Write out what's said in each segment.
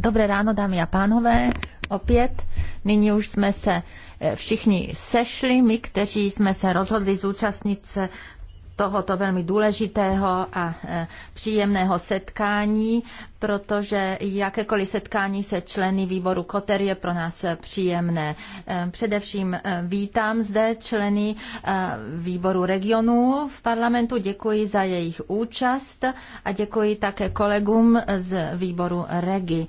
Dobré ráno, dámy a pánové. Opět, nyní už jsme se eh, všichni sešli, my, kteří jsme se rozhodli zúčastnit se tohoto velmi důležitého a e, příjemného setkání, protože jakékoliv setkání se členy výboru Koter je pro nás příjemné. E, především e, vítám zde členy výboru regionů v parlamentu, děkuji za jejich účast a děkuji také kolegům z výboru Regi.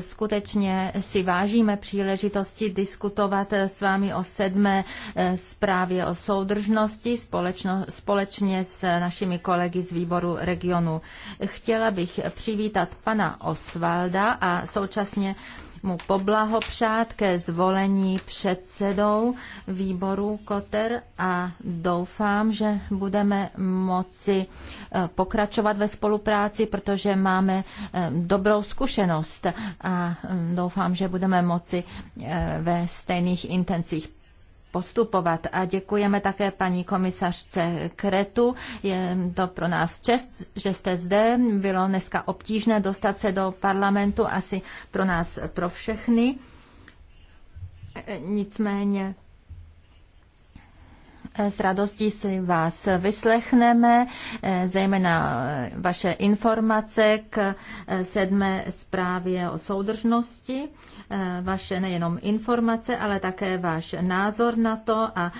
Skutečně si vážíme příležitosti diskutovat s vámi o sedmé eh, zprávě o soudržnosti společno, společně s našimi kolegy z výboru regionu. Chtěla bych přivítat pana Osvalda a současně mu poblahopřát ke zvolení předsedou výboru Koter a doufám, že budeme moci eh, pokračovat ve spolupráci, protože máme eh, dobrou zkušenost a mm, doufám, že budeme moci eh, ve stejných intencích postupovat. A děkujeme také paní komisařce Kretu. Je to pro nás čest, že jste zde. Bylo dneska obtížné dostat se do parlamentu, asi pro nás, pro všechny. Nicméně s radostí si vás vyslechneme, eh, zejména eh, vaše informace k eh, sedmé zprávě o soudržnosti, vaše nejenom informace, ale také váš názor na to a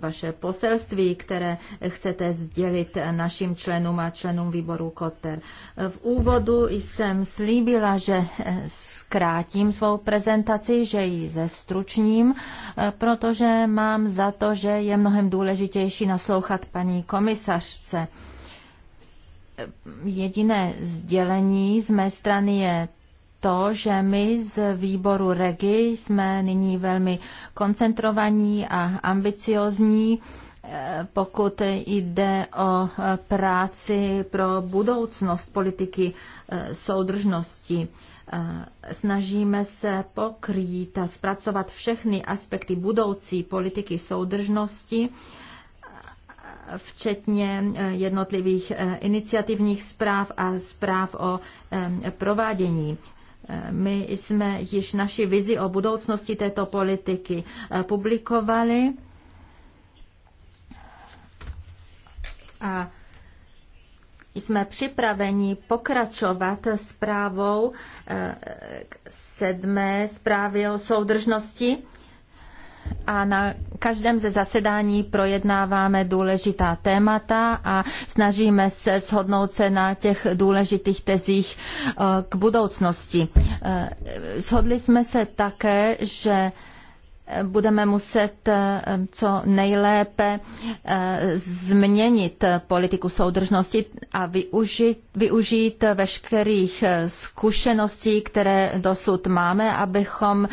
vaše poselství, které chcete sdělit našim členům a členům výboru Koter. V úvodu jsem slíbila, že zkrátím svou prezentaci, že ji zestručním, eh, protože mám za to, že je mnohem důležitější naslouchat paní komisařce. Eh, jediné sdělení z mé strany je to, že my z výboru REGI jsme nyní velmi koncentrovaní a ambiciozní, eh, pokud jde o práci pro budoucnost politiky soudržnosti. Snažíme se pokrýt a zpracovat všechny aspekty budoucí politiky soudržnosti, včetně e, jednotlivých e, iniciativních zpráv a zpráv o e, provádění. My jsme již naši vizi o budoucnosti této politiky publikovali a jsme připraveni pokračovat zprávou eh, sedmé zprávy o soudržnosti a na každém ze zasedání projednáváme důležitá témata a snažíme se shodnout se na těch důležitých tezích eh, k budoucnosti. Eh, shodli jsme se také, že budeme muset eh, co nejlépe eh, změnit politiku soudržnosti a využít, využít veškerých eh, zkušeností, které dosud máme, abychom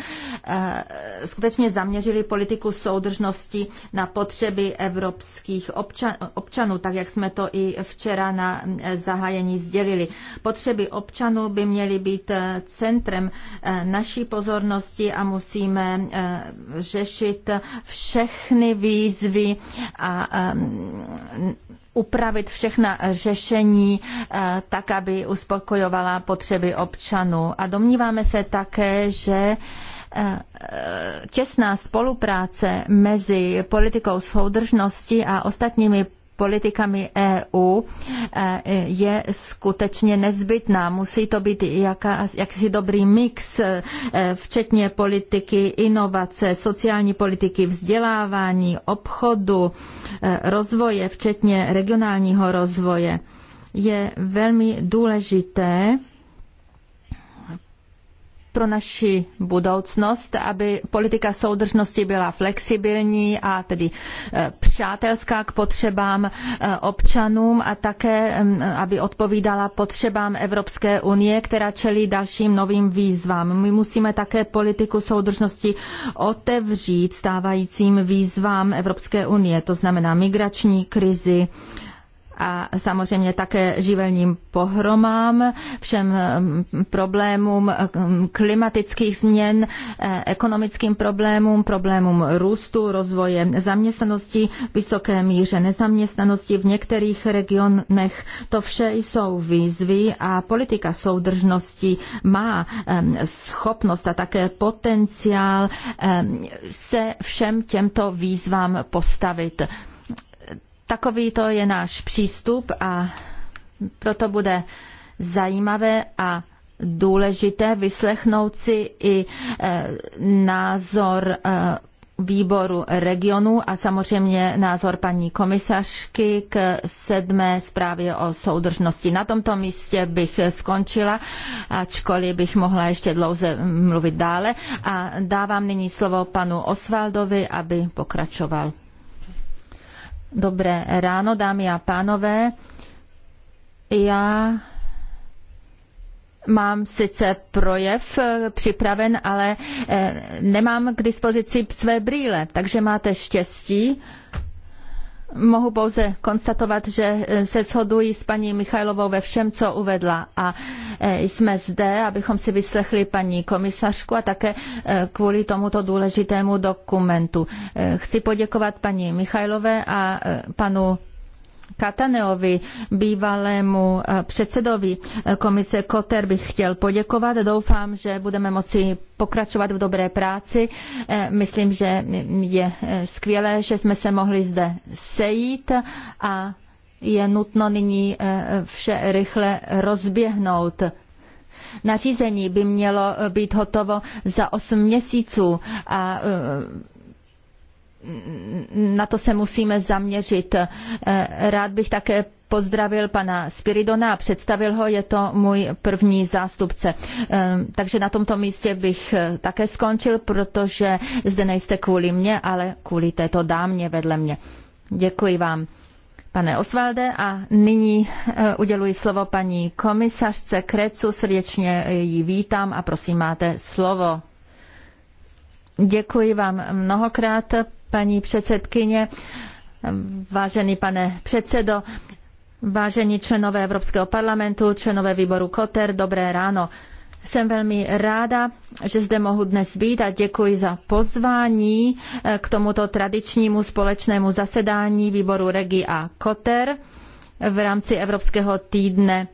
skutečně zaměřili politiku soudržnosti na potřeby evropských občan, občanů, tak jak jsme to i včera na zahájení sdělili. Potřeby občanů by měly být centrem naší pozornosti a musíme řešit všechny výzvy a upravit všechna řešení eh, tak, aby uspokojovala potřeby občanů. A domníváme se také, že eh, těsná spolupráce mezi politikou soudržnosti a ostatními politikami EU e, je skutečně nezbytná. Musí to být jaká, jaksi dobrý mix, e, včetně politiky inovace, sociální politiky, vzdělávání, obchodu, e, rozvoje, včetně regionálního rozvoje. Je velmi důležité, pro naši budoucnost, aby politika soudržnosti byla flexibilní a tedy e, přátelská k potřebám e, občanům a také, aby odpovídala potřebám Evropské unie, která čelí dalším novým výzvám. My musíme také politiku soudržnosti otevřít stávajícím výzvám Evropské unie, to znamená migrační krizi, a samozřejmě také živelním pohromám, všem mm, problémům mm, klimatických změn, e, ekonomickým problémům, problémům růstu, rozvoje zaměstnanosti, vysoké míře nezaměstnanosti v některých regionech. To vše jsou výzvy a politika soudržnosti má e, schopnost a také potenciál e, se všem těmto výzvám postavit. Takový to je náš přístup a proto bude zajímavé a důležité vyslechnout si i e, názor e, výboru regionu a samozřejmě názor paní komisařky k sedmé zprávě o soudržnosti. Na tomto místě bych skončila, ačkoliv bych mohla ještě dlouze mluvit dále. A dávám nyní slovo panu Osvaldovi, aby pokračoval. Dobré ráno, dámy a pánové. Já mám sice projev připraven, ale eh, nemám k dispozici své brýle, takže máte štěstí Mohu pouze konstatovat, že e, se shoduji s paní Michailovou ve všem, co uvedla a e, jsme zde, abychom si vyslechli paní komisařku a také e, kvůli tomuto důležitému dokumentu. Chci poděkovat paní Michajlové a panu Kataneovi, bývalému eh, předsedovi eh, komise Koter, bych chtěl poděkovat. Doufám, že budeme moci pokračovat v dobré práci. Eh, myslím, že je skvělé, že jsme se mohli zde sejít a je nutno nyní vše rychle rozběhnout. Nařízení by mělo být hotovo za 8 měsíců a na to se musíme zaměřit. Eh, rád bych také pozdravil pana Spiridona a představil ho, je to můj první zástupce. Eh, takže na tomto místě bych eh, také skončil, protože zde nejste kvůli mně, ale kvůli této dámě vedle mě. Děkuji vám. Pane Osvalde, a nyní uděluji slovo paní komisařce Krecu, srdečně ji vítám a prosím, máte slovo. Děkuji vám mnohokrát, paní předsedkyně, vážený pane předsedo, vážení členové Evropského parlamentu, členové výboru Koter, dobré ráno. Jsem velmi ráda, že zde mohu dnes být a děkuji za pozvání eh, k tomuto tradičnímu společnému zasedání výboru Regi a Koter v rámci Evropského týdne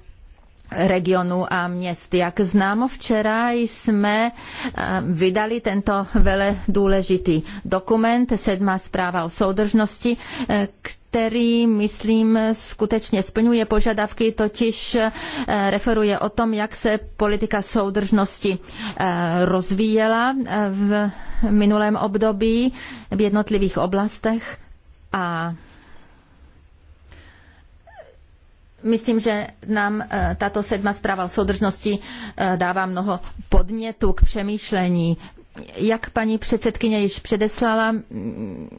regionu a měst. Jak známo, včera jsme eh, vydali tento vele důležitý dokument, sedmá zpráva o soudržnosti, eh, který, myslím, skutečně splňuje požadavky, totiž eh, referuje o tom, jak se politika soudržnosti rozvíjela v minulém období v jednotlivých oblastech a Myslím, že nám eh, tato sedma zpráva o soudržnosti eh, dává mnoho podnětů k přemýšlení. Jak paní předsedkyně již předeslala, mm,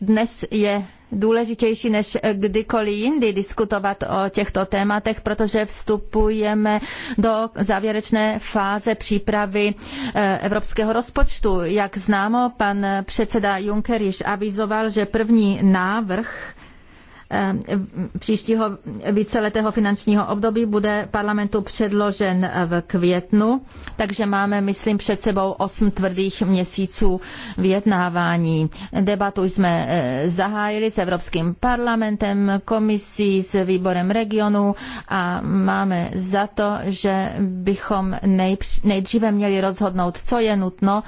dnes je důležitější než kdykoliv jindy diskutovat o těchto tématech, protože vstupujeme do závěrečné fáze přípravy eh, evropského rozpočtu. Jak známo, pan předseda Juncker již avizoval, že první návrh Eh, příštího víceletého finančního období bude parlamentu předložen eh, v květnu, takže máme, myslím, před sebou osm tvrdých měsíců vyjednávání. Debatu jsme eh, zahájili s Evropským parlamentem, komisí, s výborem regionu a máme za to, že bychom nejdříve měli rozhodnout, co je nutno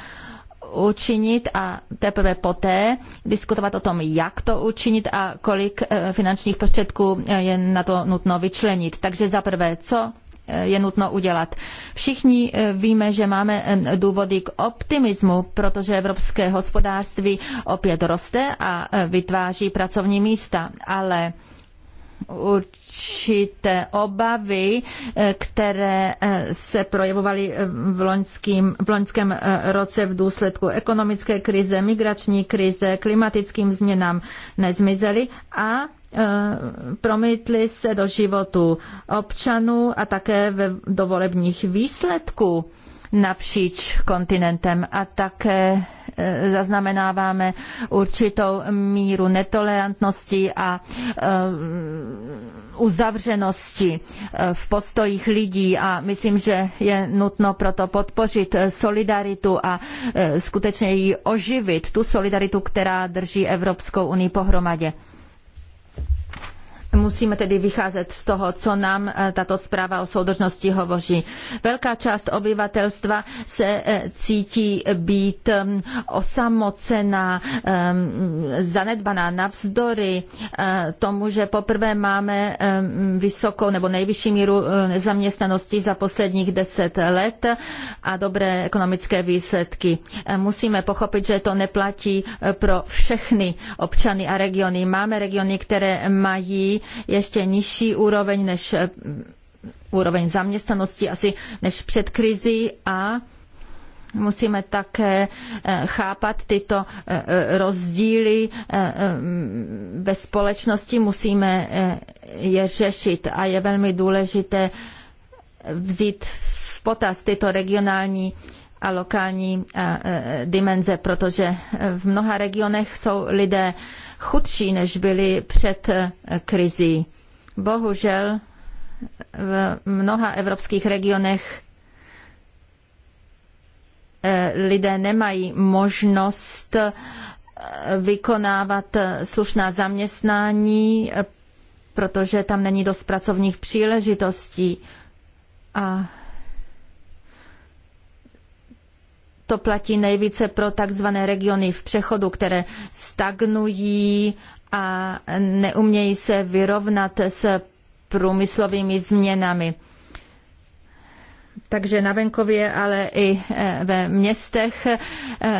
učinit a teprve poté diskutovat o tom, jak to učinit a kolik eh, finančních prostředků eh, je na to nutno vyčlenit. Takže za prvé, co eh, je nutno udělat. Všichni víme, že máme důvody k optimismu, protože evropské hospodářství opět roste a vytváří pracovní místa, ale určité obavy, eh, které eh, se projevovaly eh, v, loňským, v loňském roce v důsledku ekonomické krize, migrační krize, klimatickým změnám nezmizely a promítly se do životu občanů a také do volebních výsledků napříč kontinentem a také e, zaznamenáváme určitou míru netolerantnosti a e, uzavřenosti e, v postojích lidí a myslím, že je nutno proto podpořit solidaritu a skutečně ji oživit, tu solidaritu, která drží Evropskou unii pohromadě. Musíme tedy vycházet z toho, co nám eh, tato zpráva o soudržnosti hovoří. Velká část obyvatelstva se eh, cítí být ehm, osamocená, ehm, zanedbaná navzdory eh, tomu, že poprvé máme ehm, vysokou nebo nejvyšší míru nezaměstnanosti za posledních deset let a dobré ekonomické výsledky. Musíme pochopit, že to neplatí pro všechny občany a regiony. Máme regiony, které mají ještě nižší úroveň než eh, úroveň zaměstnanosti asi než před krizi a musíme také eh, chápat tyto eh, rozdíly ve společnosti, musíme je řešit a je velmi důležité vzít v potaz tyto regionální a lokální dimenze, protože v mnoha regionech jsou lidé chudší, než byli před eh, krizí. Bohužel v mnoha evropských regionech eh, lidé nemají možnost eh, vykonávat slušná zaměstnání, protože tam není dost pracovních příležitostí. A To platí nejvíce pro takzvané regiony v přechodu, které stagnují a neumějí se vyrovnat s průmyslovými změnami. Takže na venkově, ale i e, ve městech e,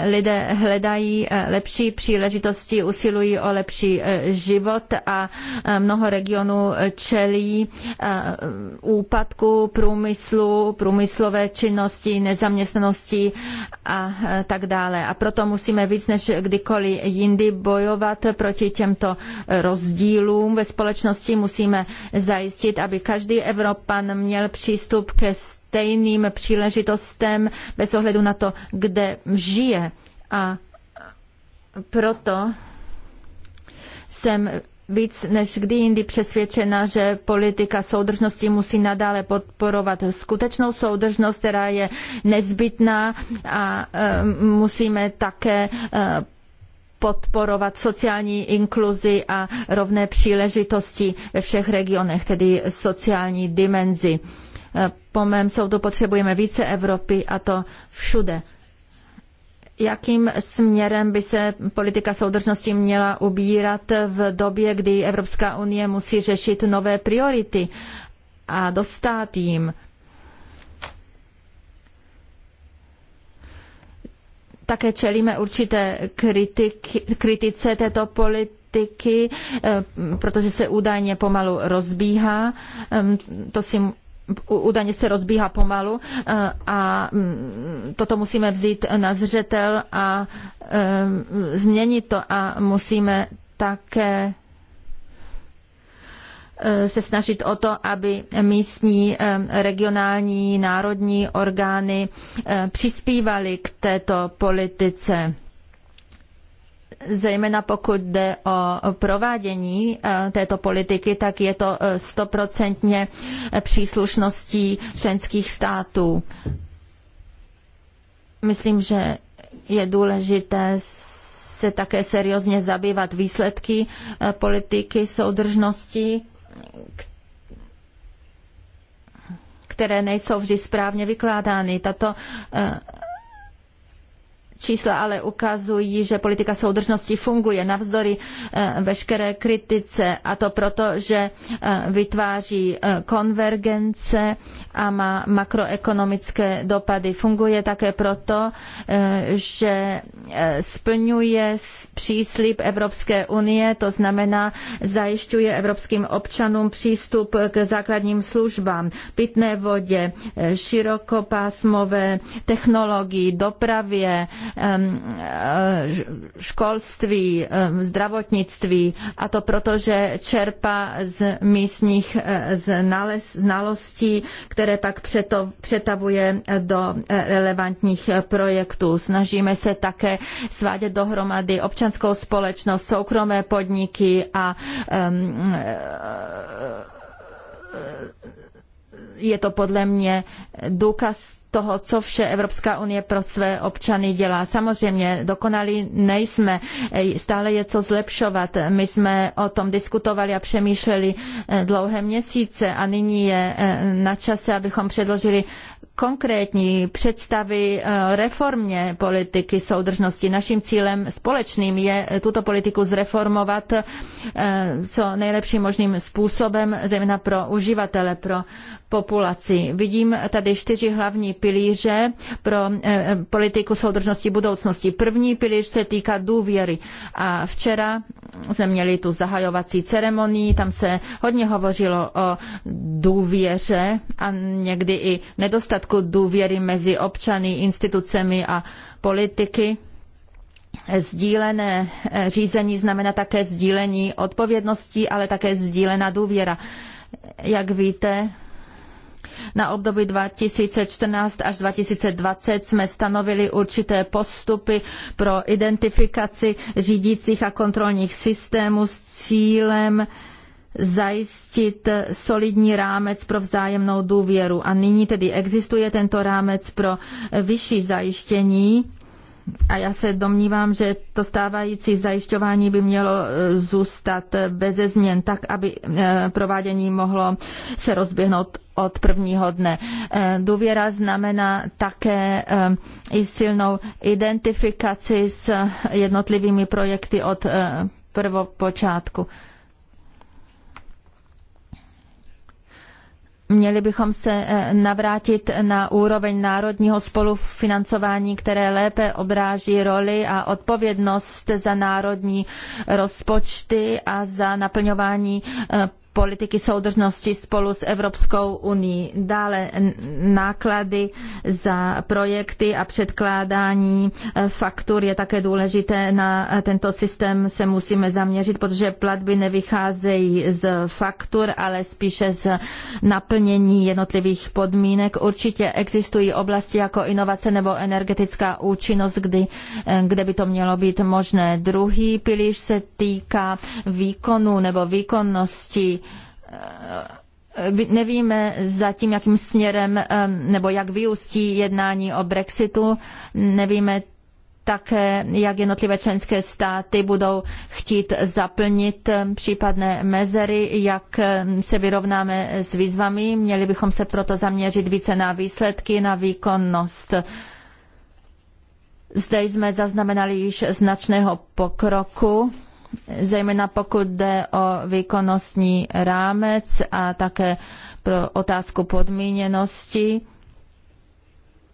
lidé hledají e, lepší příležitosti, usilují o lepší život a mnoho regionů čelí úpadku průmyslu, průmyslové činnosti, nezaměstnanosti a tak dále. A proto musíme víc než kdykoliv jindy bojovat proti těmto rozdílům ve společnosti. Musíme zajistit, aby každý Evropan měl přístup ke stejným příležitostem bez ohledu na to, kde žije. A proto jsem víc než kdy jindy přesvědčena, že politika soudržnosti musí nadále podporovat skutečnou soudržnost, která je nezbytná a e, musíme také e, podporovat sociální inkluzi a rovné příležitosti ve všech regionech, tedy sociální dimenzi Eh, po mém soudu potřebujeme více Evropy a to všude. Jakým směrem by se politika soudržnosti měla ubírat v době, kdy Evropská unie musí řešit nové priority a dostat jim? Také čelíme určité kritiky, kritice této politiky politiky, eh, protože se údajně pomalu rozbíhá. To si údajně se rozbíhá pomalu eh, a mm, toto musíme vzít na zřetel a eh, změnit to a musíme také eh, se snažit o to, aby místní, regionální, národní orgány přispívaly k této politice zejména pokud jde o provádění eh, této politiky, tak je to eh, stoprocentně příslušností členských států. Myslím, že je důležité se také seriózně zabývat výsledky eh, politiky soudržnosti, které nejsou vždy správně vykládány. Tato Čísla ale ukazují, že politika soudržnosti funguje navzdory eh, veškeré kritice a to proto, že eh, vytváří eh, konvergence a má makroekonomické dopady. Funguje také proto, že splňuje příslip Evropské unie, to znamená zajišťuje evropským občanům přístup k základním službám, pitné vodě, širokopásmové technologii, dopravě, Ehm, eh, školství, ehm, zdravotnictví a to proto, že čerpá z místních eh, znalostí, které pak přetavuje do eh, relevantních projektů. Snažíme se také svádět dohromady občanskou společnost, soukromé podniky a ehm, je to podle mě důkaz toho, co vše Evropská unie pro své občany dělá. Samozřejmě dokonalí nejsme, stále je co zlepšovat. My jsme o tom diskutovali a přemýšleli eh, dlouhé měsíce a nyní je eh, na čase, abychom předložili konkrétní představy eh, reformě politiky soudržnosti. Naším cílem společným je tuto politiku zreformovat co nejlepším možným způsobem, zejména pro uživatele, pro populaci. Vidím tady čtyři hlavní pilíře pro eh, politiku soudržnosti budoucnosti. První pilíř se týká důvěry a včera jsme měli tu zahajovací ceremonii, tam se hodně hovořilo o důvěře a někdy i nedostatku důvěry mezi občany, institucemi a politiky. Sdílené eh, řízení znamená také sdílení odpovědností, ale také sdílená důvěra. Jak víte, na období 2014 až 2020 jsme stanovili určité postupy pro identifikaci řídících a kontrolních systémů s cílem zajistit solidní rámec pro vzájemnou důvěru. A nyní tedy existuje tento rámec pro vyšší zajištění a já se domnívám, že to stávající zajišťování by mělo e, zůstat beze změn, tak aby e, provádění mohlo se rozběhnout od prvního dne. Eh, důvěra znamená také eh, i silnou identifikaci s jednotlivými projekty od eh, prvopočátku. Měli bychom se navrátit na úroveň národního spolufinancování, které lépe obráží roli a odpovědnost za národní rozpočty a za naplňování politiky soudržnosti spolu s Evropskou unii. Dále náklady za projekty a předkládání e, faktur je také důležité. Na tento systém se musíme zaměřit, protože platby nevycházejí z faktur, ale spíše z naplnění jednotlivých podmínek. Určitě existují oblasti jako inovace nebo energetická účinnost, kdy, e, kde by to mělo být možné. Druhý pilíř se týká výkonu nebo výkonnosti Eh, eh, nevíme zatím, jakým směrem eh, nebo jak vyústí jednání o Brexitu. Nevíme také, jak jednotlivé členské státy budou chtít zaplnit případné mezery, jak se vyrovnáme s výzvami. Měli bychom se proto zaměřit více na výsledky, na výkonnost. Zde jsme zaznamenali již značného pokroku zejména pokud jde o výkonnostní rámec a také pro otázku podmíněnosti,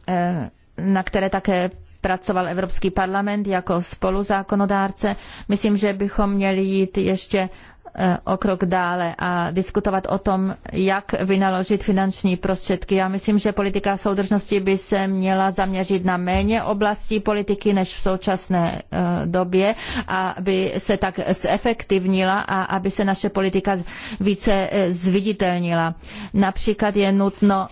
eh, na které také pracoval Evropský parlament jako spoluzákonodárce. Myslím, že bychom měli jít ještě Eh, o krok dále a diskutovat o tom, jak vynaložit finanční prostředky. Já myslím, že politika soudržnosti by se měla zaměřit na méně oblastí politiky než v současné eh, době, aby se tak zefektivnila a aby se naše politika více eh, zviditelnila. Například je nutno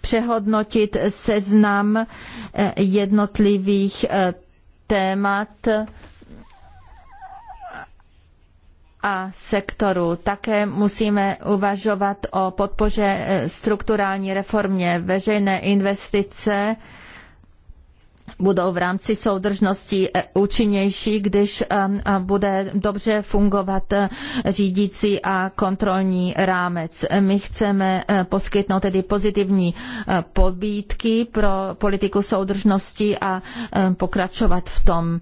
přehodnotit seznam jednotlivých témat a sektoru. Také musíme uvažovat o podpoře e, strukturální reformě veřejné investice budou v rámci soudržnosti e, účinnější, když e, bude dobře fungovat řídící a kontrolní rámec. My chceme poskytnout tedy pozitivní podbídky pro politiku soudržnosti a pokračovat v tom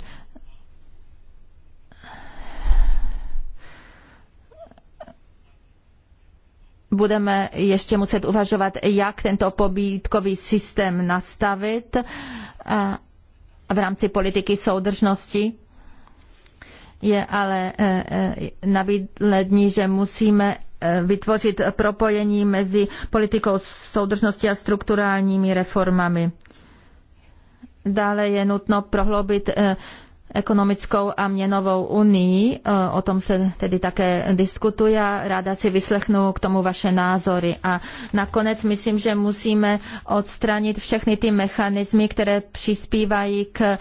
budeme ještě muset uvažovat, jak tento pobídkový systém nastavit eh, v rámci politiky soudržnosti. Je ale eh, eh, nabídlední, že musíme vytvořit propojení mezi politikou soudržnosti a strukturálními reformami. Dále je nutno prohloubit ekonomickou a měnovou unii. E, o tom se tedy také diskutuje a ráda si vyslechnu k tomu vaše názory. A nakonec myslím, že musíme odstranit všechny ty mechanismy, které přispívají k e,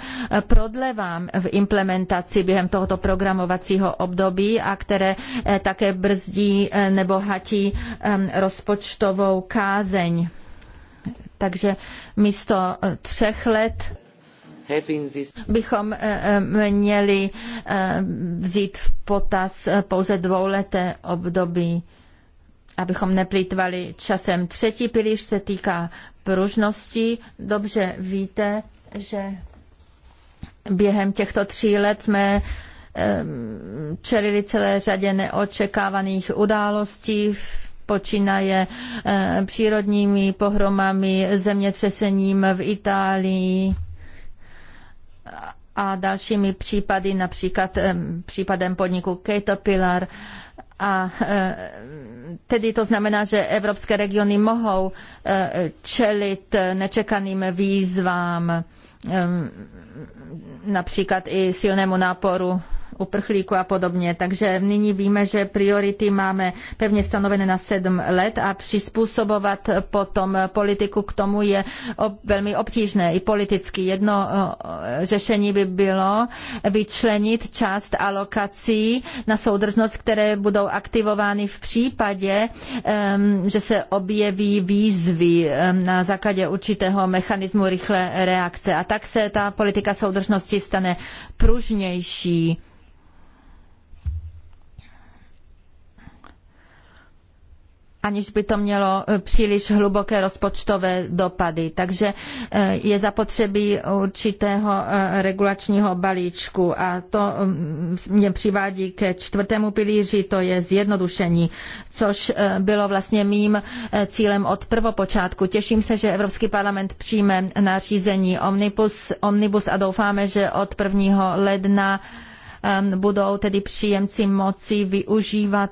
prodlevám v implementaci během tohoto programovacího období a které e, také brzdí nebo hatí rozpočtovou kázeň. Takže místo třech let bychom eh, eh, měli eh, vzít v potaz pouze dvouleté období, abychom neplýtvali časem. Třetí pilíř se týká pružnosti. Dobře víte, že během těchto tří let jsme čelili celé řadě neočekávaných událostí, počínaje přírodními pohromami, zemětřesením v Itálii, a dalšími případy, například případem podniku Caterpillar. A tedy to znamená, že evropské regiony mohou eh, čelit eh, nečekaným výzvám, například i silnému náporu uprchlíků a podobně. Takže nyní víme, že priority máme pevně stanovené na sedm let a přizpůsobovat potom politiku k tomu je velmi obtížné i politicky. Jedno řešení by bylo vyčlenit část alokací na soudržnost, které budou aktivovány v případě, že se objeví výzvy na základě určitého mechanismu rychlé reakce. A tak se ta politika soudržnosti stane pružnější aniž by to mělo eh, příliš hluboké rozpočtové dopady. Takže eh, je zapotřebí určitého eh, regulačního balíčku a to mm, mě přivádí ke čtvrtému pilíři, to je zjednodušení, což bylo vlastně mým cílem od prvopočátku. Těším se, že Evropský parlament přijme nařízení Omnibus, Omnibus a doufáme, že od 1. ledna budou tedy příjemci moci využívat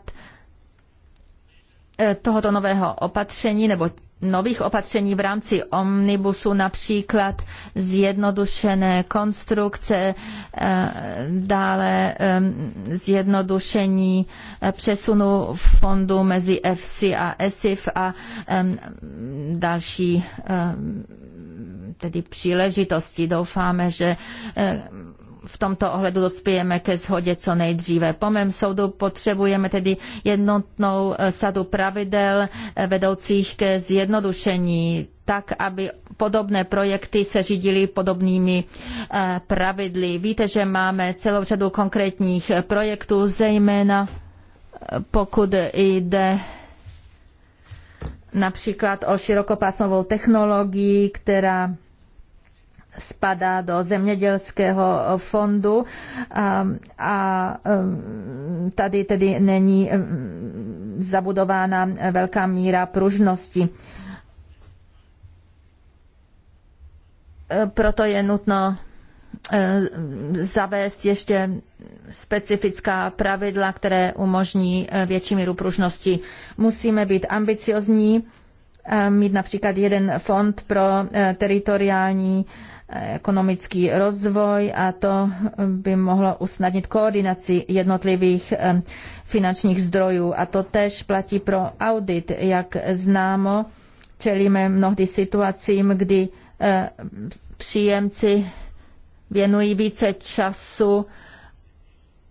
Eh, tohoto nového opatření nebo nových opatření v rámci omnibusu, například zjednodušené konstrukce, eh, dále ehm, zjednodušení eh, přesunu fondu mezi FC a ESIF a ehm, další ehm, tedy příležitosti. Doufáme, že v tomto ohledu dospějeme ke shodě co nejdříve. Po mém soudu potřebujeme tedy jednotnou eh, sadu pravidel eh, vedoucích ke zjednodušení tak, aby podobné projekty se řídily podobnými eh, pravidly. Víte, že máme celou řadu konkrétních projektů, zejména pokud jde například o širokopásmovou technologii, která spadá do zemědělského fondu ehm, a, a ehm, tady tedy není ehm, zabudována velká míra pružnosti. E, proto je nutno e, zavést ještě specifická pravidla, které umožní e, větší míru pružnosti. Musíme být ambiciozní, mít například jeden fond pro teritoriální uh, ekonomický rozvoj a to by mohlo usnadnit koordinaci jednotlivých eh, finančních zdrojů. A to tež platí pro audit. Jak známo, čelíme mnohdy situacím, kdy eh, příjemci věnují více času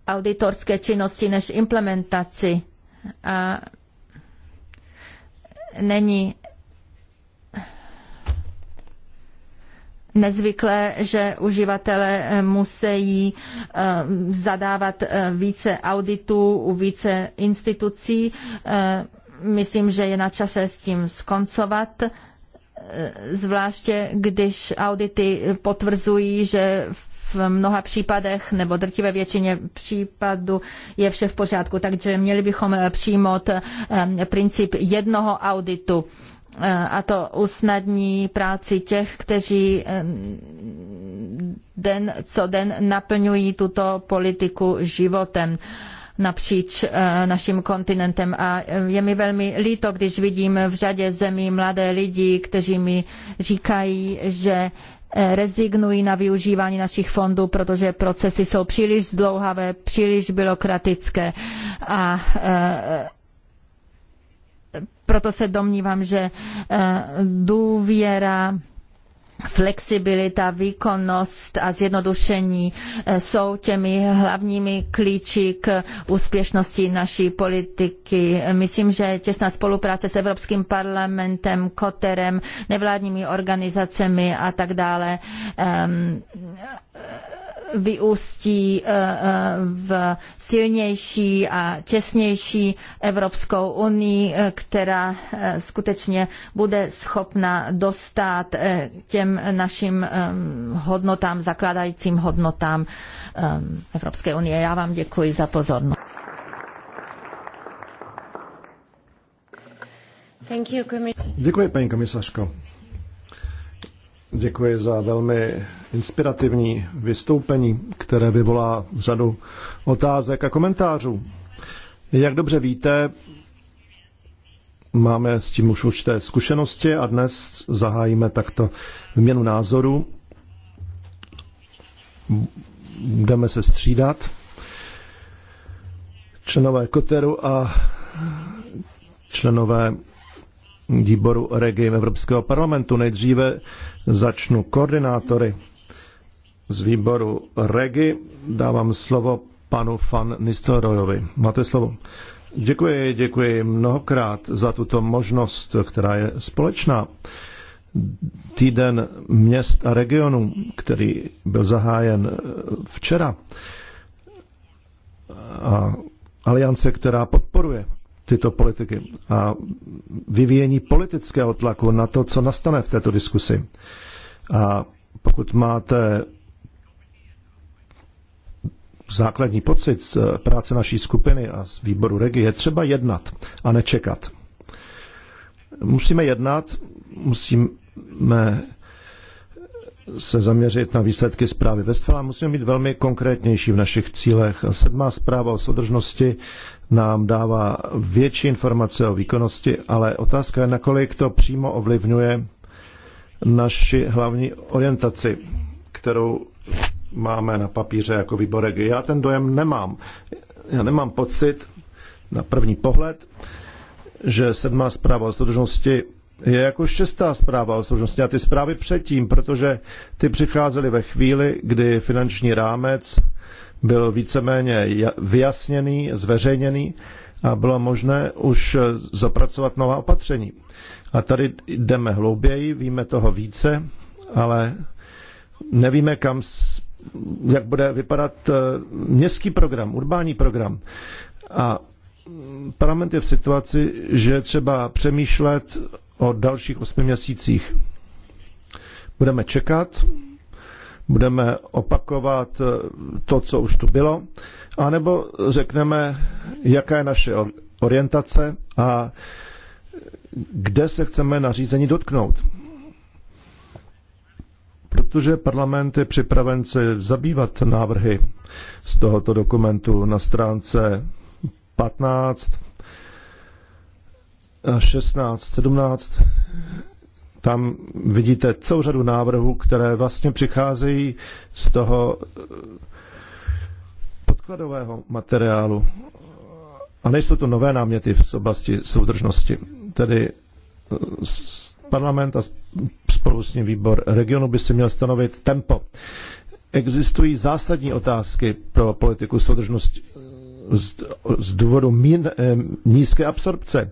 auditorské činnosti než implementaci. A není nezvyklé, že uživatelé eh, musí eh, zadávat eh, více auditů u více institucí. Myslím, že je na čase s tím skoncovat zvláště když audity potvrzují, že v mnoha případech nebo drtivé většině případů je vše v pořádku. Takže měli bychom přijmout princip jednoho auditu Eh, a to usnadní práci těch, kteří den co den naplňují tuto politiku životem napříč eh, naším kontinentem. A eh, je mi velmi líto, když vidím v řadě zemí mladé lidi, kteří mi říkají, že rezignují na využívání našich fondů, protože procesy jsou příliš zdlouhavé, příliš byrokratické a proto se domnívám, že eh, důvěra flexibilita, výkonnost a zjednodušení eh, jsou těmi hlavními klíči k úspěšnosti naší politiky. Myslím, že těsná spolupráce s Evropským parlamentem, Koterem, nevládními organizacemi a tak dále ehm, vyústí eh, eh, v silnější a těsnější Evropskou unii, eh, která skutečně bude schopna dostat těm našim hodnotám, zakládajícím hodnotám Evropské unie. Já vám děkuji za pozornost. Děkuji, paní komisařko. Děkuji za velmi inspirativní vystoupení, které vyvolá řadu otázek a komentářů. Jak dobře víte, máme s tím už určité zkušenosti a dnes zahájíme takto výměnu názoru. Budeme se střídat. Členové Koteru a členové výboru Regim Evropského parlamentu. Nejdříve začnu koordinátory z výboru Regi. Dávám slovo panu Fan Nistelrojovi. Máte slovo. Děkuji, děkuji mnohokrát za tuto možnost, která je společná. Týden měst a regionů, který byl zahájen včera, a aliance, která podporuje tyto politiky a vyvíjení politického tlaku na to, co nastane v této diskusi. A pokud máte základní pocit z eh, práce naší skupiny a z výboru regi, je třeba jednat a nečekat. Musíme jednat, musíme se zaměřit na výsledky zprávy Vestfala. Musíme být velmi konkrétnější v našich cílech. Sedmá zpráva o soudržnosti nám dává větší informace o výkonnosti, ale otázka je, nakolik to přímo ovlivňuje naši hlavní orientaci, kterou máme na papíře jako výborek. Já ten dojem nemám. Já nemám pocit na první pohled, že sedmá zpráva o soudržnosti je jako šestá zpráva o služnosti a ty zprávy předtím, protože ty přicházely ve chvíli, kdy finanční rámec byl víceméně vyjasněný, zveřejněný a bylo možné už zapracovat nová opatření. A tady jdeme hlouběji, víme toho více, ale nevíme, kam, jak bude vypadat eh, městský program, urbání program. A parlament je v situaci, že třeba přemýšlet o dalších osmi měsících. Budeme čekat, budeme opakovat eh, to, co už tu bylo, anebo řekneme, jaká je naše orientace a kde se chceme na řízení dotknout. Protože parlament je připraven se zabývat návrhy z tohoto dokumentu na stránce 15 16, 17, tam vidíte celou řadu návrhů, které vlastně přicházejí z toho eh, podkladového materiálu. A nejsou to nové náměty z oblasti soudržnosti. Tedy eh, parlament a spolu s ním výbor regionu by si měl stanovit tempo. Existují zásadní otázky pro politiku soudržnosti eh, z, z důvodu mín, nízké absorpce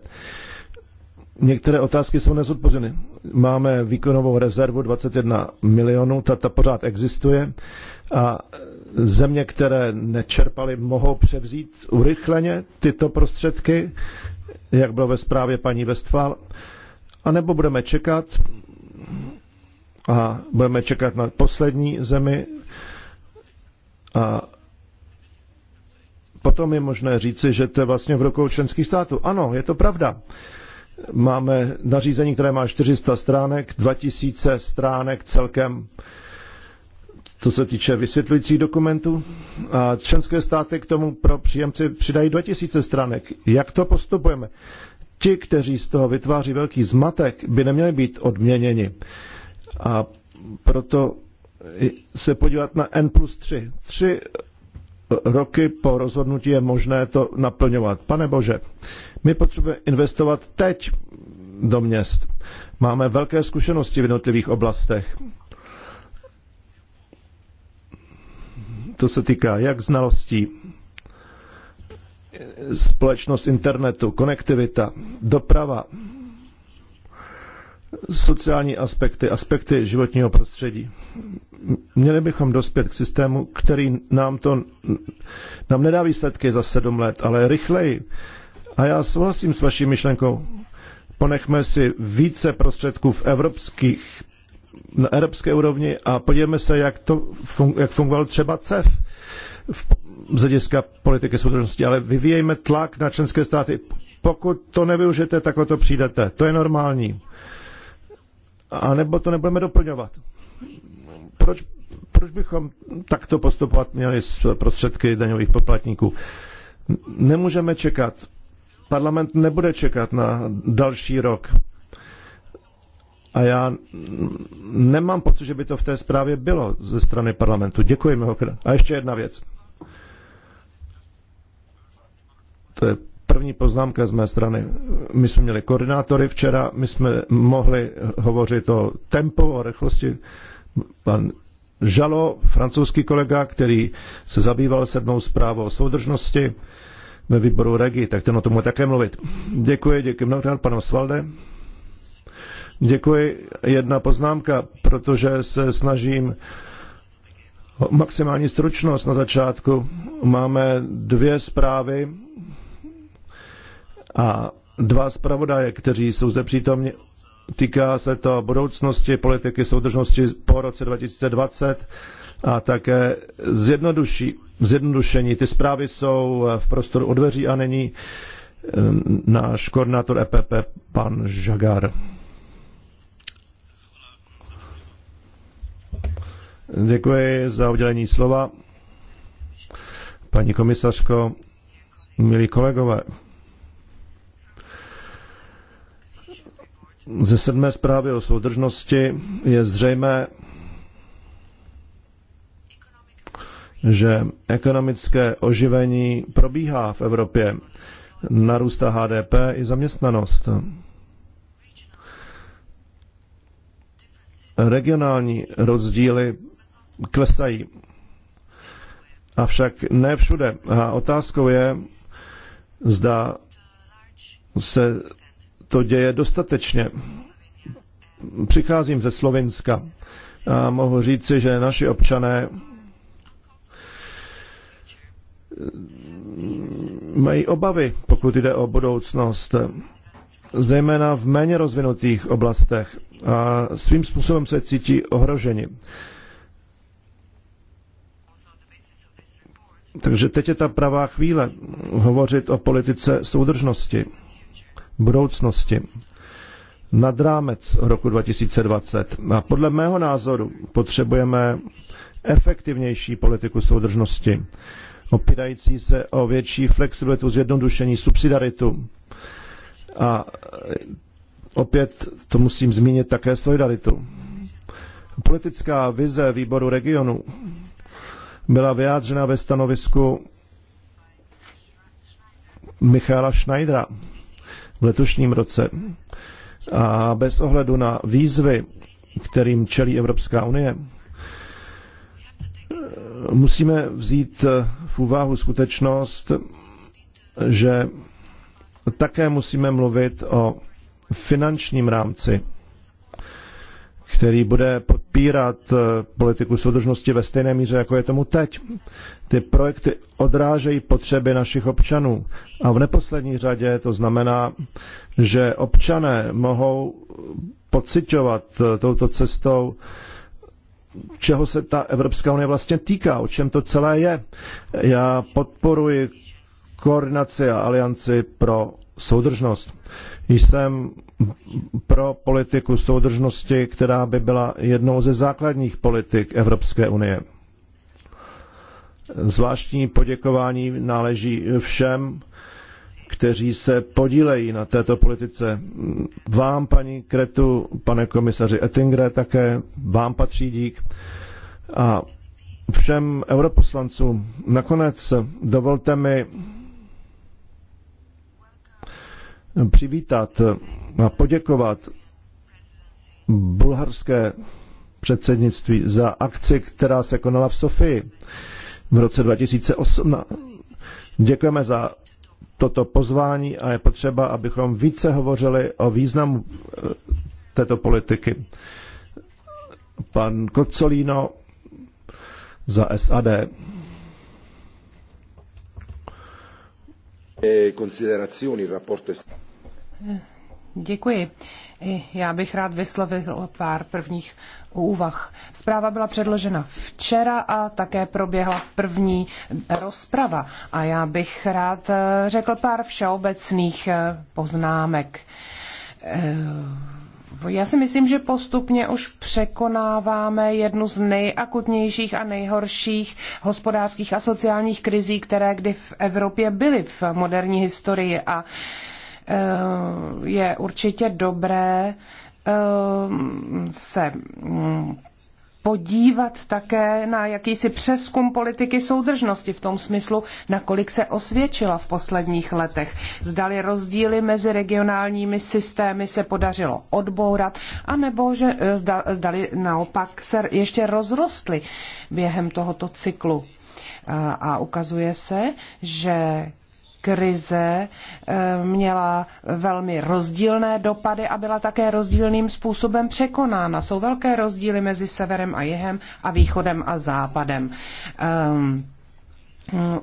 některé otázky jsou nezodpořeny. Máme výkonovou rezervu 21 milionů, ta, ta pořád existuje a země, které nečerpaly, mohou převzít urychleně tyto prostředky, jak bylo ve zprávě paní Westphal, a nebo budeme čekat a budeme čekat na poslední zemi a potom je možné říci, že to je vlastně v rukou členských států. Ano, je to pravda. Máme nařízení, které má 400 stránek, 2000 stránek celkem, co se týče vysvětlujících dokumentů. A členské státy k tomu pro příjemci přidají 2000 stránek. Jak to postupujeme? Ti, kteří z toho vytváří velký zmatek, by neměli být odměněni. A proto se podívat na N plus 3. Tři roky po rozhodnutí je možné to naplňovat. Pane Bože, my potřebujeme investovat teď do měst. Máme velké zkušenosti v jednotlivých oblastech. To se týká jak znalostí, společnost internetu, konektivita, doprava, sociální aspekty, aspekty životního prostředí. Měli bychom dospět k systému, který nám to nám nedá výsledky za sedm let, ale rychleji, a já souhlasím s vaší myšlenkou. Ponechme si více prostředků v evropských, na evropské úrovni a podívejme se, jak, to, jak fungoval třeba CEF v, z hlediska politiky soudržnosti, ale vyvíjejme tlak na členské státy. Pokud to nevyužijete, tak o to přijdete. To je normální. A nebo to nebudeme doplňovat. Proč, proč bychom takto postupovat měli s prostředky daňových poplatníků? Nemůžeme čekat. Parlament nebude čekat na další rok. A já nemám pocit, že by to v té zprávě bylo ze strany parlamentu. Děkuji mnohokrát. A ještě jedna věc. To je první poznámka z mé strany. My jsme měli koordinátory včera, my jsme mohli hovořit o tempu, o rychlosti. Pan Žalo, francouzský kolega, který se zabýval sednou zprávou o soudržnosti, ve výboru Regi, tak ten o tom také mluvit. Děkuji, děkuji mnohokrát, panu Svalde. Děkuji. Jedna poznámka, protože se snažím maximální stručnost na začátku. Máme dvě zprávy a dva zpravodaje, kteří jsou zde přítomní. Týká se to budoucnosti politiky soudržnosti po roce 2020 a také zjednoduší, zjednodušení. Ty zprávy jsou v prostoru od dveří a není eh, náš koordinátor EPP, pan Žagár. Děkuji za udělení slova. Paní komisařko, milí kolegové, ze sedmé zprávy o soudržnosti je zřejmé, že ekonomické oživení probíhá v Evropě. Narůstá HDP i zaměstnanost. Regionální rozdíly klesají. Avšak ne všude. A otázkou je, zda se to děje dostatečně. Přicházím ze Slovenska a mohu říci, že naši občané mají obavy, pokud jde o budoucnost, zejména v méně rozvinutých oblastech a svým způsobem se cítí ohroženi. Takže teď je ta pravá chvíle hovořit o politice soudržnosti, budoucnosti, nad rámec roku 2020. A podle mého názoru potřebujeme efektivnější politiku soudržnosti, opírající se o větší flexibilitu, zjednodušení, subsidiaritu. A e, opět to musím zmínit také solidaritu. Politická vize výboru regionu byla vyjádřena ve stanovisku Michaela Schneidera v letošním roce. A bez ohledu na výzvy, kterým čelí Evropská unie, musíme vzít eh, v úvahu skutečnost, že také musíme mluvit o finančním rámci, který bude podpírat eh, politiku soudržnosti ve stejné míře, jako je tomu teď. Ty projekty odrážejí potřeby našich občanů. A v neposlední řadě to znamená, že občané mohou pocitovat eh, touto cestou čeho se ta Evropská unie vlastně týká, o čem to celé je. Já podporuji koordinaci a alianci pro soudržnost. Jsem pro politiku soudržnosti, která by byla jednou ze základních politik Evropské unie. Zvláštní poděkování náleží všem, kteří se podílejí na této politice. Vám, paní Kretu, pane komisaři Ettingre, také vám patří dík. A všem europoslancům. Nakonec dovolte mi přivítat a poděkovat bulharské předsednictví za akci, která se konala v Sofii v roce 2008. Děkujeme za toto pozvání a je potřeba, abychom více hovořili o významu eh, této politiky. Pan Kocolíno za SAD. Eh, děkuji. Já bych rád vyslovil pár prvních úvah. Zpráva byla předložena včera a také proběhla první eh, rozprava. A já bych rád eh, řekl pár všeobecných eh, poznámek. Já si myslím, že postupně už překonáváme jednu z nejakutnějších a nejhorších hospodářských a sociálních krizí, které kdy v Evropě byly v moderní historii a je určitě dobré Ehm, se mm, podívat také na jakýsi přeskum politiky soudržnosti v tom smyslu, nakolik se osvědčila v posledních letech. Zdali rozdíly mezi regionálními systémy se podařilo odbourat, anebo že e, zda, zdali naopak se ještě rozrostly během tohoto cyklu. A ukazuje se, že krize eh, měla velmi rozdílné dopady a byla také rozdílným způsobem překonána. Jsou velké rozdíly mezi severem a jihem a východem a západem. Ehm,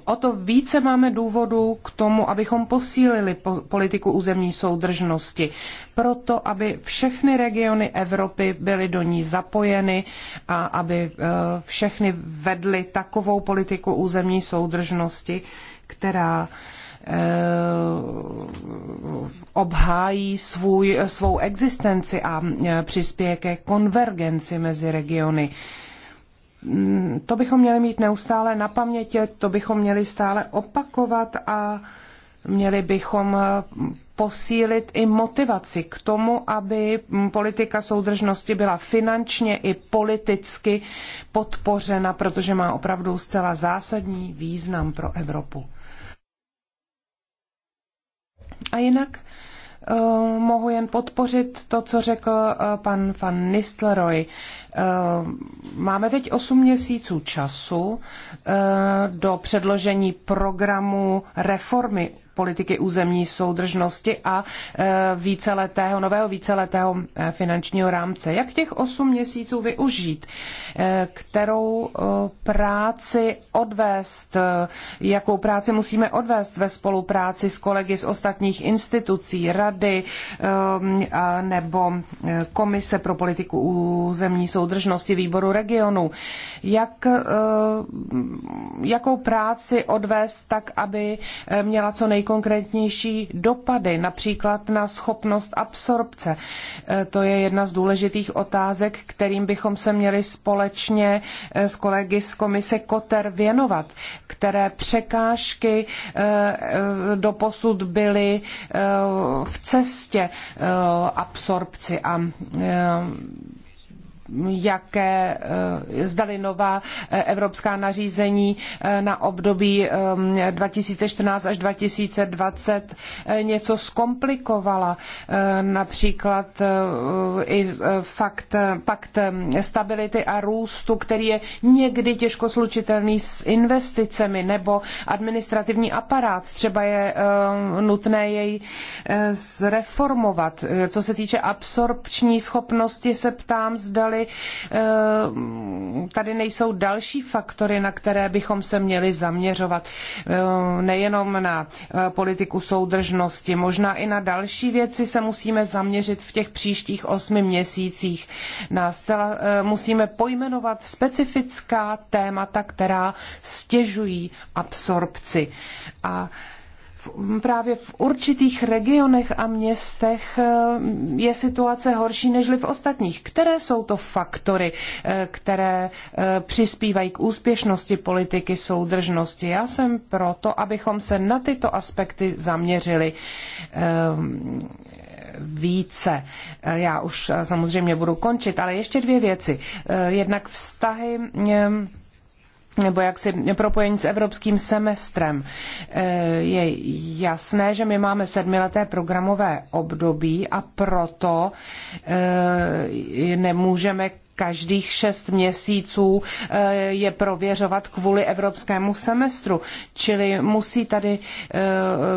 o to více máme důvodu k tomu, abychom posílili politiku územní soudržnosti, proto aby všechny regiony Evropy byly do ní zapojeny a aby eh, všechny vedly takovou politiku územní soudržnosti, která Eh, obhájí svůj, svou existenci a eh, přispěje ke konvergenci mezi regiony. Mm, to bychom měli mít neustále na paměti, to bychom měli stále opakovat a měli bychom eh, posílit i motivaci k tomu, aby mm, politika soudržnosti byla finančně i politicky podpořena, protože má opravdu zcela zásadní význam pro Evropu. A jinak uh, mohu jen podpořit to, co řekl uh, pan van Nistleroy. Uh, eh, máme teď 8 měsíců času do předložení programu reformy politiky územní soudržnosti a e, víceletého, nového víceletého e, finančního rámce. Jak těch 8 měsíců využít? E, kterou práci odvést? Jakou práci musíme odvést ve spolupráci s kolegy z ostatních institucí, rady nebo komise pro politiku územní soudržnosti výboru regionu? Jak, jakou práci odvést tak, aby měla co nejkvalitnější konkrétnější dopady, například na schopnost absorpce. E, to je jedna z důležitých otázek, kterým bychom se měli společně e, s kolegy z komise Koter věnovat, které překážky e, doposud byly v cestě absorpci a jaké eh, zdali nová eh, evropská nařízení eh, na období 2014 ehm, až 2020 něco zkomplikovala. Například i fakt, pakt stability a růstu, který je někdy těžko slučitelný s investicemi nebo administrativní aparát. Třeba je nutné jej zreformovat. Co se týče absorpční schopnosti, se ptám, zdali zdali eh, tady nejsou další faktory, na které bychom se měli zaměřovat. Eh, nejenom na eh, politiku soudržnosti, možná i na další věci se musíme zaměřit v těch příštích osmi měsících. Nás celá, musíme pojmenovat specifická témata, která stěžují absorpci. A v, právě v určitých regionech a městech eh, je situace horší než v ostatních. Které jsou to faktory, eh, které eh, přispívají k úspěšnosti politiky soudržnosti? Já jsem proto, abychom se na tyto aspekty zaměřili ehm, více. Já už samozřejmě budu končit, ale ještě dvě věci. Jednak vztahy ehm, nebo jaksi propojení s evropským semestrem. E, je jasné, že my máme sedmileté programové období a proto e, nemůžeme každých šest měsíců eh, je prověřovat kvůli evropskému semestru. Čili musí tady eh,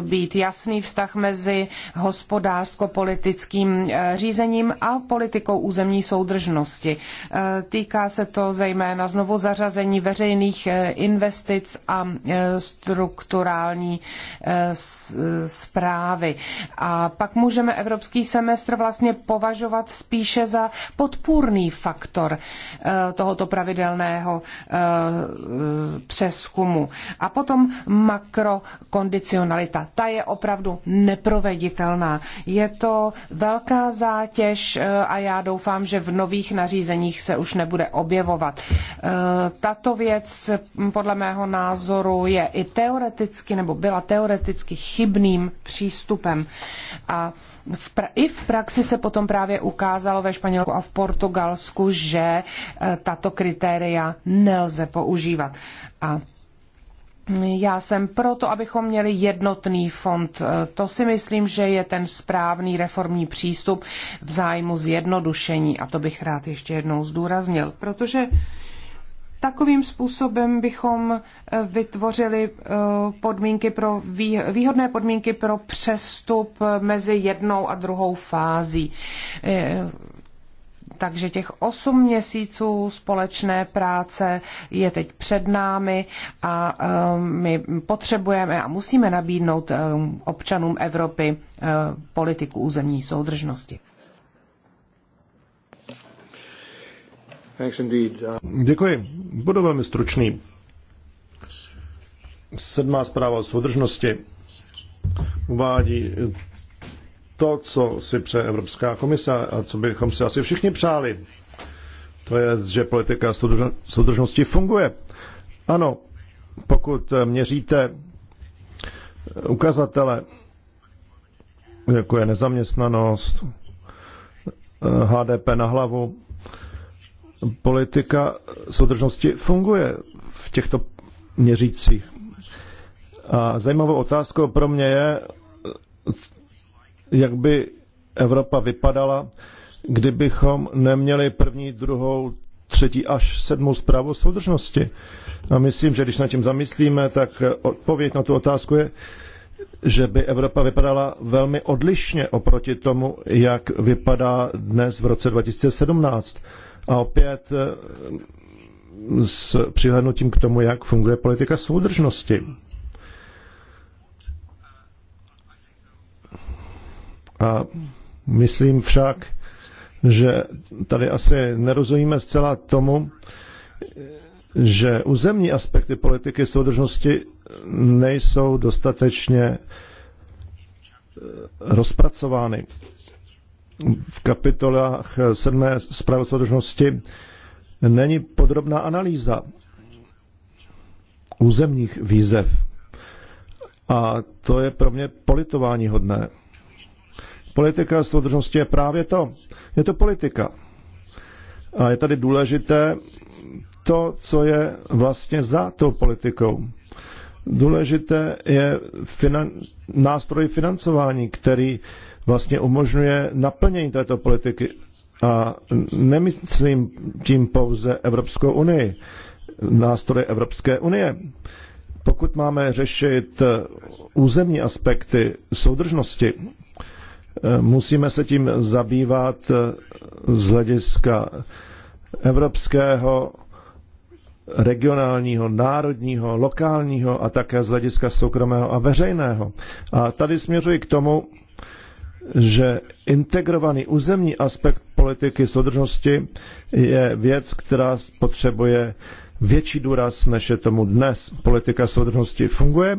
být jasný vztah mezi hospodářsko-politickým eh, řízením a politikou územní soudržnosti. Týká se to zejména znovu zařazení veřejných investic a strukturální zprávy. A pak můžeme evropský semestr vlastně považovat spíše za podpůrný faktor faktor eh, tohoto pravidelného eh, přeskumu. A potom makrokondicionalita. Ta je opravdu neproveditelná. Je to velká zátěž eh, a já doufám, že v nových nařízeních se už nebude objevovat. Tato věc podle mého názoru je i teoreticky nebo byla teoreticky chybným přístupem. A v I v praxi se potom právě ukázalo ve Španělsku a v Portugalsku, že eh, tato kritéria nelze používat. A já jsem proto, abychom měli jednotný fond. Eh, to si myslím, že je ten správný reformní přístup v zájmu zjednodušení a to bych rád ještě jednou zdůraznil, protože Takovým způsobem bychom eh, vytvořili eh, podmínky pro výhodné podmínky pro přestup eh, mezi jednou a druhou fází. Takže těch 8 měsíců společné práce je teď před námi a my potřebujeme a musíme nabídnout občanům Evropy politiku územní soudržnosti. Děkuji. Budu velmi stručný. Sedmá zpráva o soudržnosti uvádí to, co si pře Evropská komise a co bychom si asi všichni přáli. To je, že politika soudržnosti funguje. Ano, pokud měříte ukazatele, jako je nezaměstnanost, HDP eh, na hlavu, politika soudržnosti funguje v těchto měřících. A zajímavou otázkou pro mě je, jak by Evropa vypadala, kdybychom neměli první, druhou, třetí až sedmou zprávu soudržnosti. A myslím, že když nad tím zamyslíme, tak odpověď na tu otázku je, že by Evropa vypadala velmi odlišně oproti tomu, jak vypadá dnes v roce 2017. A opět eh, s přihlednutím k tomu, jak funguje politika soudržnosti. A myslím však, že tady asi nerozumíme zcela tomu, že územní aspekty politiky soudržnosti nejsou dostatečně eh, rozpracovány v kapitolách 7. zprávy svatožnosti není podrobná analýza územních výzev. A to je pro mě politování hodné. Politika svatožnosti je právě to. Je to politika. A je tady důležité to, co je vlastně za tou politikou. Důležité je finan- nástroj financování, který uh, vlastně umožňuje naplnění této politiky. A nemyslím tím pouze Evropskou unii, nástroje Evropské unie. Pokud máme řešit územní aspekty soudržnosti, musíme se tím zabývat z hlediska evropského, regionálního, národního, lokálního a také z hlediska soukromého a veřejného. A tady směřuji k tomu, že integrovaný územní aspekt politiky soudržnosti je věc, která potřebuje větší důraz, než je tomu dnes. Politika soudržnosti funguje,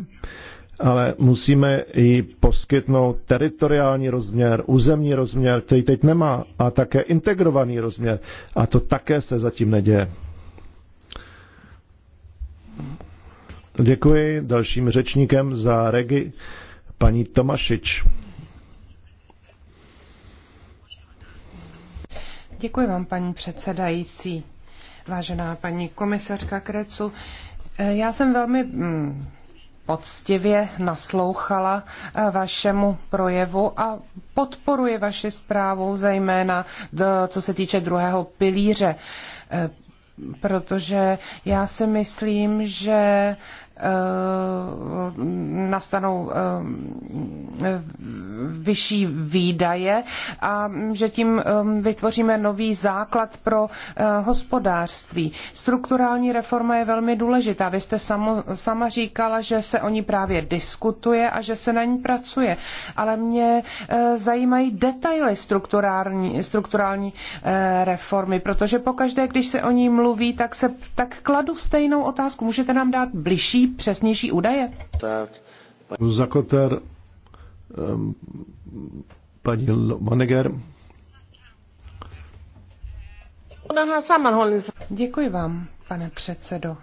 ale musíme jí poskytnout teritoriální rozměr, územní rozměr, který teď nemá, a také integrovaný rozměr. A to také se zatím neděje. Děkuji dalším řečníkem za regi, paní Tomašič. Děkuji vám, paní předsedající. Vážená paní komisařka Krecu, eh, já jsem velmi mm, poctivě naslouchala eh, vašemu projevu a podporuji vaši zprávu, zejména do, co se týče druhého pilíře, eh, protože já si myslím, že Eh, nastanou eh, vyšší výdaje a že tím eh, vytvoříme nový základ pro hospodářství. Strukturální reforma je velmi důležitá. Vy jste samo, sama říkala, že se o ní právě diskutuje a že se na ní pracuje. Ale mě zajímají detaily strukturální, strukturální reformy, protože pokaždé, když se o ní mluví, tak, se, tak kladu stejnou otázku. Můžete nám dát bližší přesnější údaje? Zakoter, ehm, paní Moneger. Děkuji vám, pane předsedo.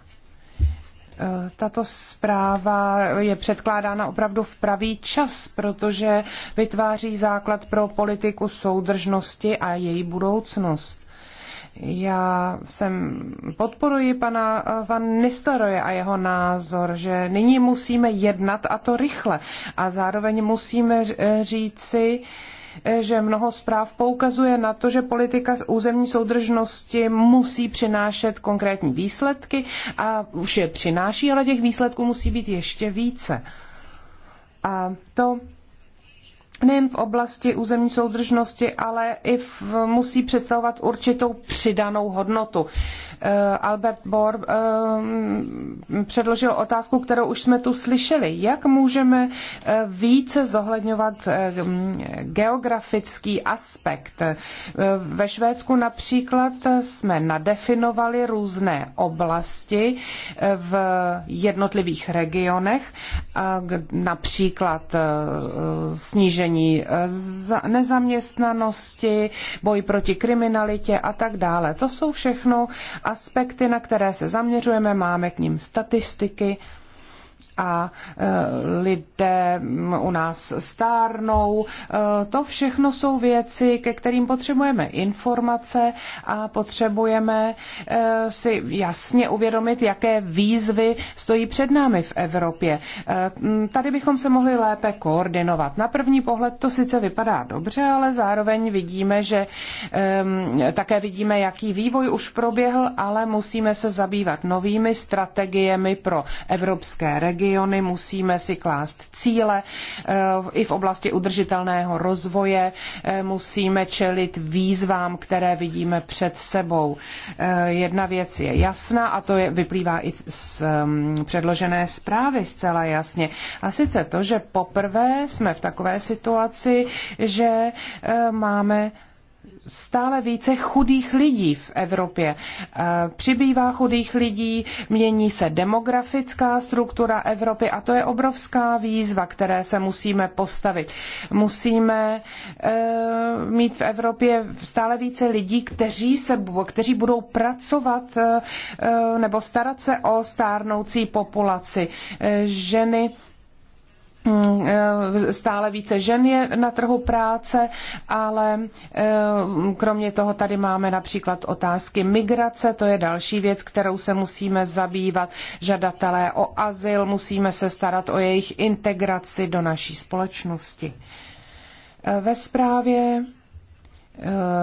E, tato zpráva je předkládána opravdu v pravý čas, protože vytváří základ pro politiku soudržnosti a její budoucnost. Já jsem podporuji pana eh, Van Nistelrooye a jeho názor, že nyní musíme jednat a to rychle. A zároveň musíme eh, říci, eh, že mnoho zpráv poukazuje na to, že politika územní soudržnosti musí přinášet konkrétní výsledky a už je přináší, ale těch výsledků musí být ještě více. A to nejen v oblasti územní soudržnosti, ale i v, musí představovat určitou přidanou hodnotu. Eh, Albert Bor eh, předložil otázku, kterou už jsme tu slyšeli. Jak můžeme eh, více zohledňovat geografický aspekt? Ve Švédsku například jsme nadefinovali různé oblasti v jednotlivých regionech, například snížení nezaměstnanosti, boj proti kriminalitě a tak dále. To jsou všechno aspekty, na které se zaměřujeme, máme k ním statistiky a e, lidé u nás stárnou. E, to všechno jsou věci, ke kterým potřebujeme informace a potřebujeme e, si jasně uvědomit, jaké výzvy stojí před námi v Evropě. Tady bychom se mohli lépe koordinovat. Na první pohled to sice vypadá dobře, ale zároveň vidíme, že také vidíme, jaký vývoj už proběhl, ale musíme se zabývat novými strategiemi pro evropské regiony regiony, musíme si klást cíle eh, i v oblasti udržitelného rozvoje, eh, musíme čelit výzvám, které vidíme před sebou. Eh, jedna věc je jasná a to je, vyplývá i z mm, předložené zprávy zcela jasně. A sice to, že poprvé jsme v takové situaci, že máme stále více chudých lidí v Evropě. Eh, přibývá chudých lidí, mění se demografická struktura Evropy a to je obrovská výzva, které se musíme postavit. Musíme eh, mít v Evropě stále více lidí, kteří, se, kteří budou pracovat eh, nebo starat se o stárnoucí populaci. Ženy Mm, eh, stále více žen je na trhu práce, ale eh, kromě toho tady máme například otázky migrace, to je další věc, kterou se musíme zabývat. Žadatelé o azyl, musíme se starat o jejich integraci do naší společnosti. Eh, ve zprávě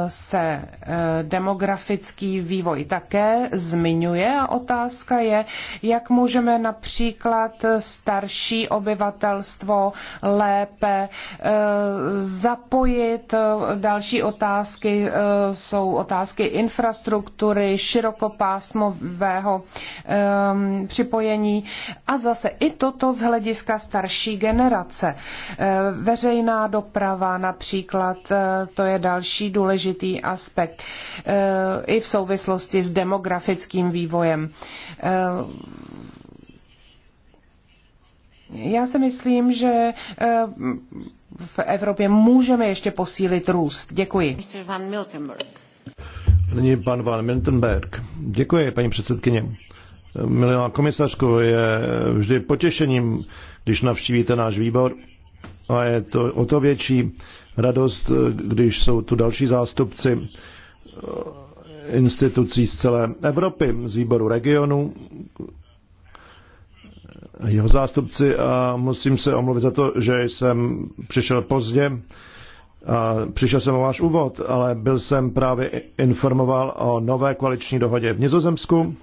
se eh, demografický vývoj také zmiňuje a otázka je, jak můžeme například starší obyvatelstvo lépe eh, zapojit. Eh, další otázky jsou otázky infrastruktury, širokopásmového připojení a zase i toto z hlediska starší generace. Veřejná doprava například, to je další další důležitý aspekt eh, i v souvislosti s demografickým vývojem. Eh, já si myslím, že eh, v Evropě můžeme ještě posílit růst. Děkuji. Van Miltenberg. Nyní pan Van Miltenberg. Děkuji, paní předsedkyně. Milá komisařko, je vždy potěšením, když navštívíte náš výbor a je to o to větší radost, když jsou tu další zástupci eh, institucí z celé Evropy, z výboru regionu, eh, jeho zástupci a musím se omluvit za to, že jsem přišel pozdě. A přišel jsem o váš úvod, ale byl jsem právě informoval o nové koaliční dohodě v Nizozemsku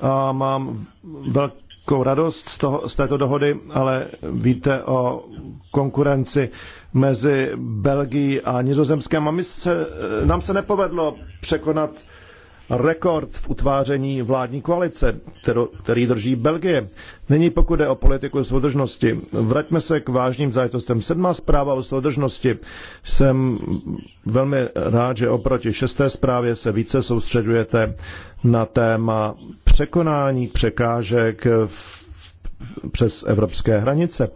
a mám velk, velkou radost z, toho, z této dohody, ale víte o konkurenci mezi Belgií a Nizozemskem. A my se, nám se nepovedlo překonat rekord v utváření vládní koalice, kterou, který drží Belgie. Není pokud jde o politiku soudržnosti, vraťme se k vážným zájitostem. Sedmá zpráva o soudržnosti. Jsem velmi rád, že oproti šesté zprávě se více soustředujete na téma překonání překážek v, přes evropské hranice.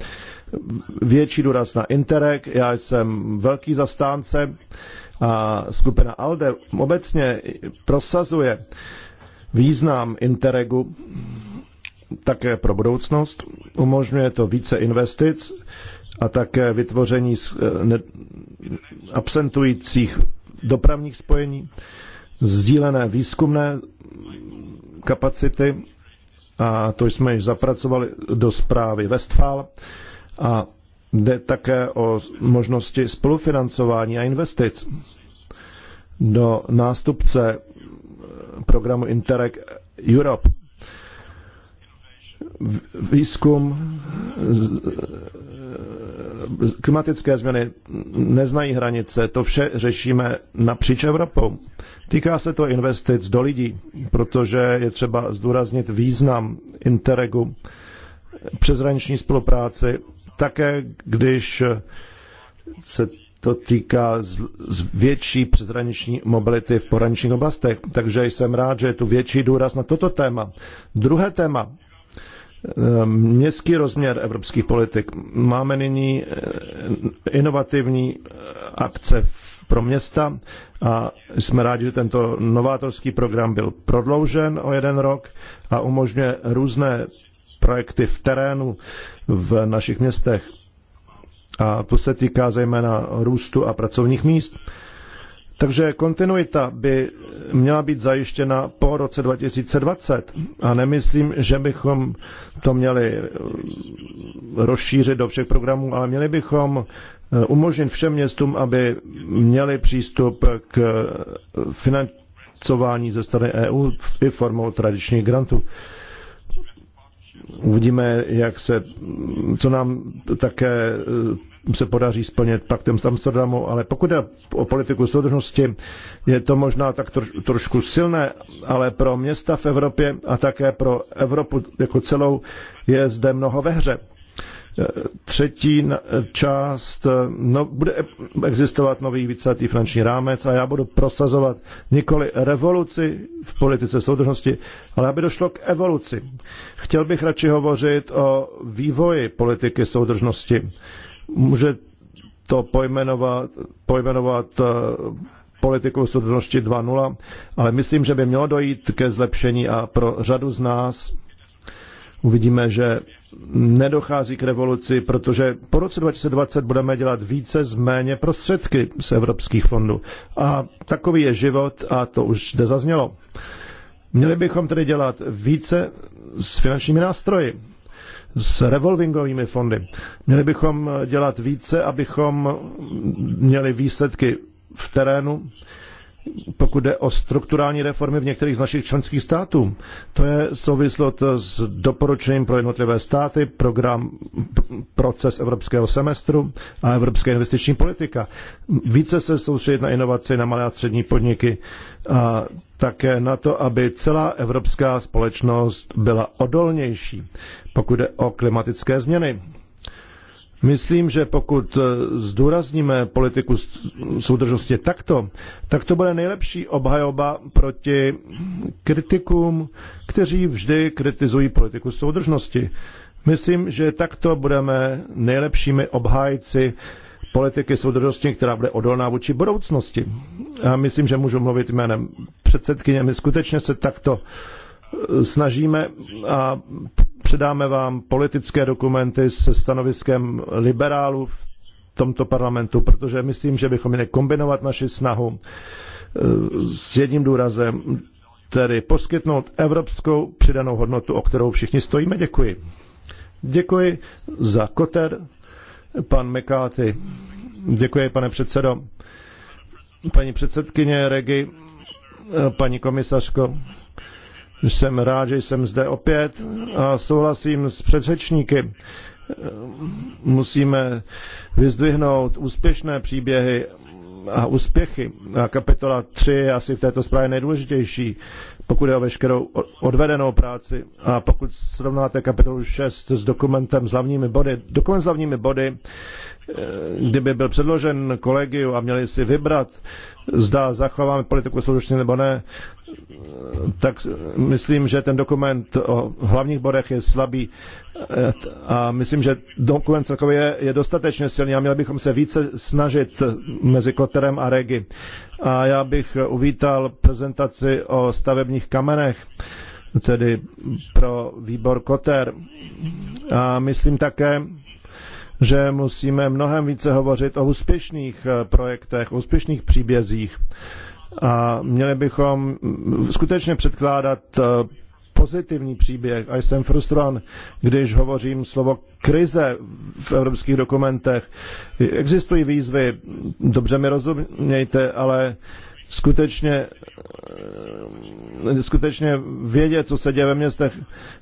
Větší důraz na Interreg, já jsem velký zastánce a skupina ALDE obecně prosazuje význam Interregu také pro budoucnost. Umožňuje to více investic a také vytvoření eh, absentujících dopravních spojení, sdílené výzkumné kapacity a to jsme již zapracovali do zprávy Westfál a jde také o možnosti spolufinancování a investic do nástupce programu Interreg Europe. Výzkum, klimatické změny neznají hranice, to vše řešíme napříč Evropou. Týká se to investic do lidí, protože je třeba zdůraznit význam Interregu, přezraniční spolupráci, také když se to týká z, z větší přezraniční mobility v pohraničních oblastech. Takže jsem rád, že je tu větší důraz na toto téma. Druhé téma, Ehm, městský rozměr evropských politik. Máme nyní eh, inovativní eh, akce pro města a jsme rádi, že tento novátorský program byl prodloužen o jeden rok a umožňuje různé projekty v terénu v našich městech. A to se týká zejména růstu a pracovních míst. Takže kontinuita by měla být zajištěna po roce 2020 a nemyslím, že bychom to měli eh, rozšířit do všech programů, ale měli bychom eh, umožnit všem městům, aby měli přístup k eh, financování ze strany EU i formou tradičních grantů. Uvidíme, jak se, co nám také se podaří splnit paktem s Amsterdamu, ale pokud je o politiku soudržnosti, je to možná tak troš, trošku silné, ale pro města v Evropě a také pro Evropu jako celou je zde mnoho ve hře. E, třetí část, e, no, bude e-, existovat nový víceletý franční rámec a já budu prosazovat nikoli revoluci v politice soudržnosti, ale aby došlo k evoluci. Chtěl bych radši hovořit o vývoji politiky soudržnosti Může to pojmenovat, pojmenovat eh, politiku studenosti 2.0, ale myslím, že by mělo dojít ke zlepšení a pro řadu z nás uvidíme, že nedochází k revoluci, protože po roce 2020 budeme dělat více z méně prostředky z evropských fondů. A takový je život a to už zde zaznělo. Měli bychom tedy dělat více s finančními nástroji s revolvingovými fondy. Měli bychom dělat více, abychom měli výsledky v terénu pokud jde o strukturální reformy v některých z našich členských států. To je souvislost s doporučením pro jednotlivé státy, program, proces evropského semestru a evropské investiční politika. Více se soustředit na inovaci, na malé a střední podniky a také na to, aby celá evropská společnost byla odolnější, pokud jde o klimatické změny. Myslím, že pokud eh, zdůrazníme politiku soudržnosti takto, tak to bude nejlepší obhajoba proti kritikům, kteří vždy kritizují politiku soudržnosti. Myslím, že takto budeme nejlepšími obhájci politiky soudržnosti, která bude odolná vůči budoucnosti. A myslím, že můžu mluvit jménem předsedkyně. My skutečně se takto eh, snažíme a Předáme vám politické dokumenty se stanoviskem liberálů v tomto parlamentu, protože myslím, že bychom měli kombinovat naši snahu eh, s jedním důrazem, tedy poskytnout evropskou přidanou hodnotu, o kterou všichni stojíme. Děkuji. Děkuji za koter, pan Mekáty. Děkuji, pane předsedo. Paní předsedkyně Regi, eh, paní komisařko, jsem rád, že jsem zde opět a souhlasím s předřečníky. Musíme vyzdvihnout úspěšné příběhy a úspěchy. A kapitola 3 je asi v této zprávě nejdůležitější, pokud je o veškerou odvedenou práci. A pokud srovnáte kapitolu 6 s dokumentem s hlavními body, dokument s hlavními body Eh, kdyby byl předložen kolegiu a měli si vybrat, zda zachováme politiku soudržně nebo ne, eh, tak myslím, že ten dokument o hlavních bodech je slabý eh, a myslím, že dokument celkově je dostatečně silný a měli bychom se více snažit mezi Koterem a Regi. A já bych uvítal prezentaci o stavebních kamenech, tedy pro výbor Koter. A myslím také, že musíme mnohem více hovořit o úspěšných eh, projektech, o úspěšných příbězích. A měli bychom mm, skutečně předkládat eh, pozitivní příběh a jsem frustrovan, když hovořím slovo krize v evropských dokumentech. Existují výzvy, dobře mi rozumějte, ale uh, skutečně, eh, skutečně vědět, co se děje ve městech.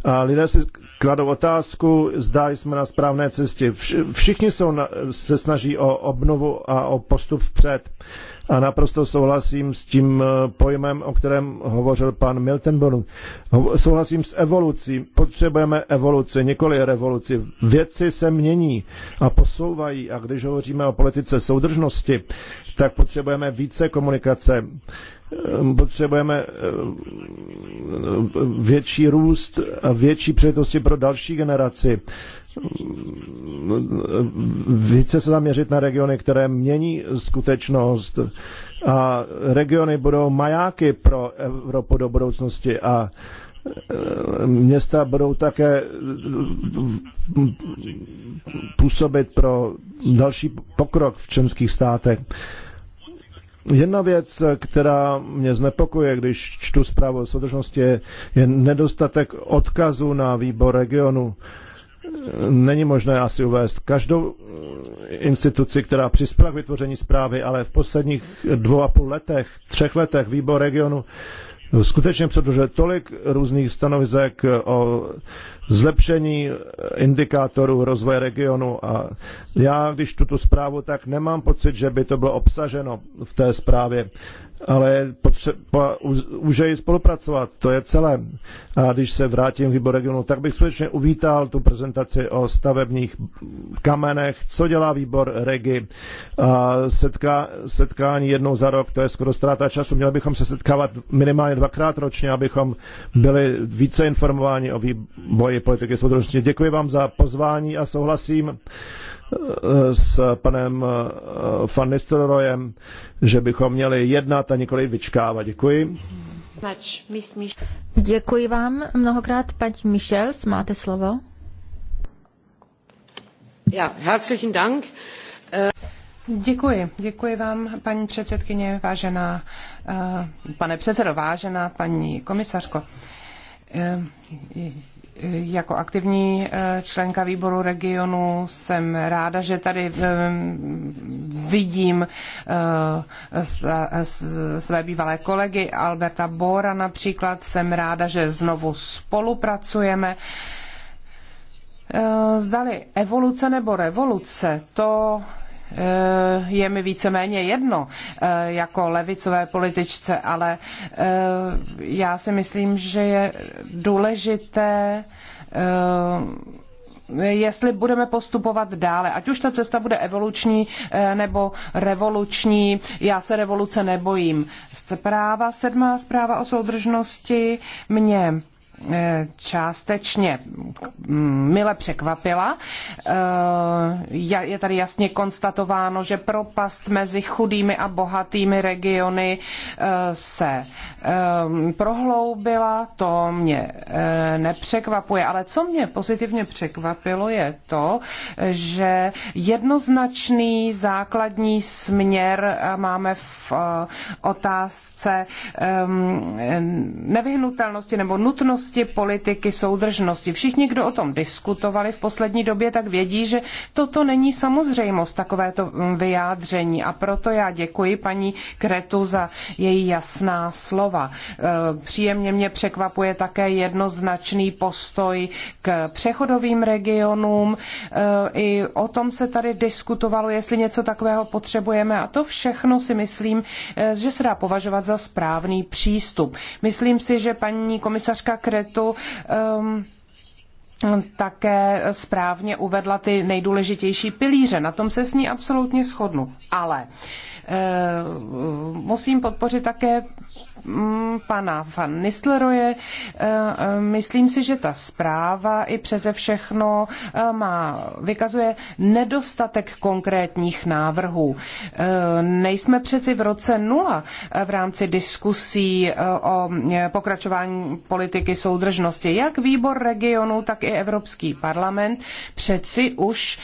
A lidé si kladou otázku, zda jsme na správné cestě. Všichni jsou na, se snaží o obnovu a o postup vpřed a naprosto souhlasím s tím eh, pojmem, o kterém hovořil pan Miltenborn. Souhlasím s evolucí. Potřebujeme evoluci, nikoli revoluci. Věci se mění a posouvají a když hovoříme o politice soudržnosti, tak potřebujeme více komunikace Ehm, potřebujeme ehm, větší růst a větší přednosti pro další generaci. Ehm, více se zaměřit na regiony, které mění skutečnost a regiony budou majáky pro Evropu do budoucnosti a města budou také působit pro další pokrok v členských státech. Jedna věc, která mě znepokuje, když čtu zprávu o soudržnosti, je, je nedostatek odkazu na výbor regionu. Není možné asi uvést každou instituci, která přispěla k vytvoření zprávy, ale v posledních dvou a půl letech, třech letech výbor regionu skutečně předložil tolik různých stanovisek o zlepšení indikátorů rozvoje regionu a já, když tuto zprávu, tak nemám pocit, že by to bylo obsaženo v té zprávě ale je spolupracovat, to je celé. A když se vrátím k výboru tak bych skutečně uvítal tu prezentaci o stavebních kamenech, co dělá výbor regi. A setkání jednou za rok, to je skoro ztráta času. Měli bychom se setkávat minimálně dvakrát ročně, abychom byli více informováni o vývoji politiky soudržnosti. Děkuji vám za pozvání a souhlasím s panem eh, Van Nistelrojem, že bychom měli jednat a nikoli vyčkávat. Děkuji. Děkuji vám mnohokrát, paní Michels, máte slovo. Já, herzlichen Dank. Eh, děkuji. Děkuji vám, paní předsedkyně, vážená, eh, pane předsedo, vážená paní komisařko. Jako aktivní eh, členka výboru regionu jsem ráda, že tady eh, vidím eh, své bývalé kolegy Alberta Bora například. Jsem ráda, že znovu spolupracujeme. Zdali evoluce nebo revoluce, to Eh, je mi víceméně jedno eh, jako levicové političce, ale eh, já si myslím, že je důležité jestli budeme postupovat dále. Ať už ta cesta bude evoluční nebo revoluční, já se revoluce nebojím. Zpráva sedmá, zpráva o soudržnosti mě Eh, částečně mile překvapila. Eh, je tady jasně konstatováno, že propast mezi chudými a bohatými regiony eh, se prohloubila, to mě nepřekvapuje, ale co mě pozitivně překvapilo je to, že jednoznačný základní směr máme v otázce nevyhnutelnosti nebo nutnosti soudržnosti, politiky soudržnosti. Všichni, kdo o tom diskutovali v poslední době, tak vědí, že toto není samozřejmost, takovéto mm, vyjádření. A proto já děkuji paní Kretu za její jasná slova. E, příjemně mě překvapuje také jednoznačný postoj k přechodovým regionům. E, I o tom se tady diskutovalo, jestli něco takového potřebujeme. A to všechno si myslím, e, že se dá považovat za správný přístup. Myslím si, že paní komisařka Kretu Um, také správně uvedla ty nejdůležitější pilíře. Na tom se s ní absolutně shodnu. Ale Eh, musím podpořit také mm, pana Van Nistleroje. Eh, eh, myslím si, že ta zpráva i přeze všechno má, vykazuje nedostatek konkrétních návrhů. Nejsme přeci v roce nula v rámci diskusí o pokračování politiky soudržnosti. Jak výbor regionu, tak i Evropský parlament přeci už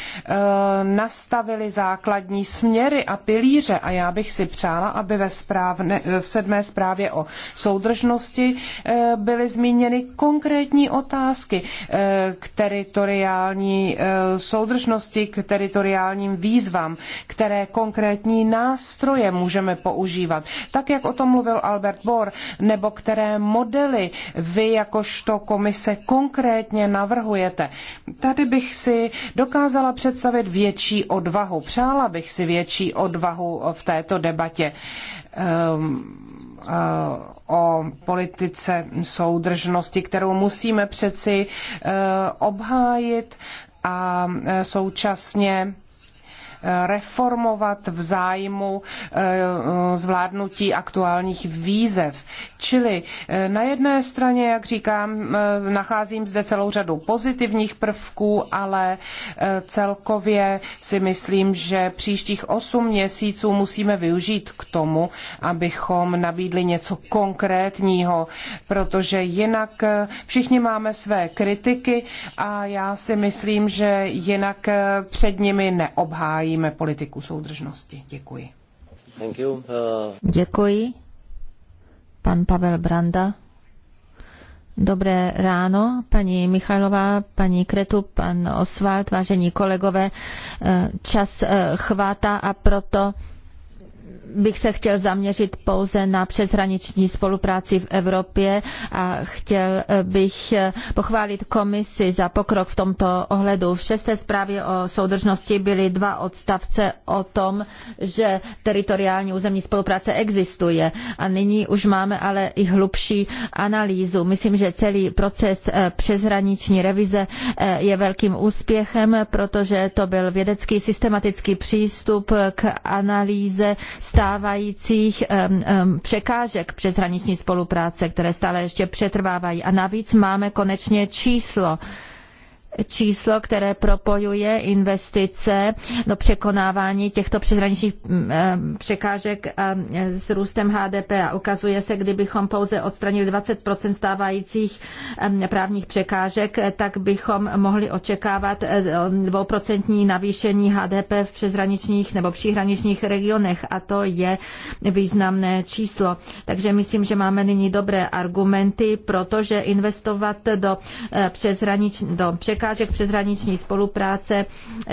nastavili základní směry a pilíře a já bych si přála, aby ve správne, v sedmé zprávě o soudržnosti eh, byly zmíněny konkrétní otázky eh, k teritoriální eh, soudržnosti, k teritoriálním výzvám, které konkrétní nástroje můžeme používat, tak jak o tom mluvil Albert Bohr, nebo které modely vy jakožto komise konkrétně navrhujete. Tady bych si dokázala představit větší odvahu. Přála bych si větší odvahu v této debatě ehm, eh, o politice soudržnosti, kterou musíme přeci eh, obhájit a eh, současně reformovat v zájmu eh, zvládnutí aktuálních výzev. Čili eh, na jedné straně, jak říkám, eh, nacházím zde celou řadu pozitivních prvků, ale celkově si myslím, že příštích osm měsíců musíme využít k tomu, abychom nabídli něco konkrétního, protože jinak všichni máme své kritiky a já si myslím, že jinak před nimi neobhájíme obhajujeme politiku soudržnosti. Děkuji. Thank you. Uh... Děkuji. Pan Pavel Branda. Dobré ráno, paní Michalová, paní Kretu, pan Osvald, vážení kolegové. Eh, čas eh, chvátá a proto bych se chtěl zaměřit pouze na přeshraniční spolupráci v Evropě a chtěl bych pochválit komisi za pokrok v tomto ohledu. V šesté zprávě o soudržnosti byly dva odstavce o tom, že teritoriální územní spolupráce existuje a nyní už máme ale i hlubší analýzu. Myslím, že celý proces eh, přeshraniční revize eh, je velkým úspěchem, protože to byl vědecký systematický přístup k analýze stavu stávajících překážek přeshraniční spolupráce, které stále ještě přetrvávají. A navíc máme konečně číslo číslo, které propojuje investice do překonávání těchto přeshraničních mm, eh, překážek eh, s růstem HDP a ukazuje se, kdybychom pouze odstranili 20% stávajících ehm, právních překážek, tak bychom mohli očekávat eh, dvouprocentní navýšení HDP v přeshraničních nebo příhraničních regionech a to je významné číslo. Takže myslím, že máme nyní dobré argumenty, protože investovat do přeshraničních do překážek překážek přeshraniční spolupráce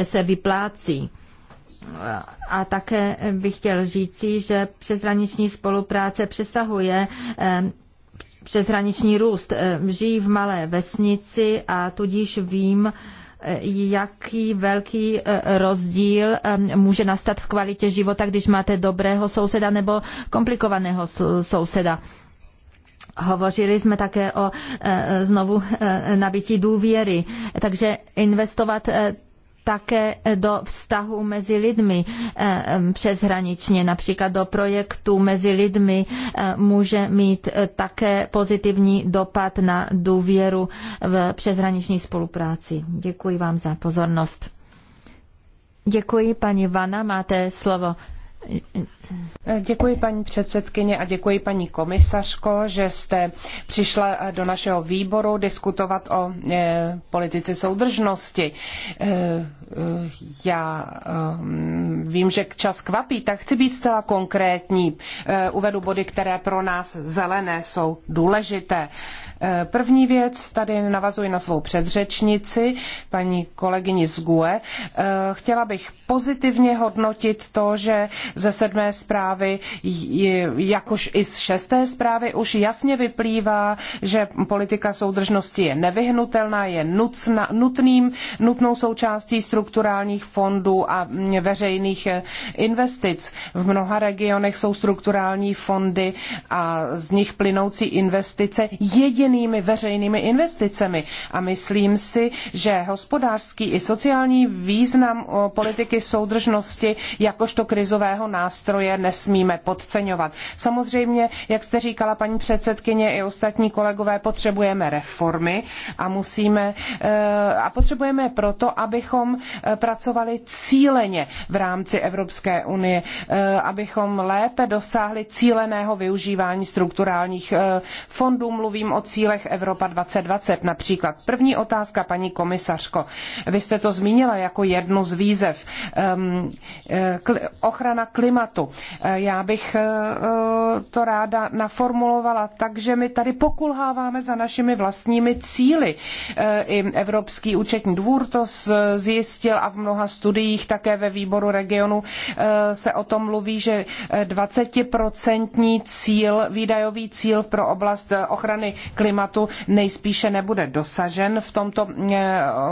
se vyplácí. A také bych chtěl říci, že přeshraniční spolupráce přesahuje eh, přeshraniční růst. Eh, žijí v malé vesnici a tudíž vím, eh, jaký velký rozdíl může nastat v kvalitě života, když máte dobrého souseda nebo komplikovaného souseda. Hovořili jsme také o e, znovu e, nabití důvěry, takže investovat e, také do vztahu mezi lidmi přeshraničně, například do projektu mezi lidmi může mít také pozitivní dopad na důvěru v přeshraniční spolupráci. Děkuji vám za pozornost. Děkuji, paní Vana, máte slovo. Děkuji paní předsedkyně a děkuji paní komisařko, že jste přišla do našeho výboru diskutovat o eh, politice soudržnosti. Eh, já eh, vím, že čas kvapí, tak chci být zcela konkrétní. uvedu body, které pro nás zelené jsou důležité. První věc, tady navazuji na svou předřečnici, paní kolegyni z GUE. Chtěla bych pozitivně hodnotit to, že ze sedmé zprávy, jakož i z šesté zprávy už jasně vyplývá, že politika soudržnosti je nevyhnutelná, je nucna, nutným, nutnou součástí strukturálních fondů a veřejných eh, investic. V mnoha regionech jsou strukturální fondy a z nich plynoucí investice jedinými veřejnými investicemi. A myslím si, že hospodářský i sociální význam politiky soudržnosti jakožto krizového nástroje je nesmíme podceňovat. Samozřejmě, jak jste říkala paní předsedkyně i ostatní kolegové, potřebujeme reformy a musíme eh, a potřebujeme je proto, abychom eh, pracovali cíleně v rámci Evropské unie, eh, abychom lépe dosáhli cíleného využívání strukturálních fondů. Mluvím o cílech Evropa 2020 například. První otázka, paní komisařko. Vy jste to zmínila jako jednu z výzev. Ehm, ochrana klimatu. Eh, já bych eh, eh, to ráda naformulovala tak, že my tady pokulháváme za našimi vlastními cíly. I Evropský účetní dvůr to zjistil a v mnoha studiích také ve výboru regionu se o tom mluví, že 20% cíl, výdajový cíl pro oblast ochrany klimatu nejspíše nebude dosažen v tomto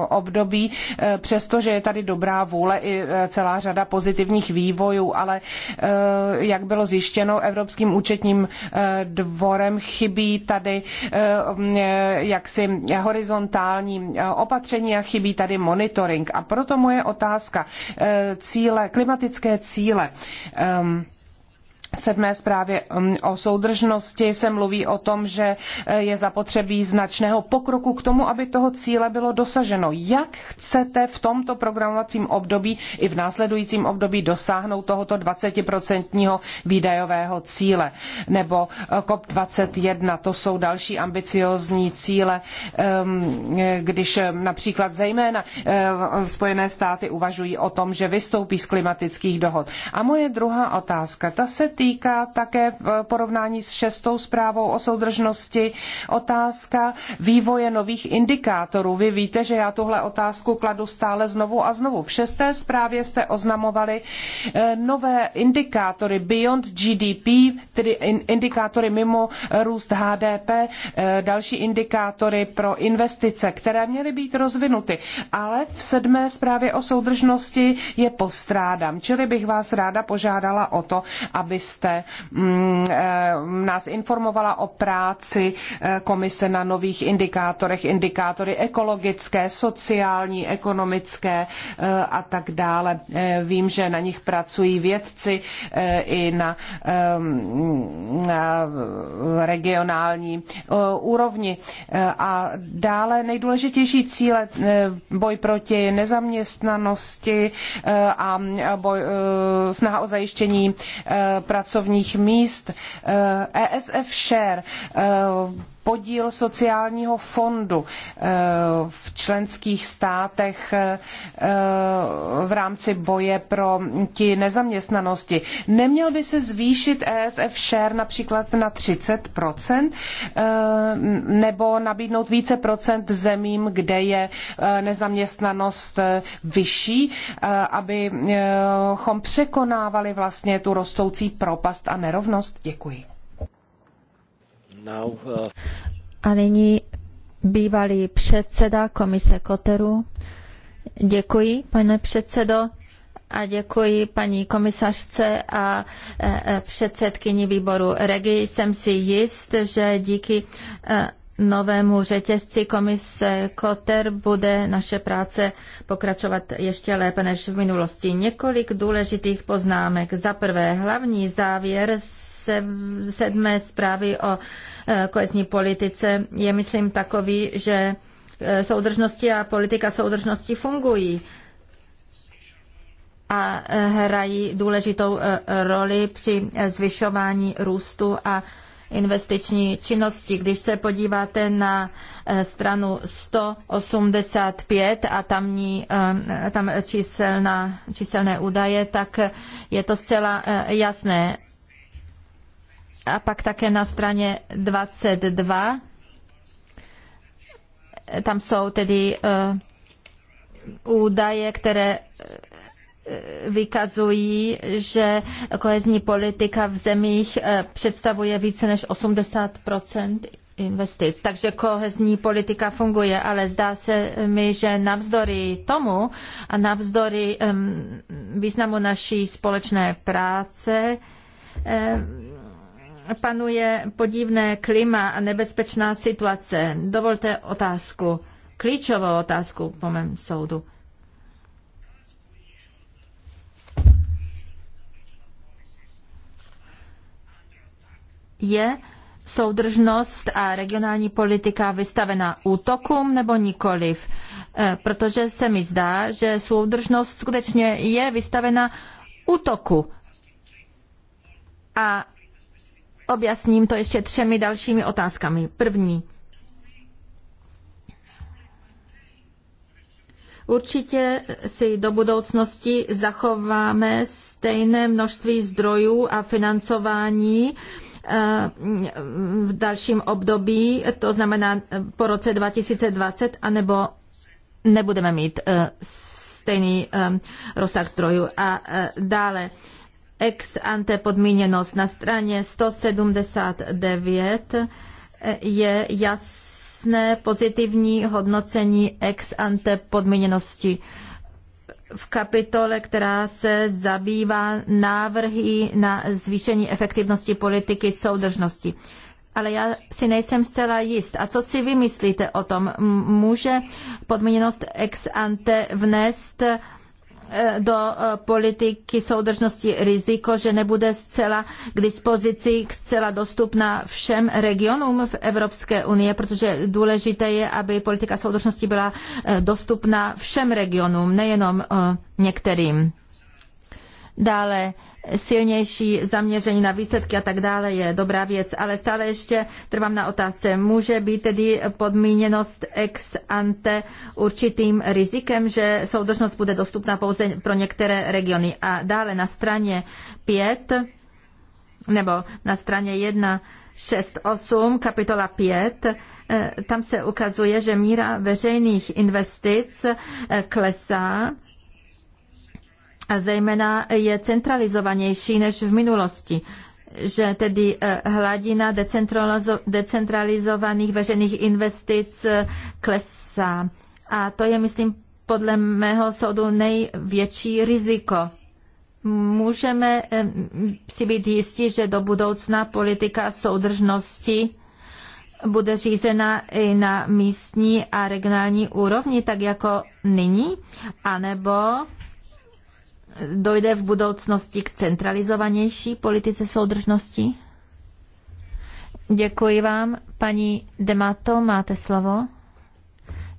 období, přestože je tady dobrá vůle i celá řada pozitivních vývojů, ale Eh, jak bylo zjištěno Evropským účetním eh, dvorem, chybí tady eh, jaksi horizontální opatření a chybí tady monitoring. A proto moje otázka, cíle, klimatické cíle. Ehm, sedmé zprávě um, o soudržnosti se mluví o tom, že eh, je zapotřebí značného pokroku k tomu, aby toho cíle bylo dosaženo. Jak chcete v tomto programovacím období i v následujícím období dosáhnout tohoto 20% výdajového cíle? Nebo eh, COP21, to jsou další ambiciózní cíle, ehm, když eh, například zejména Spojené státy uvažují o tom, že vystoupí z klimatických dohod. A moje druhá otázka, ta se týká týká také v porovnání s šestou zprávou o soudržnosti otázka vývoje nových indikátorů. Vy víte, že já tuhle otázku kladu stále znovu a znovu. V šesté zprávě jste oznamovali eh, nové indikátory Beyond GDP, tedy indikátory mimo růst HDP, eh, další indikátory pro investice, které měly být rozvinuty. Ale v sedmé zprávě o soudržnosti je postrádám. Čili bych vás ráda požádala o to, aby jste mm, eh, nás informovala o práci eh, komise na nových indikátorech, indikátory ekologické, sociální, ekonomické eh, a tak dále. Vím, že na nich pracují vědci i na regionální úrovni. A dále nejdůležitější cíle boj proti nezaměstnanosti a boj, snaha o zajištění pra pracovních míst. ESF eh, e Share eh, podíl sociálního fondu eh, v členských státech eh, v rámci boje proti nezaměstnanosti. Neměl by se zvýšit ESF share například na 30% eh, nebo nabídnout více procent zemím, kde je nezaměstnanost vyšší, abychom překonávali vlastně tu rostoucí propast a nerovnost? Děkuji. Uh, a nyní bývalý předseda komise Koteru. Děkuji, pane předsedo a děkuji paní komisařce a e, e, předsedkyni výboru Regi. Jsem si jist, že díky e, novému řetězci komise Koter bude naše práce pokračovat ještě lépe než v minulosti. Několik důležitých poznámek. Za prvé, hlavní závěr se sedmé zprávy o e, kohezní politice je, myslím, takový, že e, soudržnosti a politika soudržnosti fungují a e, hrají důležitou roli při zvyšování růstu a investiční činnosti. Když se podíváte na stranu 185 a tamní, tam číselná, číselné údaje, tak je to zcela jasné. A pak také na straně 22, tam jsou tedy eh, údaje, které eh, vykazují, že kohezní politika v zemích eh, představuje více než 80 investic. Takže kohezní politika funguje, ale zdá se mi, že navzdory tomu a navzdory významu naší společné práce, panuje podivné klima a nebezpečná situace. Dovolte otázku, klíčovou otázku po mém soudu. Je soudržnost a regionální politika vystavena útokům nebo nikoliv? Eh, protože se mi zdá, že soudržnost skutečně je vystavena útoku. A Objasním to ještě třemi dalšími otázkami. První. Určitě si do budoucnosti zachováme stejné množství zdrojů a financování eh, v dalším období, to znamená eh, po roce 2020, anebo nebudeme mít eh, stejný rozsah zdrojů. A dále ex ante podmíněnost. Na straně 179 je jasné pozitivní hodnocení ex ante podmíněnosti v kapitole, která se zabývá návrhy na zvýšení efektivnosti politiky soudržnosti. Ale já si nejsem zcela jist. A co si vymyslíte o tom? Může podmíněnost ex ante vnést E, do e, politiky soudržnosti riziko, že nebude zcela k dispozici, zcela dostupná všem regionům v Evropské unii, protože důležité je, aby politika soudržnosti byla e, dostupná všem regionům, nejenom některým. Dále silnější zaměření na výsledky a tak dále je dobrá věc, ale stále ještě trvám na otázce. Může být tedy podmíněnost ex ante určitým rizikem, že soudržnost bude dostupná pouze pro některé regiony. A dále na straně 5 nebo na straně 1 6, 8, kapitola 5, eh, tam se ukazuje, že míra veřejných investic eh, klesá a zejména je centralizovanější než v minulosti že tedy eh, hladina decentralizovaných veřejných investic eh, klesá. A to je, myslím, podle mého soudu největší riziko. Můžeme eh, si být jistí, že do budoucna politika soudržnosti bude řízena i na místní a regionální úrovni, tak jako nyní, anebo dojde v budoucnosti k centralizovanější politice soudržnosti? Děkuji vám. Paní Demato, máte slovo.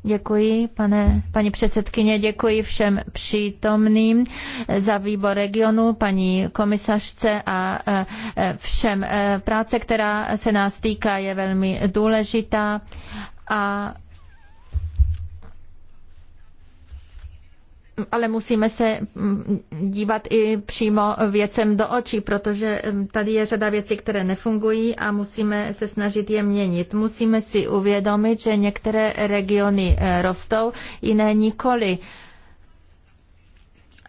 Děkuji, pane, paní předsedkyně, děkuji všem přítomným za výbor regionu, paní komisařce a e, e, všem. E, práce, která se nás týká, je velmi důležitá a ale musíme se mm, dívat i přímo věcem do očí, protože mm, tady je řada věcí, které nefungují a musíme se snažit je měnit. Musíme si uvědomit, že některé regiony eh, rostou, jiné nikoli.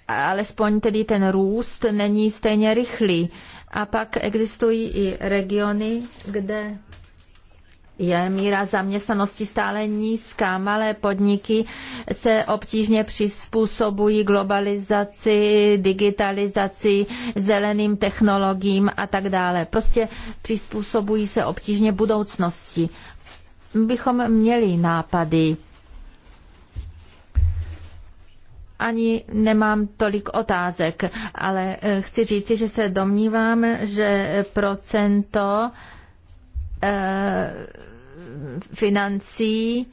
Alespoň tedy ten růst není stejně rychlý. A pak existují i regiony, kde je míra zaměstnanosti stále nízká. Malé podniky se obtížně přizpůsobují globalizaci, digitalizaci, zeleným technologiím a tak dále. Prostě přizpůsobují se obtížně budoucnosti. Bychom měli nápady. ani nemám tolik otázek, ale eh, chci říci, že se domnívám, že procento eh, financí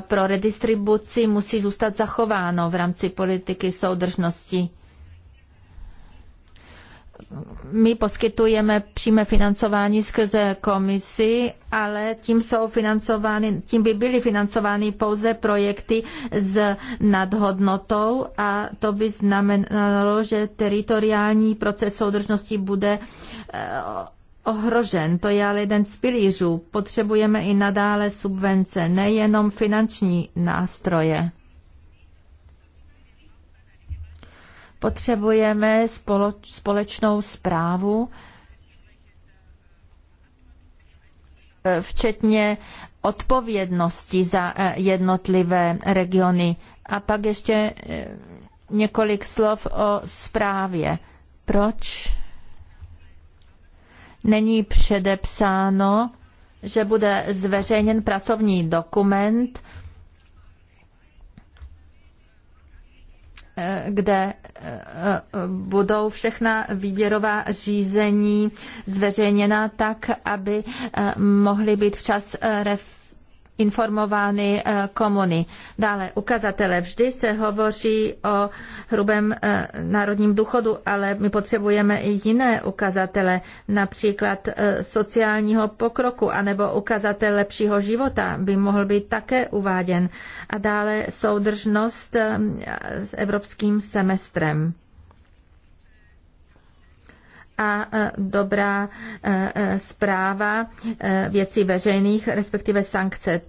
pro redistribuci musí zůstat zachováno v rámci politiky soudržnosti. My poskytujeme přímé financování skrze komisi, ale tím jsou financovány, tím by byly financovány pouze projekty s nadhodnotou a to by znamenalo, že teritoriální proces soudržnosti bude eh, ohrožen. To je ale jeden z pilířů. Potřebujeme i nadále subvence, nejenom finanční nástroje. Potřebujeme společnou zprávu, eh, včetně odpovědnosti za eh, jednotlivé regiony. A pak ještě eh, několik slov o zprávě. Proč není předepsáno, že bude zveřejněn pracovní dokument, eh, kde eh, eh, budou všechna výběrová řízení zveřejněna tak, aby mohly být včas ref informovány eh, komuny. Dále ukazatele. Vždy se hovoří o hrubém eh, národním důchodu, ale my potřebujeme i jiné ukazatele, například eh, sociálního pokroku anebo ukazatel lepšího života by mohl být také uváděn. A dále soudržnost s evropským semestrem a e, dobrá e, e, zpráva věcí veřejných, respektive sankce.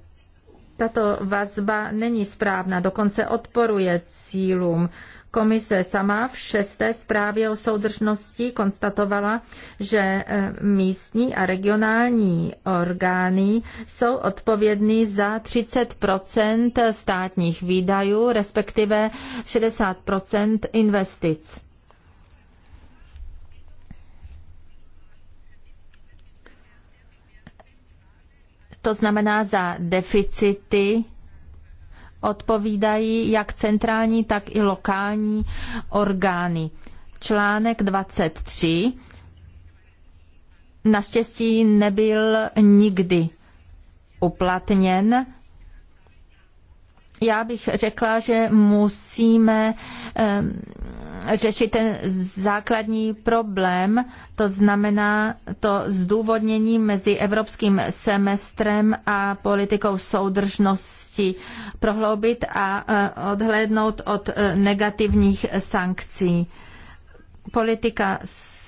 Tato vazba není správná, dokonce odporuje cílům. Komise sama v šesté zprávě o soudržnosti konstatovala, že místní a regionální orgány jsou odpovědní za 30 státních výdajů, respektive 60 investic. To znamená za deficity odpovídají jak centrální, tak i lokální orgány. Článek 23 naštěstí nebyl nikdy uplatněn. Já bych řekla, že musíme ehm, řešit ten základní problém, to znamená to zdůvodnění mezi evropským semestrem a politikou soudržnosti prohloubit a e, odhlédnout od e, negativních sankcí. Politika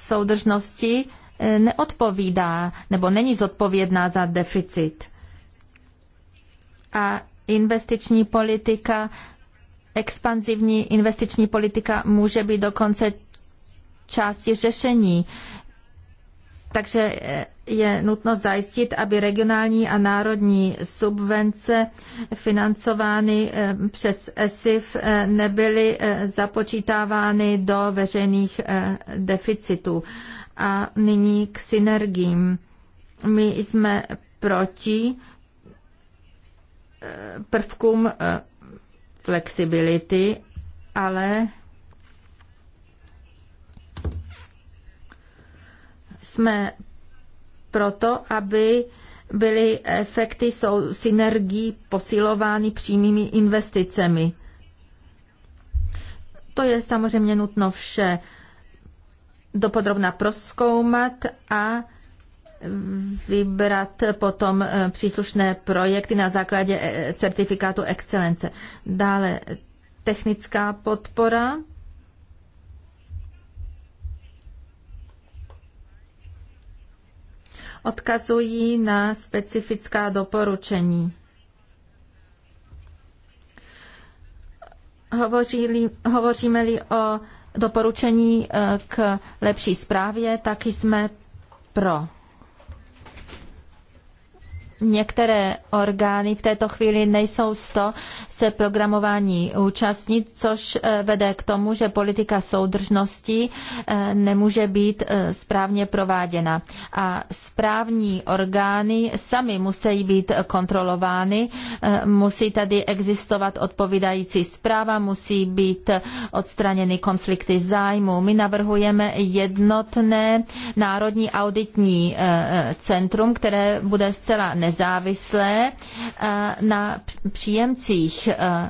soudržnosti e, neodpovídá nebo není zodpovědná za deficit. A investiční politika expanzivní investiční politika může být dokonce části řešení. Takže eh, je nutno zajistit, aby regionální a národní subvence financovány eh, přes ESIF eh, nebyly započítávány do veřejných deficitů. A nyní k synergím. My jsme proti prvkům flexibility, ale jsme proto, aby byly efekty jsou synergii posilovány přímými investicemi. To je samozřejmě nutno vše dopodrobna proskoumat a vybrat potom eh, příslušné projekty na základě eh, certifikátu excelence. Dále technická podpora. Odkazují na specifická doporučení. Hovoří-li, hovoříme-li o doporučení eh, k lepší zprávě, taky jsme pro některé orgány v této chvíli nejsou z to, se programování účastnit, což eh, vede k tomu, že politika soudržnosti eh, nemůže být eh, správně prováděna. A správní orgány sami musí být kontrolovány, musí tady existovat odpovídající zpráva, musí být odstraněny konflikty zájmu. My navrhujeme jednotné národní auditní centrum, které bude zcela nezávislé na příjemcích Eh,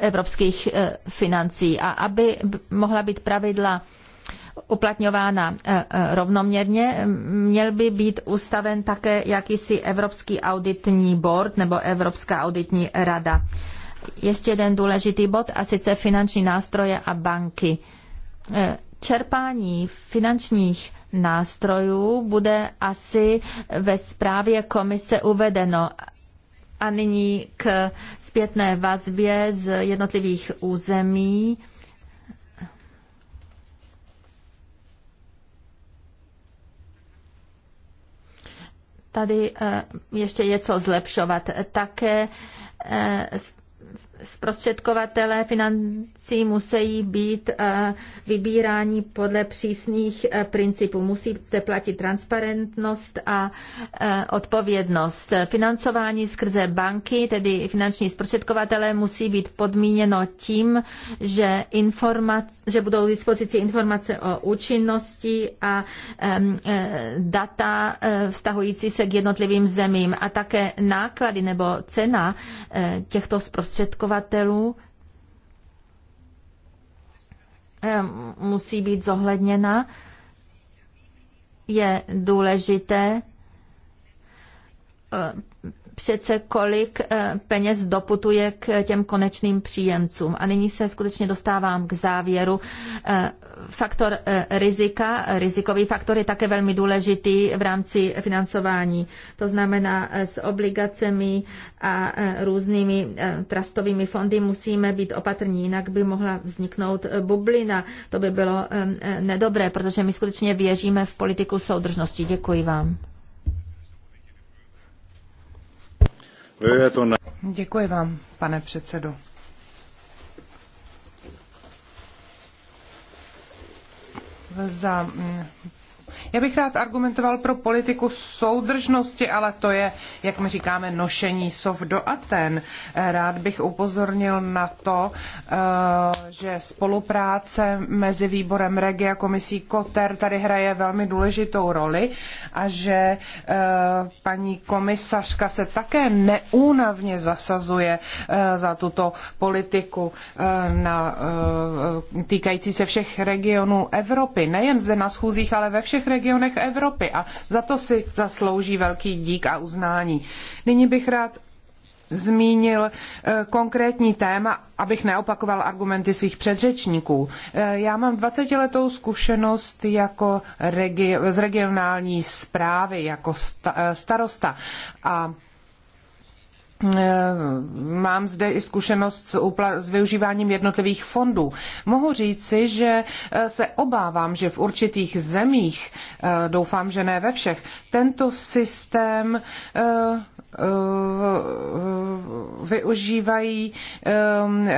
evropských eh, financí. A aby mohla být pravidla uplatňována eh, rovnoměrně, měl by být ustaven také jakýsi Evropský auditní board nebo Evropská auditní rada. Ještě jeden důležitý bod, a sice finanční nástroje a banky. Čerpání finančních nástrojů bude asi ve zprávě komise uvedeno a nyní k zpětné vazbě z jednotlivých území. Tady eh, ještě je co zlepšovat. Také eh, zprostředkovatele financ výrobci musí být eh, vybíráni podle přísných eh, principů. Musíte platit transparentnost a eh, odpovědnost. Financování skrze banky, tedy finanční zprostředkovatele, musí být podmíněno tím, že, informace, že budou k dispozici informace o účinnosti a data vztahující se k jednotlivým zemím a také náklady nebo cena těchto zprostředkovatelů musí být zohledněna. Je důležité přece, kolik eh, peněz doputuje k těm konečným příjemcům. A nyní se skutečně dostávám k závěru. Eh, faktor eh, rizika, rizikový faktor je také velmi důležitý v rámci financování. To znamená, s obligacemi a různými trustovými fondy musíme být opatrní, jinak by mohla vzniknout bublina. To by bylo nedobré, protože my skutečně věříme v politiku soudržnosti. Děkuji vám. Děkuji vám, pane předsedo. Za mm, já bych rád argumentoval pro politiku soudržnosti, ale to je, jak my říkáme, nošení sov do Aten. Rád bych upozornil na to, eh, že spolupráce mezi výborem Regi a komisí Koter tady hraje velmi důležitou roli a že eh, paní komisařka se také neúnavně zasazuje eh, za tuto politiku na, týkající se všech regionů Evropy. Nejen zde na schůzích, ale ve všech regionech regionech Evropy a za to si zaslouží velký dík a uznání. Nyní bych rád zmínil eh, konkrétní téma, abych neopakoval argumenty svých předřečníků. Eh, já mám 20 letou zkušenost jako regi- z regionální zprávy, jako eh, starosta a Eh, mám zde i zkušenost s, upla- s využíváním jednotlivých fondů. Mohu říci, že eh, se obávám, že v určitých zemích, eh, doufám, že ne ve všech, tento systém využívají ehm,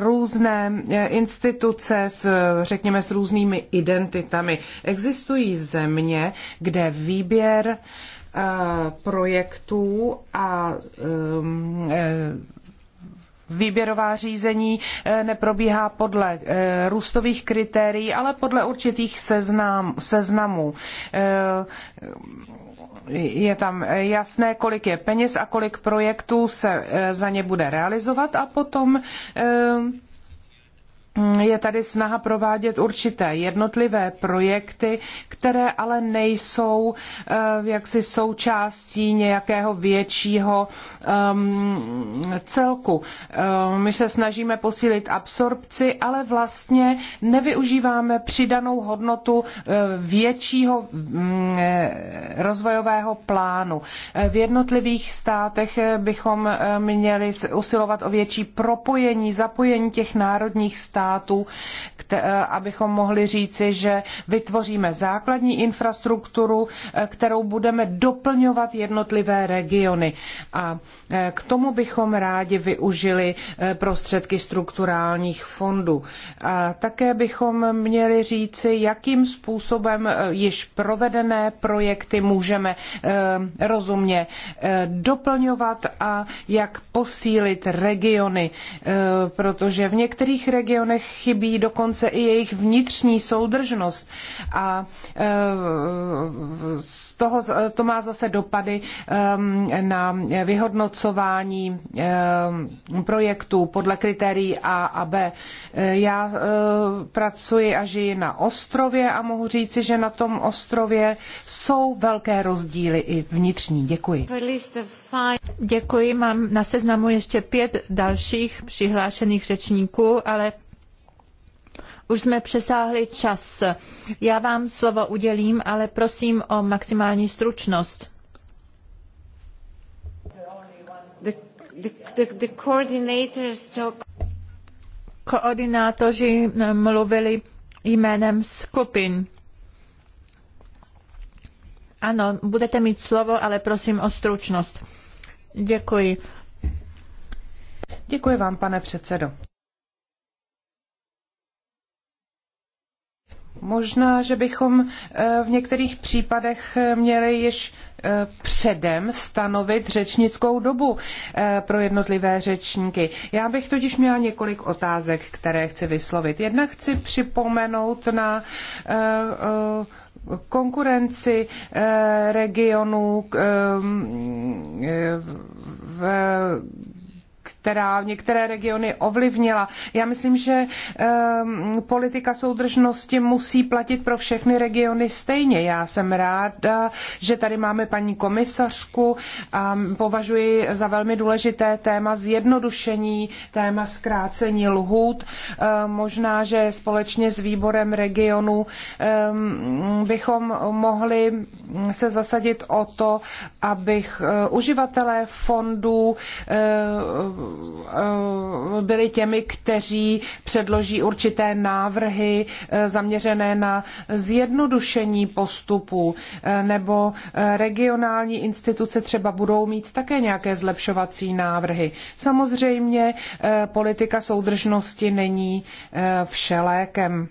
různé instituce s, řekněme, s různými identitami. Existují země, kde výběr Eh, projektů a eh, eh, výběrová řízení neprobíhá podle růstových kritérií, ale podle určitých seznam, seznamů je tam jasné, kolik je peněz a kolik projektů se za ně bude realizovat a potom je tady snaha provádět určité jednotlivé projekty, které ale nejsou eh, jaksi součástí nějakého většího ehm, celku. Ehm, my se snažíme posílit absorpci, ale vlastně nevyužíváme přidanou hodnotu eh, většího mm, eh, rozvojového plánu. V jednotlivých státech bychom měli usilovat o větší propojení, zapojení těch národních států států, eh, abychom mohli říci, že vytvoříme základní infrastrukturu, eh, kterou budeme doplňovat jednotlivé regiony. A eh, k tomu bychom rádi využili prostředky strukturálních fondů. A také bychom měli říci, jakým způsobem již provedené projekty můžeme rozumně doplňovat a jak posílit regiony, protože v některých regionech regionech chybí dokonce i jejich vnitřní soudržnost a eh, z toho, to má zase dopady eh, na vyhodnocování eh, projektů podle kritérií A a B. Já pracuji a žiji na ostrově a mohu říci, že na tom ostrově jsou velké rozdíly i vnitřní. Děkuji. Děkuji, mám na seznamu ještě pět dalších přihlášených řečníků, ale už jsme přesáhli čas. Já vám slovo udělím, ale prosím o maximální stručnost. Koordinátoři mluvili jménem skupin. Ano, budete mít slovo, ale prosím o stručnost. Děkuji. Děkuji vám, pane předsedo. Možná, že bychom eh, v některých případech eh, měli již eh, předem stanovit řečnickou dobu pro jednotlivé řečníky. Já bych totiž měla několik otázek, které chci vyslovit. Jednak chci připomenout na konkurenci regionů v která některé regiony ovlivnila. Já myslím, že um, politika soudržnosti musí platit pro všechny regiony stejně. Já jsem ráda, že tady máme paní komisařku a považuji za velmi důležité téma zjednodušení, téma zkrácení lhůt. Um, možná, že společně s výborem regionu um, bychom mohli se zasadit o to, abych uh, uživatelé fondů uh, Eh, byli těmi, kteří předloží určité návrhy eh, zaměřené na zjednodušení postupu eh, nebo regionální instituce třeba budou mít také nějaké zlepšovací návrhy. Samozřejmě politika soudržnosti není všelékem.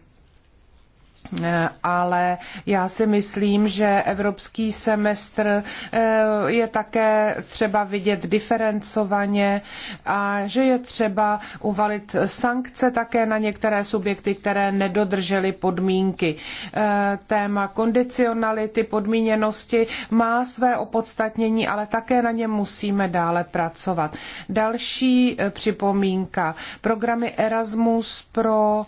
Eh, ale já si myslím, že evropský semestr eh, je také třeba vidět diferencovaně a že je třeba uvalit sankce také na některé subjekty, které nedodržely podmínky. Eh, téma kondicionality, podmíněnosti má své opodstatnění, ale také na něm musíme dále pracovat. Další připomínka. Programy Erasmus pro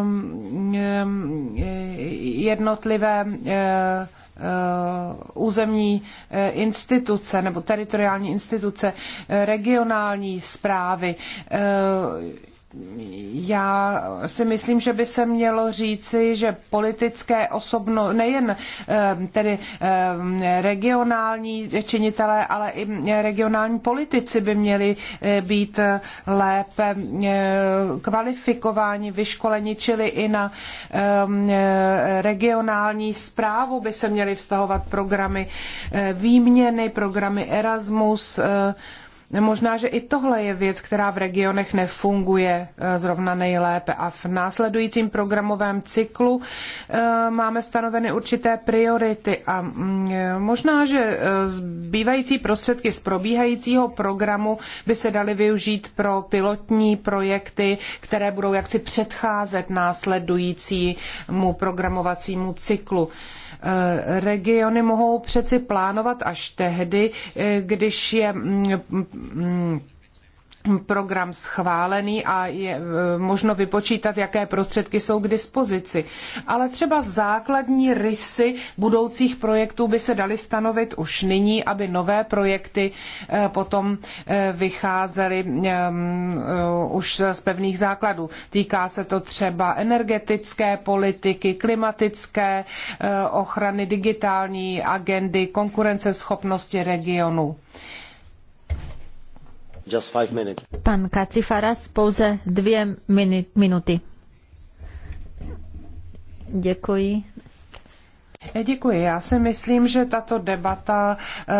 um, um, jednotlivé eh, eh, územní eh, instituce nebo teritoriální instituce, regionální zprávy, já si myslím, že by se mělo říci, že politické osobno, nejen eh, tedy eh, regionální činitelé, ale i regionální politici by měli eh, být lépe kvalifikováni, vyškoleni, čili i na regionální správu by se měly vztahovat programy výměny, programy Erasmus, Možná, že i tohle je věc, která v regionech nefunguje eh, zrovna nejlépe. A v následujícím programovém cyklu eh, máme stanoveny určité priority. A mm, eh, možná, že zbývající prostředky z probíhajícího programu by se daly využít pro pilotní projekty, které budou jaksi předcházet následujícímu programovacímu cyklu. Eh, regiony mohou přeci plánovat až tehdy, eh, když je mm, mm, program schválený a je e, možno vypočítat, jaké prostředky jsou k dispozici. Ale třeba základní rysy budoucích projektů by se daly stanovit už nyní, aby nové projekty e, potom e, vycházely už z pevných základů. Týká se to třeba energetické politiky, klimatické ochrany, digitální agendy, konkurenceschopnosti regionu. Just five minutes. Pan Kacifaras, pouze dvě minuty. Děkuji. Eh, děkuji. Já si myslím, že tato debata eh,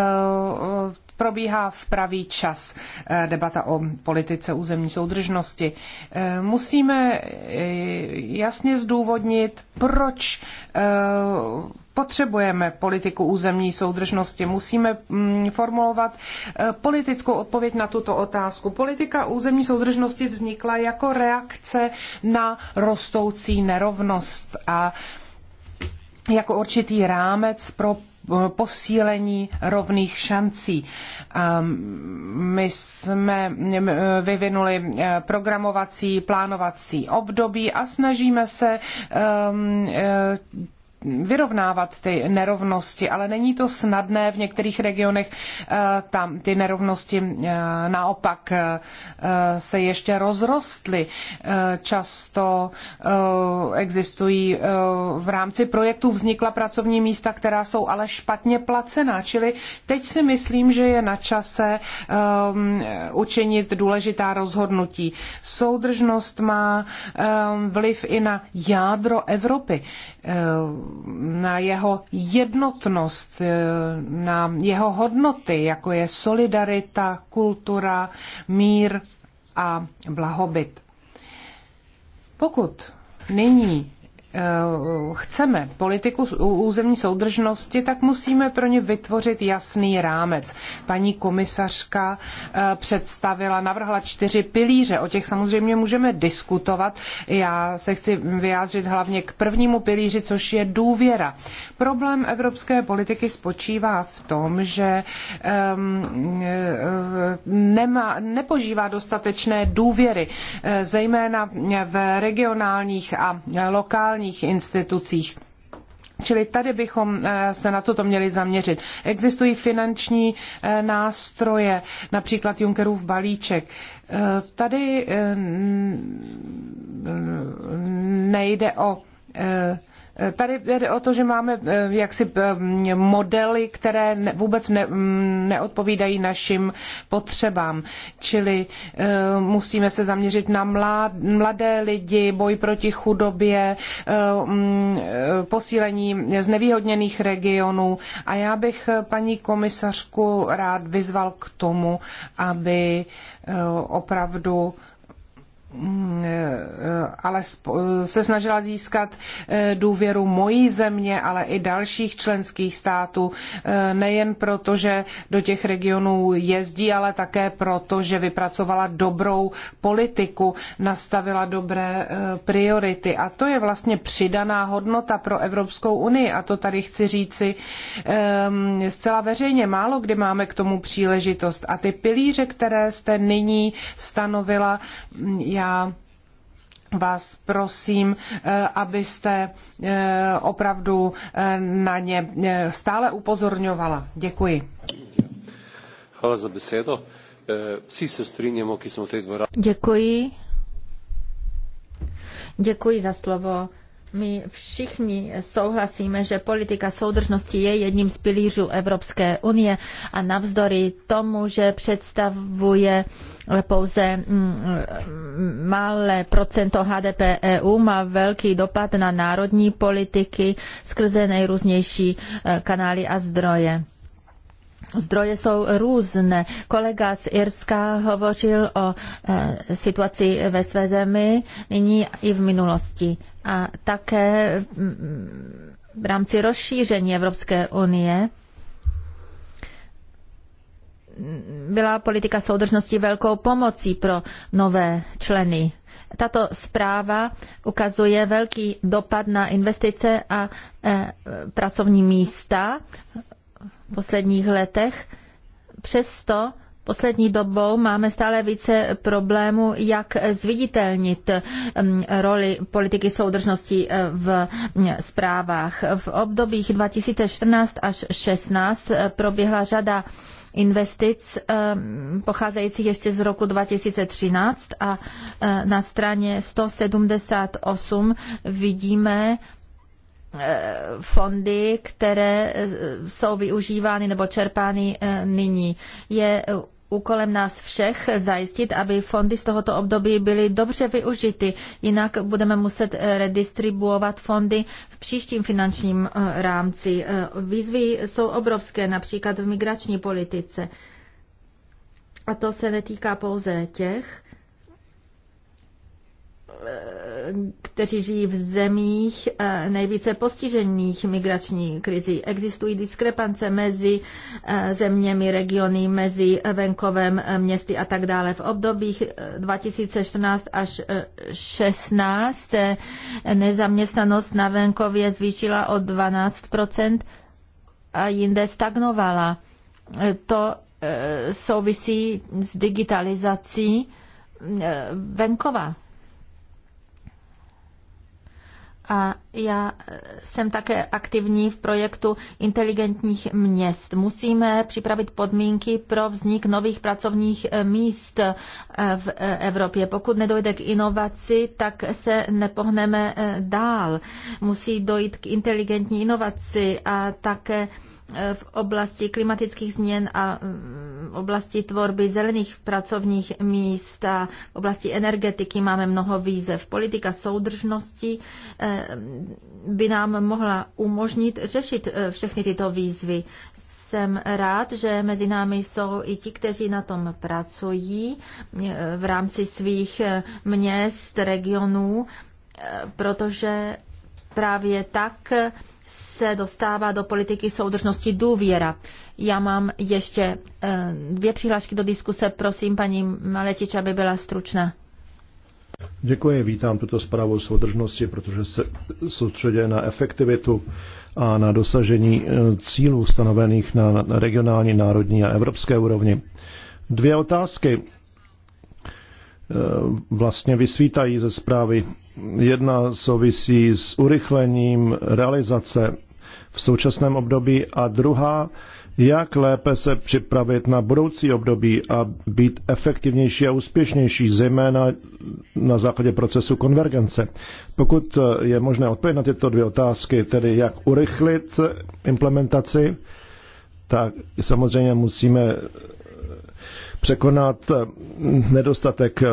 probíhá v pravý čas eh, debata o politice územní soudržnosti. Musíme jasně zdůvodnit, proč Potřebujeme politiku územní soudržnosti, musíme mm, formulovat eh, politickou odpověď na tuto otázku. Politika územní soudržnosti vznikla jako reakce na rostoucí nerovnost a jako určitý rámec pro eh, posílení rovných šancí. Ehm, my jsme eh, vyvinuli programovací, plánovací období a snažíme se ehm, vyrovnávat ty nerovnosti, ale není to snadné. V některých regionech eh, tam ty nerovnosti eh, naopak eh, se ještě rozrostly. Často existují v rámci projektů vznikla pracovní místa, která jsou ale špatně placená. Čili teď si myslím, že je na čase učinit důležitá rozhodnutí. Soudržnost má vliv i na jádro Evropy na jeho jednotnost, eh, na jeho hodnoty, jako je solidarita, kultura, mír a blahobyt. Pokud nyní Eh, chceme politiku územní soudržnosti, tak musíme pro ně vytvořit jasný rámec. Paní komisařka eh, představila, navrhla čtyři pilíře, o těch samozřejmě můžeme diskutovat. Já se chci vyjádřit hlavně k prvnímu pilíři, což je důvěra. Problém evropské politiky spočívá v tom, že ehm, eh, nemá, nepožívá dostatečné důvěry, zejména v regionálních a lokálních sociálních institucích. Čili tady bychom eh, se na toto měli zaměřit. Existují finanční eh, nástroje, například Junckerův balíček. Eh, tady nejde o Tady jde o to, že máme eh, jaksi eh, modely, které vůbec ne, mm, neodpovídají našim potřebám. Čili eh, musíme se zaměřit na mladé lidi, boj proti chudobě, mm, posílení znevýhodněných regionů. A já bych paní komisařku rád vyzval k tomu, aby opravdu Mm, eh, eh, ale se snažila získat eh, důvěru mojí země, ale i dalších členských států, nejen proto, že do těch regionů jezdí, ale také proto, že vypracovala dobrou politiku, nastavila dobré priority. A to je vlastně přidaná hodnota pro Evropskou unii. A to tady chci říci zcela veřejně. Málo kdy máme k tomu příležitost. A ty pilíře, které jste nyní stanovila, já vás prosím, eh, abyste eh, opravdu eh, na ně stále upozorňovala. Děkuji. Hvala za besedo. Vsi se strinjamo, ki smo v tej dvorani. Děkuji. Děkuji za slovo. My všichni souhlasíme, že politika soudržnosti je jedním z pilířů Evropské unie a navzdory tomu, že představuje pouze mm, mm, malé procento HDP EU, má velký dopad na národní politiky skrze nejrůznější e, kanály a zdroje. Zdroje jsou různé. Kolega z Irska hovořil o e, situaci ve své zemi nyní i v minulosti a také mm, v rámci rozšíření Evropské unie byla politika soudržnosti velkou pomocí pro nové členy. Tato zpráva ukazuje velký dopad na investice a e, pracovní místa v posledních letech. Přesto Poslední dobou máme stále více problémů, jak zviditelnit mm, roli politiky soudržnosti e, v mm, zprávách. V obdobích 2014 až 2016 e, proběhla řada investic e, pocházejících ještě z roku 2013 a na straně 178 vidíme fondy, které jsou využívány nebo čerpány nyní. Je úkolem nás všech zajistit, aby fondy z tohoto období byly dobře využity. Jinak budeme muset eh, redistribuovat fondy v příštím finančním eh, rámci. Eh, výzvy jsou obrovské, například v migrační politice. A to se netýká pouze těch, Eh, kteří žijí v zemích eh, nejvíce postižených migrační krizí. Existují diskrepance mezi eh, zeměmi, regiony, mezi venkovem, městy a tak dále. V obdobích 2014 až 16 se nezaměstnanost na venkově zvýšila o 12 a jinde stagnovala. To souvisí s digitalizací venkova. A já eh, jsem také aktivní v projektu inteligentních měst. Musíme připravit podmínky pro vznik nových pracovních eh, míst eh, v Evropě. Pokud nedojde k inovaci, tak se nepohneme dál. Musí dojít k inteligentní inovaci a také E, v oblasti klimatických změn a mm, v oblasti tvorby zelených pracovních míst a v oblasti energetiky máme mnoho výzev. Politika soudržnosti e, by nám mohla umožnit řešit e, všechny tyto výzvy. Jsem rád, že mezi námi jsou i ti, kteří na tom pracují v rámci svých měst, regionů, protože právě tak se dostává do politiky soudržnosti důvěra. Já mám ještě eh, dvě přihlášky do diskuse. Prosím, paní Maletič, aby byla stručná. Děkuji, vítám tuto zprávu soudržnosti, protože se soustředuje na efektivitu a na dosažení eh, cílů stanovených na regionální, národní a evropské úrovni. Dvě otázky Eh, vlastně vysvítají ze zprávy. Jedna souvisí s urychlením realizace v současném období a druhá, jak lépe se připravit na budoucí období a být efektivnější a úspěšnější, zejména na základě procesu konvergence. Pokud eh, je možné odpovědět na tyto dvě otázky, tedy jak urychlit implementaci, tak samozřejmě musíme překonat eh, nedostatek eh,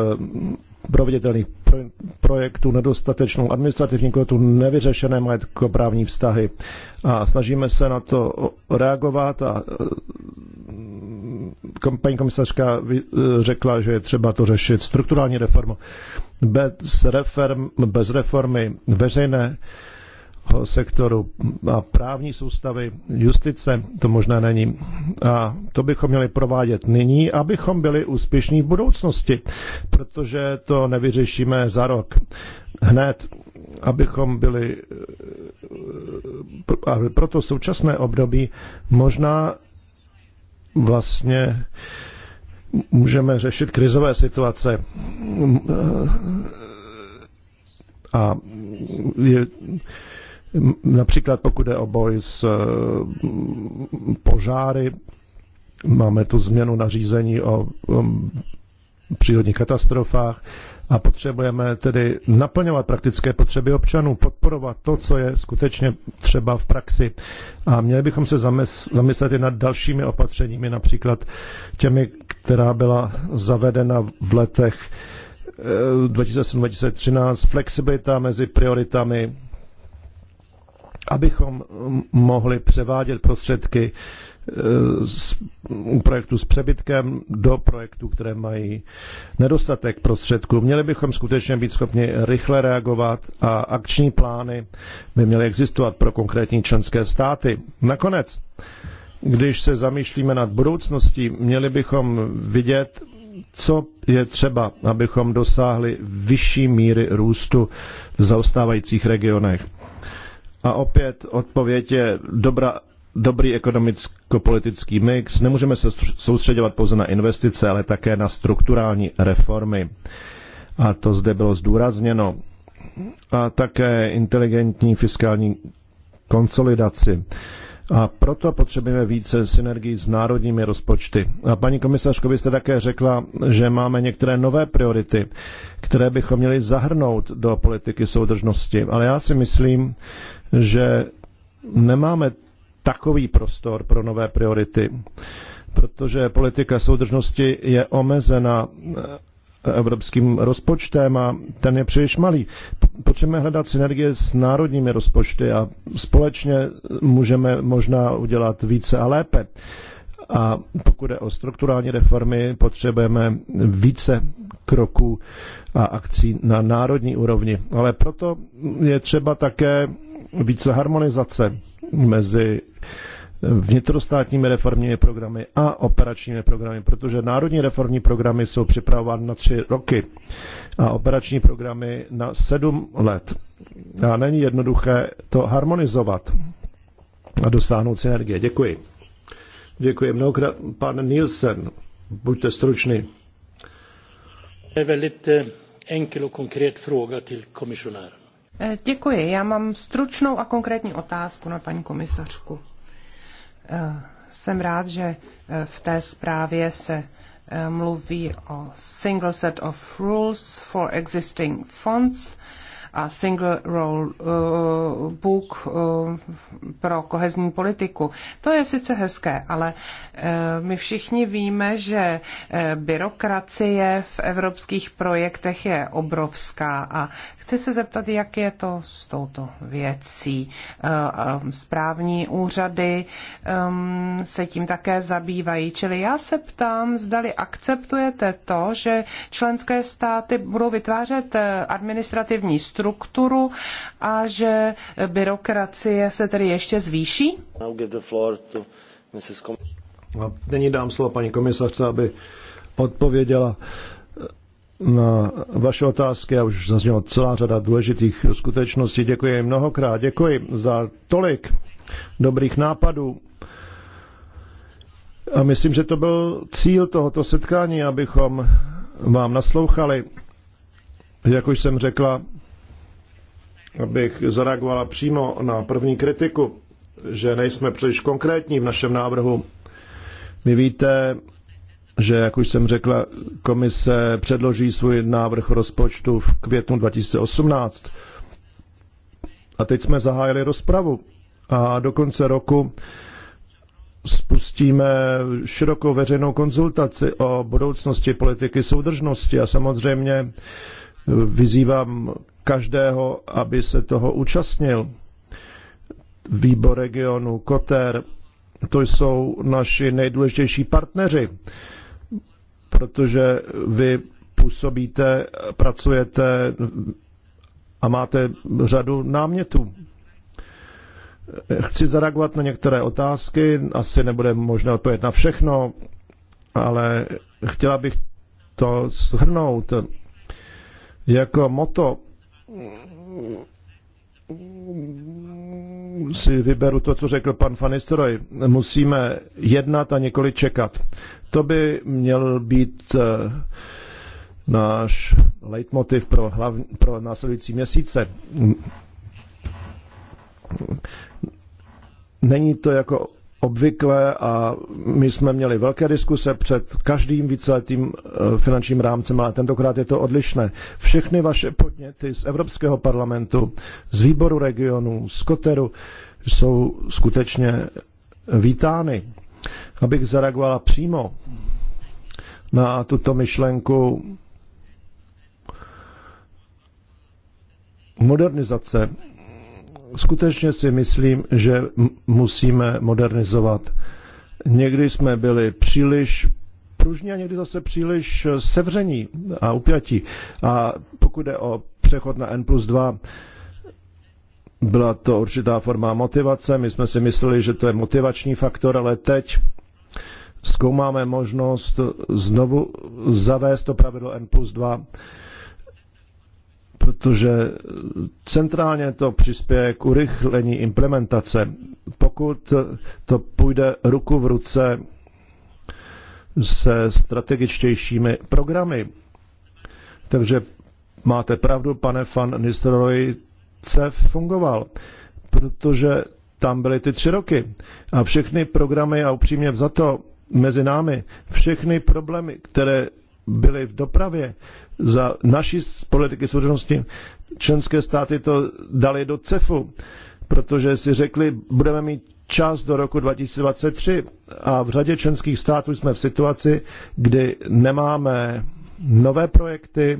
proveditelných projektů, nedostatečnou administrativní kvotu, nevyřešené majetkoprávní vztahy. A snažíme se na to reagovat a eh, paní komisařka řekla, že je třeba to řešit strukturální reformu. Bez reform, bez reformy veřejné sektoru a právní soustavy, justice, to možná není. A to bychom měli provádět nyní, abychom byli úspěšní v budoucnosti, protože to nevyřešíme za rok. Hned, abychom byli, eh, a to současné období možná vlastně můžeme řešit krizové situace. Eh, a je, Například pokud je o boj s eh, požáry, máme tu změnu nařízení o přírodních katastrofách a potřebujeme tedy naplňovat praktické potřeby občanů, podporovat to, co je skutečně třeba v praxi. A měli bychom se zamyslet i nad dalšími opatřeními, například těmi, která byla zavedena v letech eh, 2007-2013, flexibilita mezi prioritami abychom mohli převádět prostředky e, z projektu s přebytkem do projektů, které mají nedostatek prostředků. Měli bychom skutečně být schopni rychle reagovat a akční plány by měly existovat pro konkrétní členské státy. Nakonec, když se zamýšlíme nad budoucností, měli bychom vidět, co je třeba, abychom dosáhli vyšší míry růstu v zaostávajících regionech. A opět odpověď je dobrý ekonomicko-politický mix. Nemůžeme se soustředovat pouze na investice, ale také na strukturální reformy. A to zde bylo zdůrazněno. A také inteligentní fiskální konsolidaci. A proto potřebujeme více synergii s národními rozpočty. A paní komisařko, byste také řekla, že máme některé nové priority, které bychom měli zahrnout do politiky soudržnosti. Ale já si myslím, že nemáme takový prostor pro nové priority, protože politika soudržnosti je omezena eh, evropským rozpočtem a ten je příliš malý. Potřebujeme hledat synergie s národními rozpočty a společně můžeme možná udělat více a lépe. A pokud je o strukturální reformy, potřebujeme více kroků a akcí na národní úrovni. Ale proto je třeba také více harmonizace mezi vnitrostátními reformními programy a operačními programy, protože národní reformní programy jsou připravovány na tři roky a operační programy na sedm let. A není jednoduché to harmonizovat a dosáhnout synergie. Děkuji. Děkuji mnohokrát. Pan Nielsen, buďte stručný. Je velice väldigt eh, enkel och konkret fråga till Eh, děkuji. Já mám stručnou a konkrétní otázku na paní komisařku. Eh, jsem rád, že eh, v té zprávě se mluví o single set of rules for existing funds a single role uh, book uh, pro kohezní politiku. To je sice hezké, ale uh, my všichni víme, že uh, byrokracie v evropských projektech je obrovská a Chci se zeptat, jak je to s touto věcí. Eh, eh, správní úřady ehm, se tím také zabývají. Čili já se ptám, zdali akceptujete to, že členské státy budou vytvářet eh, administrativní strukturu a že byrokracie se tedy ještě zvýší? Nyní dám slovo paní komisařce, aby odpověděla na vaše otázky a už zaznělo celá řada důležitých skutečností. Děkuji mnohokrát. Děkuji za tolik dobrých nápadů. A myslím, že to byl cíl tohoto setkání, abychom vám naslouchali. Jak už jsem řekla, abych zareagovala přímo na první kritiku, že nejsme příliš konkrétní v našem návrhu. Vy víte, že, jak už jsem řekla, komise předloží svůj návrh rozpočtu v květnu 2018. A teď jsme zahájili rozpravu a do konce roku spustíme širokou veřejnou konzultaci o budoucnosti politiky soudržnosti a samozřejmě vyzývám každého, aby se toho účastnil. Výbor regionu Koter, to jsou naši nejdůležitější partneři protože vy působíte, pracujete a máte řadu námětů. Chci zareagovat na některé otázky, asi nebude možné odpovědět na všechno, ale chtěla bych to shrnout jako moto si vyberu to, co řekl pan Fanisteroj. Musíme jednat a několik čekat. To by měl být eh, náš leitmotiv pro, hlavní, pro následující měsíce. Není to jako obvykle a my jsme měli velké diskuse před každým víceletým eh, finančním rámcem, ale tentokrát je to odlišné. Všechny vaše podněty z Evropského parlamentu, z výboru regionů, z Koteru jsou skutečně vítány abych zareagovala přímo na tuto myšlenku modernizace. Skutečně si myslím, že musíme modernizovat. Někdy jsme byli příliš pružní a někdy zase příliš sevření a upjatí. A pokud jde o přechod na N plus 2, byla to určitá forma motivace, my jsme si mysleli, že to je motivační faktor, ale teď zkoumáme možnost znovu zavést to pravidlo N plus 2, protože centrálně to přispěje k urychlení implementace. Pokud to půjde ruku v ruce se strategičtějšími programy, takže máte pravdu, pane Fan Nistroj, CEF fungoval, protože tam byly ty tři roky a všechny programy a upřímně vzato mezi námi, všechny problémy, které byly v dopravě za naší politiky soudržnosti, členské státy to dali do CEFu, protože si řekli, budeme mít čas do roku 2023 a v řadě členských států jsme v situaci, kdy nemáme nové projekty,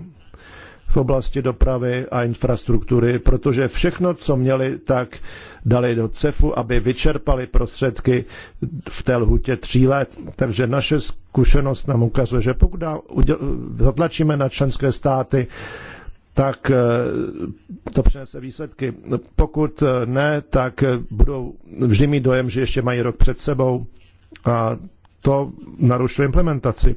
v oblasti dopravy a infrastruktury, protože všechno, co měli, tak dali do CEFu, aby vyčerpali prostředky v té lhutě tří let. Takže naše zkušenost nám ukazuje, že pokud zatlačíme na členské státy, tak eh, to přinese výsledky. Pokud eh, ne, tak budou vždy mít dojem, že ještě mají rok před sebou a to narušuje implementaci.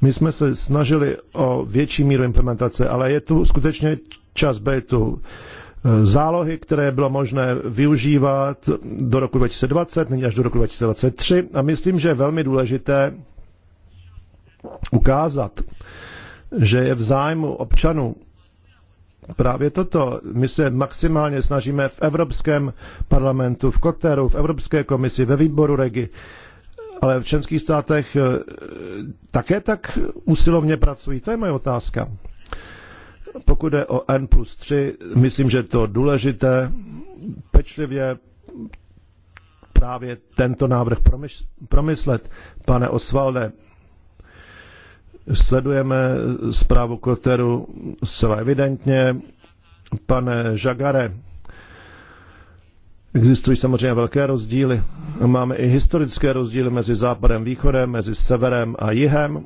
My jsme se snažili o větší míru implementace, ale je tu skutečně čas, tu zálohy, které bylo možné využívat do roku 2020, nyní až do roku 2023. A myslím, že je velmi důležité ukázat, že je v zájmu občanů právě toto. My se maximálně snažíme v Evropském parlamentu, v Koteru, v Evropské komisi, ve výboru Regi ale v členských státech eh, také tak úsilovně pracují? To je moje otázka. Pokud je o N plus 3, myslím, že to důležité pečlivě právě tento návrh promyslet. Pane Osvalde, sledujeme zprávu Koteru zcela evidentně. Pane Žagare, Existují samozřejmě velké rozdíly. Máme i historické rozdíly mezi západem a východem, mezi severem a jihem.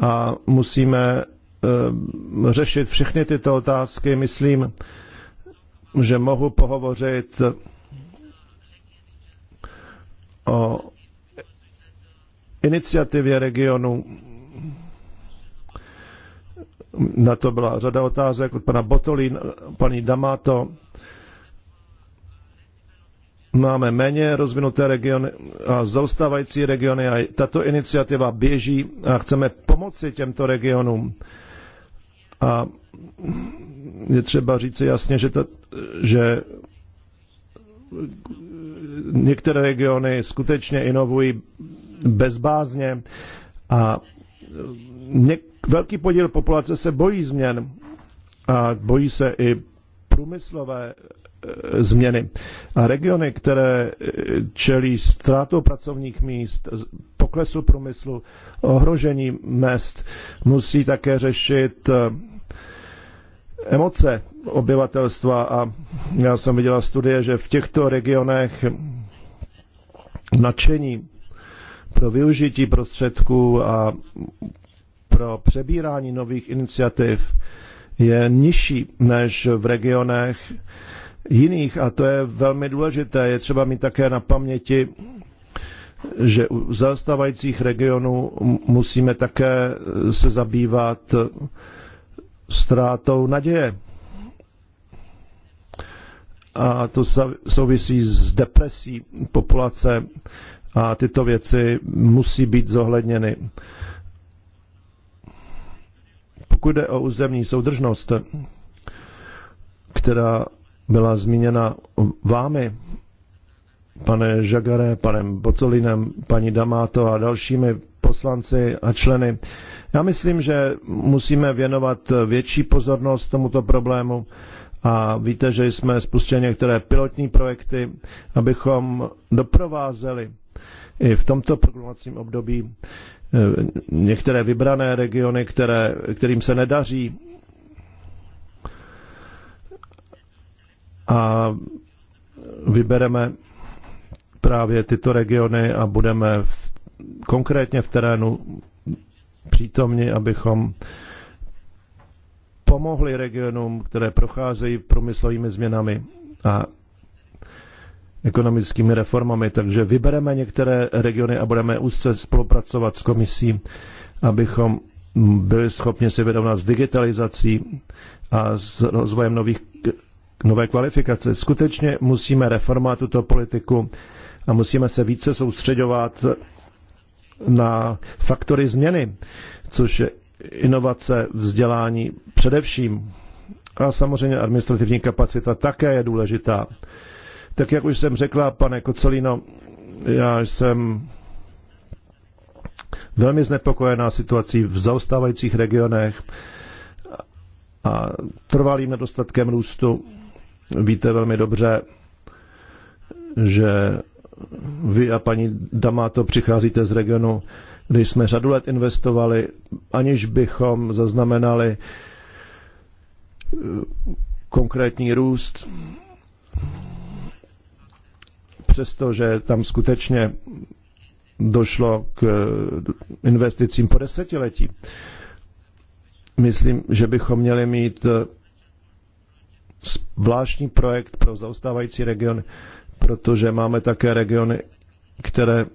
A musíme eh, řešit všechny tyto otázky. Myslím, že mohu pohovořit o iniciativě regionu. Na to byla řada otázek od pana Botolín, paní Damato máme méně rozvinuté regiony a zaostávající regiony a tato iniciativa běží a chceme pomoci těmto regionům. A je třeba říci jasně, že, to, že některé regiony skutečně inovují bezbázně a něk, velký podíl populace se bojí změn a bojí se i průmyslové E, změny. A regiony, které e, čelí ztrátou pracovních míst, poklesu průmyslu, ohrožení mest, musí také řešit e, emoce obyvatelstva a já jsem viděla studie, že v těchto regionech nadšení pro využití prostředků a pro přebírání nových iniciativ je nižší než v regionech, jiných a to je velmi důležité. Je třeba mít také na paměti, že u zastávajících regionů musíme také se zabývat ztrátou naděje. A to souvisí s depresí populace a tyto věci musí být zohledněny. Pokud jde o územní soudržnost, která byla zmíněna vámi, pane Žagare, panem Bocolinem, paní Damáto a dalšími poslanci a členy. Já myslím, že musíme věnovat větší pozornost tomuto problému a víte, že jsme spustili některé pilotní projekty, abychom doprovázeli i v tomto programovacím období eh, některé vybrané regiony, které, kterým se nedaří a vybereme právě tyto regiony a budeme v, konkrétně v terénu přítomni, abychom pomohli regionům, které procházejí průmyslovými změnami a ekonomickými reformami. Takže vybereme některé regiony a budeme úzce spolupracovat s komisí, abychom byli schopni si vyrovnat s digitalizací a s rozvojem nových nové kvalifikace. Skutečně musíme reformovat tuto politiku a musíme se více soustředovat na faktory změny, což je inovace, vzdělání především. A samozřejmě administrativní kapacita také je důležitá. Tak jak už jsem řekla, pane Kocelino, já jsem velmi znepokojená situací v zaostávajících regionech a trvalým nedostatkem růstu Víte velmi dobře, že vy a paní Damato přicházíte z regionu, kde jsme řadu let investovali, aniž bychom zaznamenali eh, konkrétní růst, přestože tam skutečně došlo k eh, investicím po desetiletí. Myslím, že bychom měli mít eh, zvláštní projekt pro zaostávající regiony, protože máme také regiony, které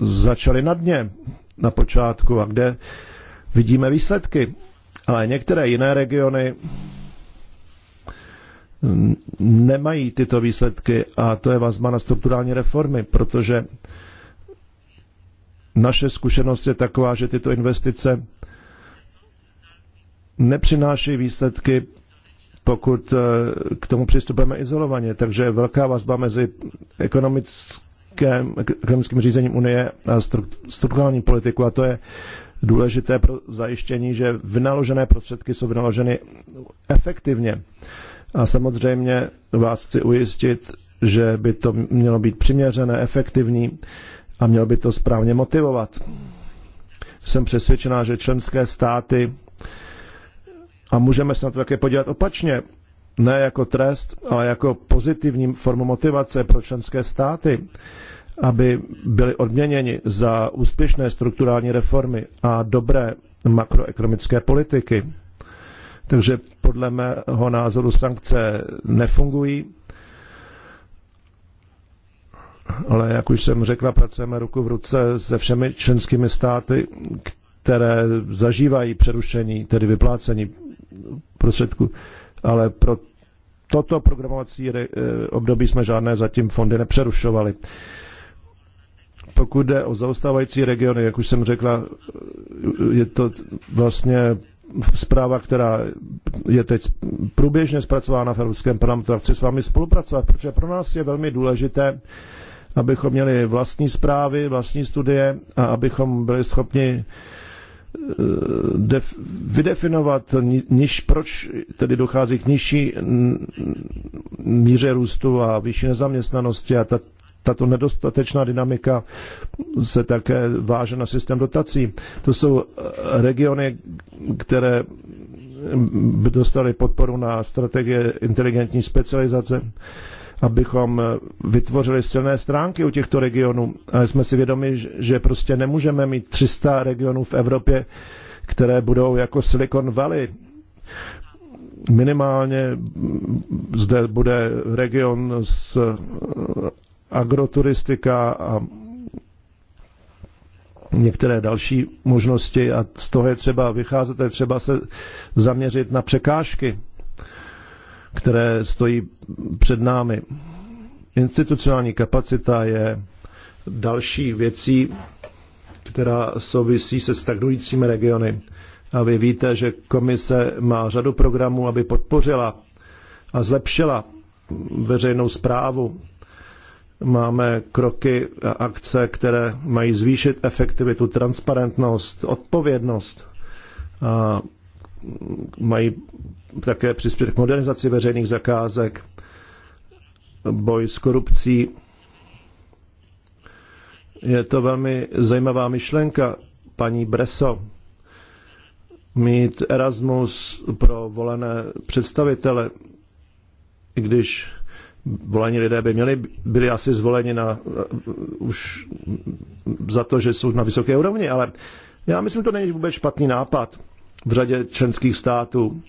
začaly na dně na počátku a kde vidíme výsledky. Ale některé jiné regiony nemají tyto výsledky a to je vazba na strukturální reformy, protože naše zkušenost je taková, že tyto investice nepřináší výsledky pokud eh, k tomu přistupujeme izolovaně. Takže je velká vazba mezi ekonomickém, ekonomickým řízením Unie a strukturální politiku a to je důležité pro zajištění, že vynaložené prostředky jsou vynaloženy efektivně. A samozřejmě vás chci ujistit, že by to mělo být přiměřené, efektivní a mělo by to správně motivovat. Jsem přesvědčená, že členské státy a můžeme se na to také podívat opačně. Ne jako trest, ale jako pozitivní formu motivace pro členské státy, aby byli odměněni za úspěšné strukturální reformy a dobré makroekonomické politiky. Takže podle mého názoru sankce nefungují, ale jak už jsem řekla, pracujeme ruku v ruce se všemi členskými státy, které zažívají přerušení, tedy vyplácení prostředků, ale pro toto programovací eh, období jsme žádné zatím fondy nepřerušovali. Pokud jde o zaostávající regiony, jak už jsem řekla, je to vlastně zpráva, která je teď průběžně zpracována v Evropském parlamentu a chci s vámi spolupracovat, protože pro nás je velmi důležité, abychom měli vlastní zprávy, vlastní studie a abychom byli schopni def, vydefinovat, niž, proč tedy dochází k nižší míře růstu a vyšší nezaměstnanosti a ta, tato nedostatečná dynamika se také váže na systém dotací. To jsou regiony, které by dostaly podporu na strategie inteligentní specializace abychom eh, vytvořili silné stránky u těchto regionů. A jsme si vědomi, že prostě nemůžeme mít 300 regionů v Evropě, které budou jako Silicon Valley. Minimálně zde bude region s eh, agroturistika a některé další možnosti a z toho je třeba vycházet, je třeba se zaměřit na překážky které stojí před námi. Institucionální kapacita je další věcí, která souvisí se stagnujícími regiony. A vy víte, že komise má řadu programů, aby podpořila a zlepšila veřejnou zprávu. Máme kroky a akce, které mají zvýšit efektivitu, transparentnost, odpovědnost a mají také přispět k modernizaci veřejných zakázek, boj s korupcí. Je to velmi zajímavá myšlenka, paní Breso, mít Erasmus pro volené představitele, i když volení lidé by měli, byli asi zvoleni na, uh, už za to, že jsou na vysoké úrovni, ale já myslím, to není vůbec špatný nápad v řadě členských států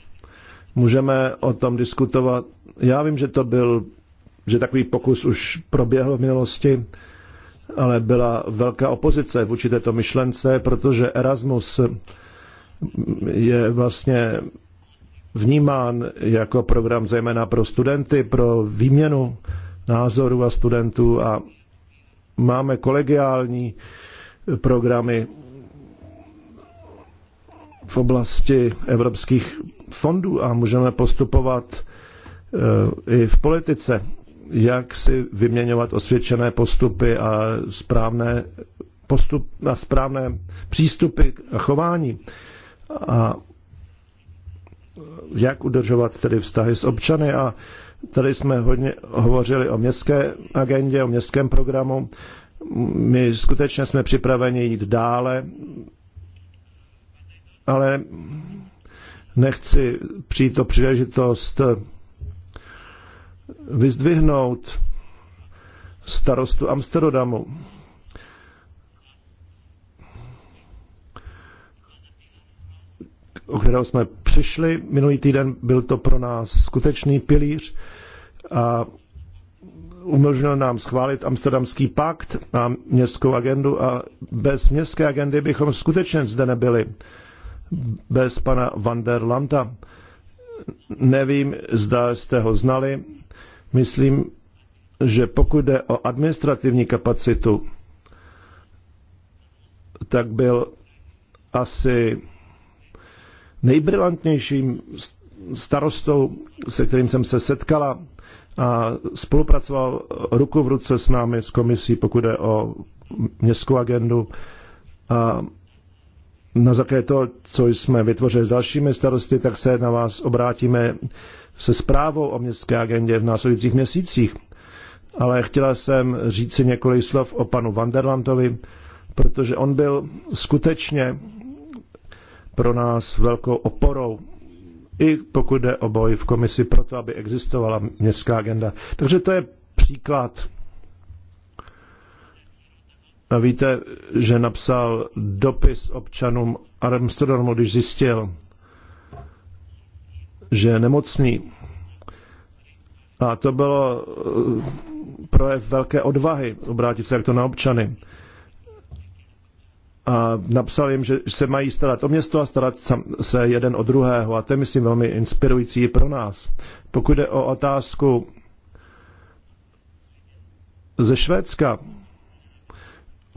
Můžeme o tom diskutovat. Já vím, že to byl, že takový pokus už proběhl v minulosti, ale byla velká opozice vůči této myšlence, protože Erasmus je vlastně vnímán jako program zejména pro studenty, pro výměnu názorů a studentů a máme kolegiální programy v oblasti evropských fondů a můžeme postupovat eh, i v politice, jak si vyměňovat osvědčené postupy a správné, postup, a správné přístupy a chování a jak udržovat tedy vztahy s občany a tady jsme hodně hovořili o městské agendě, o městském programu. My skutečně jsme připraveni jít dále, ale nechci přijít o příležitost vyzdvihnout starostu Amsterdamu. o kterého jsme přišli. Minulý týden byl to pro nás skutečný pilíř a umožnil nám schválit Amsterdamský pakt a městskou agendu a bez městské agendy bychom skutečně zde nebyli bez pana van der Landa. Nevím, zda jste ho znali. Myslím, že pokud jde o administrativní kapacitu, tak byl asi nejbrilantnějším starostou, se kterým jsem se setkala a spolupracoval ruku v ruce s námi, s komisí, pokud jde o městskou agendu. A na základě toho, co jsme vytvořili s dalšími starosty, tak se na vás obrátíme se zprávou o městské agendě v následujících měsících. Ale chtěla jsem říci několik slov o panu Vanderlandovi, protože on byl skutečně pro nás velkou oporou, i pokud jde o boj v komisi, pro to, aby existovala městská agenda. Takže to je příklad a víte, že napsal dopis občanům Amsterdamu, když zjistil, že je nemocný. A to bylo eh, projev velké odvahy obrátit se to na občany. A napsal jim, že se mají starat o město a starat se jeden o druhého. A to je, myslím, velmi inspirující pro nás. Pokud jde o otázku ze Švédska,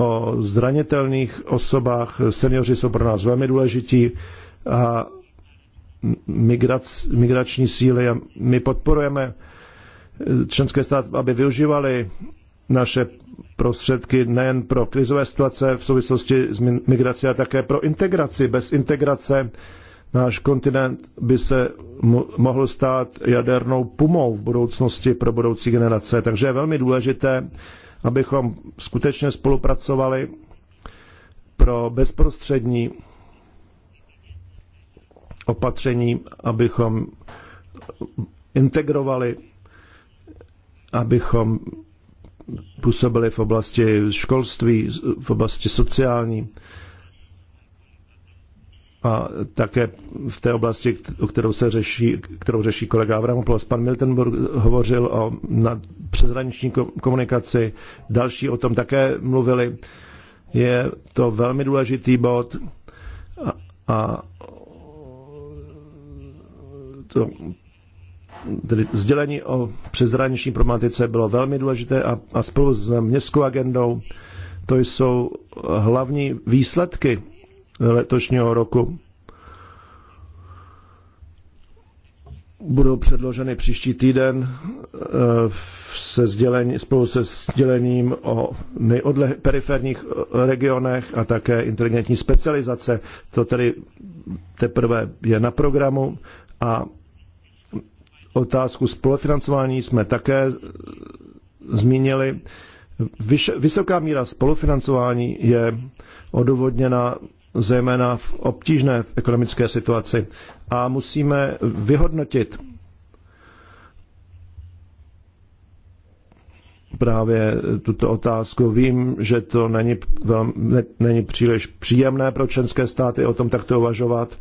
o zranitelných osobách. Seniori jsou pro nás velmi důležití a migrac, migrační síly a my podporujeme členské stát, aby využívali naše prostředky nejen pro krizové situace v souvislosti s migrací, ale také pro integraci. Bez integrace náš kontinent by se mohl stát jadernou pumou v budoucnosti pro budoucí generace. Takže je velmi důležité, abychom skutečně spolupracovali pro bezprostřední opatření, abychom integrovali, abychom působili v oblasti školství, v oblasti sociální, a také v té oblasti, kterou, se řeší, kterou řeší kolega Avramopoulos. Pan Miltenburg hovořil o na přezraniční komunikaci, další o tom také mluvili. Je to velmi důležitý bod a, a to, tedy sdělení o přezraniční problematice bylo velmi důležité a, a spolu s městskou agendou to jsou hlavní výsledky letošního roku. Budou předloženy příští týden eh, se sdělení, spolu se sdělením o nejodleh, periferních eh, regionech a také inteligentní specializace. To tedy teprve je na programu a otázku spolufinancování jsme také eh, zmínili. Vysoká míra spolufinancování je odůvodněna zejména v obtížné ekonomické situaci. A musíme vyhodnotit právě tuto otázku. Vím, že to není, velmi, ne, není příliš příjemné pro členské státy o tom takto uvažovat,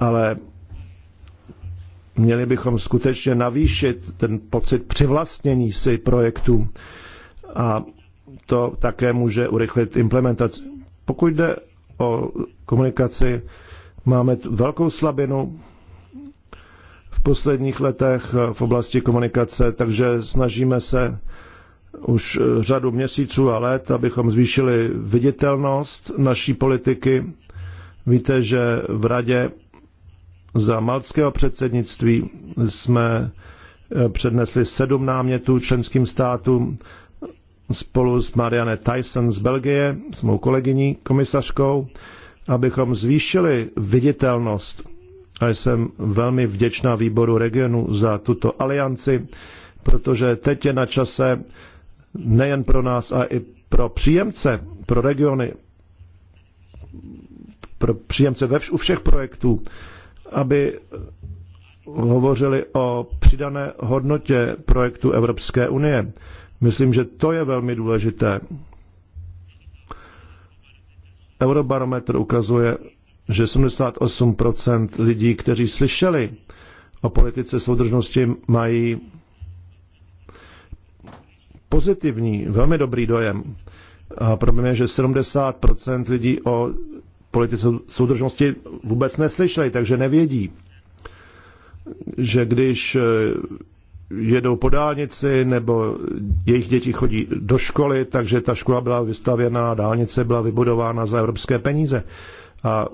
ale měli bychom skutečně navýšit ten pocit přivlastnění si projektů a to také může urychlit implementaci. Pokud jde o komunikaci. Máme tu velkou slabinu v posledních letech eh, v oblasti komunikace, takže snažíme se už eh, řadu měsíců a let, abychom zvýšili viditelnost naší politiky. Víte, že v radě za maltského předsednictví jsme eh, přednesli sedm námětů členským státům spolu s Marianne Tyson z Belgie, s mou kolegyní komisařkou, abychom zvýšili viditelnost. A jsem velmi vděčná výboru regionu za tuto alianci, protože teď je na čase nejen pro nás, ale i pro příjemce, pro regiony, pro příjemce ve vš- u všech projektů, aby hovořili o přidané hodnotě projektu Evropské unie Myslím, že to je velmi důležité. Eurobarometr ukazuje, že 78% lidí, kteří slyšeli o politice soudržnosti, mají pozitivní, velmi dobrý dojem. A problém je, že 70% lidí o politice soudržnosti vůbec neslyšeli, takže nevědí, že když jedou po dálnici nebo jejich děti chodí do školy, takže ta škola byla vystavěna, dálnice byla vybudována za evropské peníze. A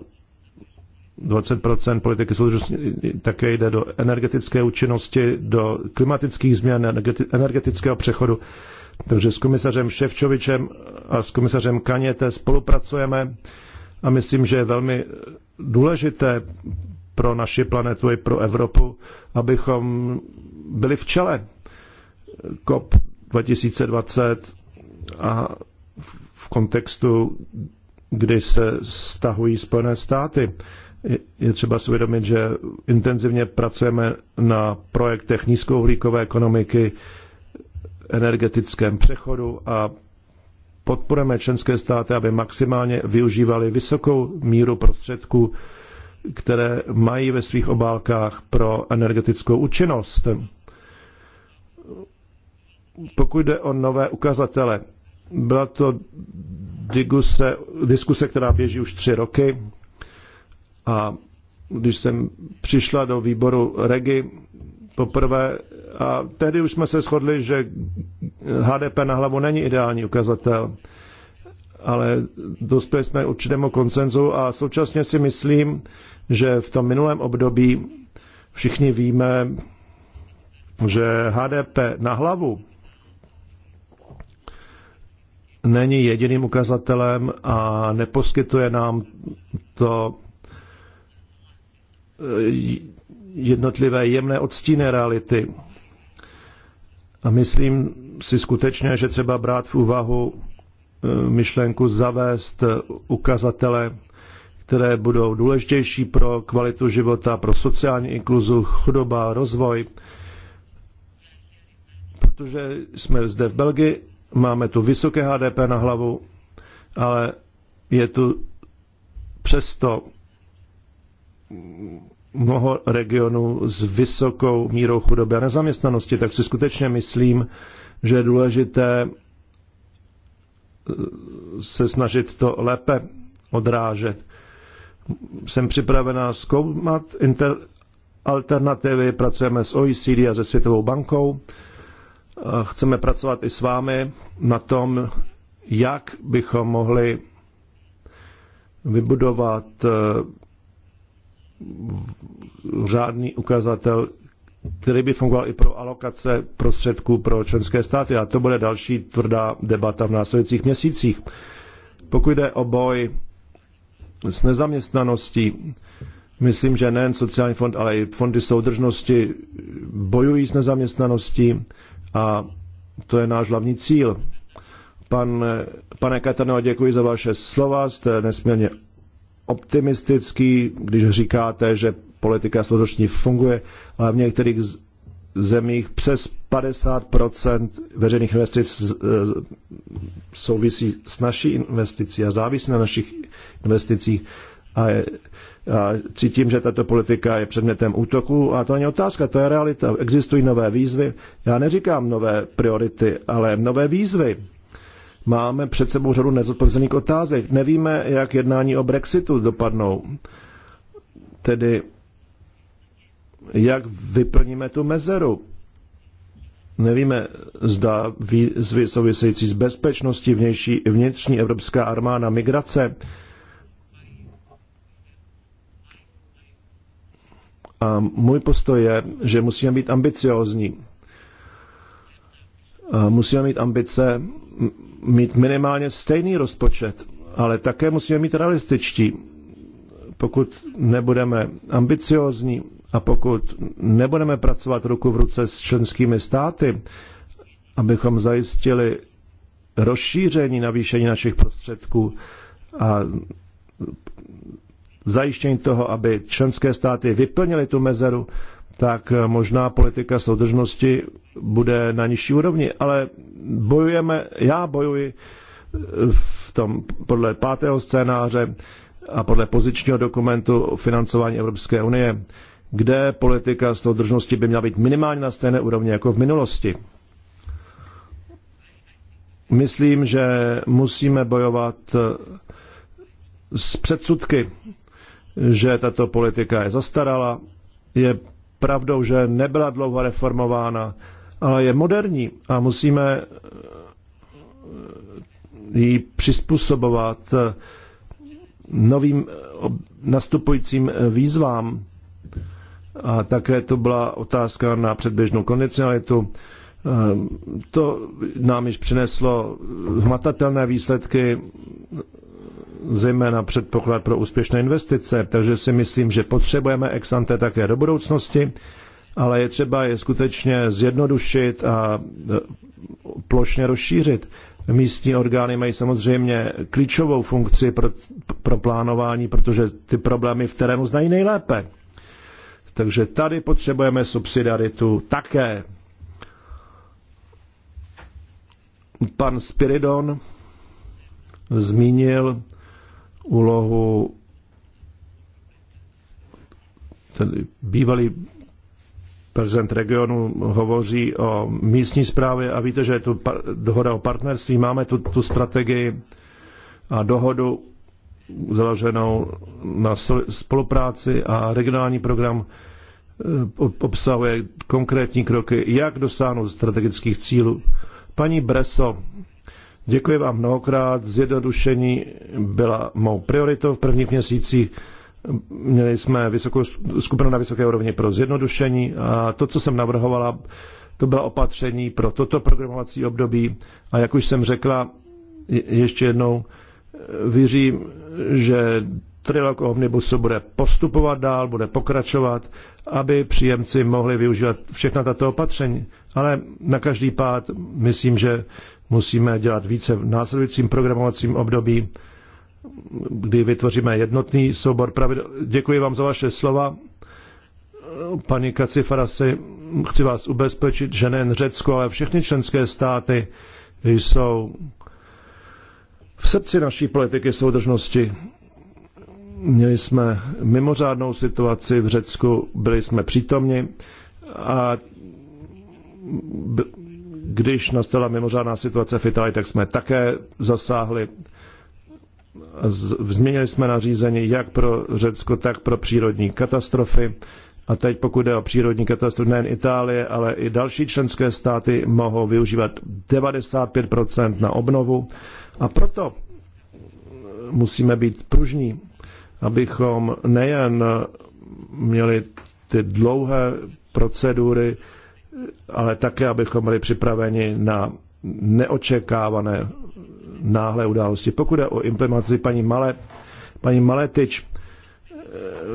20 politiky soudržnosti také jde do energetické účinnosti, do klimatických změn, energetického přechodu. Takže s komisařem Ševčovičem a s komisařem Kaněte spolupracujeme a myslím, že je velmi důležité pro naši planetu i pro Evropu, abychom byli v čele COP 2020 a v kontextu, kdy se stahují Spojené státy. Je třeba si uvědomit, že intenzivně pracujeme na projektech nízkouhlíkové ekonomiky, energetickém přechodu a podporujeme členské státy, aby maximálně využívali vysokou míru prostředků které mají ve svých obálkách pro energetickou účinnost. Pokud jde o nové ukazatele, byla to diguse, diskuse, která běží už tři roky a když jsem přišla do výboru REGI poprvé a tehdy už jsme se shodli, že HDP na hlavu není ideální ukazatel, ale dospěli jsme určitému koncenzu a současně si myslím, že v tom minulém období všichni víme, že HDP na hlavu není jediným ukazatelem a neposkytuje nám to eh, jednotlivé jemné odstíny reality. A myslím si skutečně, že třeba brát v úvahu eh, myšlenku zavést ukazatele které budou důležitější pro kvalitu života, pro sociální inkluzu, chudoba, rozvoj. Protože jsme zde v Belgii, máme tu vysoké HDP na hlavu, ale je tu přesto mnoho regionů s vysokou mírou chudoby a nezaměstnanosti, tak si skutečně myslím, že je důležité eh, se snažit to lépe odrážet jsem připravena zkoumat inter, alternativy, pracujeme s OECD a se Světovou bankou. Chceme pracovat i s vámi na tom, jak bychom mohli vybudovat eh, řádný ukazatel, který by fungoval i pro alokace prostředků pro členské státy. A to bude další tvrdá debata v následujících měsících. Pokud jde o boj s nezaměstnaností. Myslím, že nejen sociální fond, ale i fondy soudržnosti bojují s nezaměstnaností a to je náš hlavní cíl. Pan, pane Katano, děkuji za vaše slova, jste nesmírně optimistický, když říkáte, že politika soudržnosti funguje, ale v některých zemích přes 50 veřejných investic e, souvisí s naší investicí a závisí na našich investicích. A, je, a cítím, že tato politika je předmětem útoku a to není otázka, to je realita. Existují nové výzvy. Já neříkám nové priority, ale nové výzvy. Máme před sebou řadu nezodpovězených otázek. Nevíme, jak jednání o Brexitu dopadnou. Tedy jak vyplníme tu mezeru. Nevíme, zda výzvy související s bezpečností vnější, vnitřní evropská armáda migrace A můj postoj je, že musíme být ambiciozní. A musíme mít ambice mít minimálně stejný rozpočet, ale také musíme mít realističtí. Pokud nebudeme ambiciozní, a pokud nebudeme pracovat ruku v ruce s členskými státy, abychom zajistili rozšíření navýšení našich prostředků a zajištění toho, aby členské státy vyplnily tu mezeru, tak možná politika soudržnosti bude na nižší úrovni. Ale bojujeme, já bojuji v tom podle pátého scénáře a podle pozičního dokumentu o financování Evropské unie kde politika soudržnosti by měla být minimálně na stejné úrovni jako v minulosti. Myslím, že musíme bojovat eh, s předsudky, že tato politika je zastarala. Je pravdou, že nebyla dlouho reformována, ale je moderní a musíme eh, ji přizpůsobovat eh, novým nastupujícím výzvám a také to byla otázka na předběžnou kondicionalitu. Ehm, to nám již přineslo hmatatelné výsledky, zejména předpoklad pro úspěšné investice, takže si myslím, že potřebujeme ex ante také do budoucnosti, ale je třeba je skutečně zjednodušit a e, plošně rozšířit. Místní orgány mají samozřejmě klíčovou funkci pro, pro plánování, protože ty problémy v terénu znají nejlépe. Takže tady potřebujeme subsidiaritu také. Pan Spiridon zmínil úlohu ten bývalý prezident regionu hovoří o místní správě a víte, že je tu dohoda o partnerství, máme tu, tu strategii a dohodu založenou na spolupráci a regionální program eh, obsahuje konkrétní kroky, jak dosáhnout strategických cílů. Paní Breso, děkuji vám mnohokrát. Zjednodušení byla mou prioritou v prvních měsících. Měli jsme vysokou, skupinu na vysoké úrovni pro zjednodušení a to, co jsem navrhovala, to byla opatření pro toto programovací období a jak už jsem řekla, ještě jednou, eh, věřím, že trilog omnibusu bude postupovat dál, bude pokračovat, aby příjemci mohli využívat všechna tato opatření. Ale na každý pád myslím, že musíme dělat více v následujícím programovacím období, kdy vytvoříme jednotný soubor pravidel. Děkuji vám za vaše slova. Paní Kacifarasi, chci vás ubezpečit, že nejen Řecko, ale všechny členské státy jsou v srdci naší politiky soudržnosti měli jsme mimořádnou situaci v Řecku, byli jsme přítomni a když nastala mimořádná situace v Itálii, tak jsme také zasáhli. Změnili jsme nařízení jak pro Řecko, tak pro přírodní katastrofy a teď pokud jde o přírodní katastrofu, nejen Itálie, ale i další členské státy mohou využívat 95% na obnovu. A proto musíme být pružní, abychom nejen měli ty dlouhé procedury, ale také, abychom byli připraveni na neočekávané náhlé události. Pokud je o implementaci paní Malé, paní Maletič,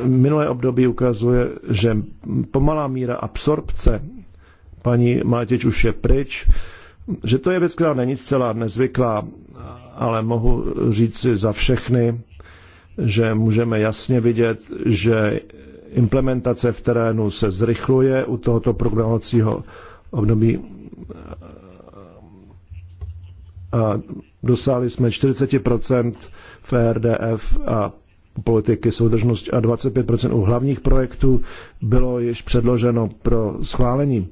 minulé období ukazuje, že pomalá míra absorpce paní Mátěč už je pryč, že to je věc, která není zcela nezvyklá, ale mohu říci za všechny, že můžeme jasně vidět, že implementace v terénu se zrychluje u tohoto programovacího období a dosáhli jsme 40% v e RDF a politiky soudržnosti a 25% u hlavních projektů bylo již předloženo pro schválení.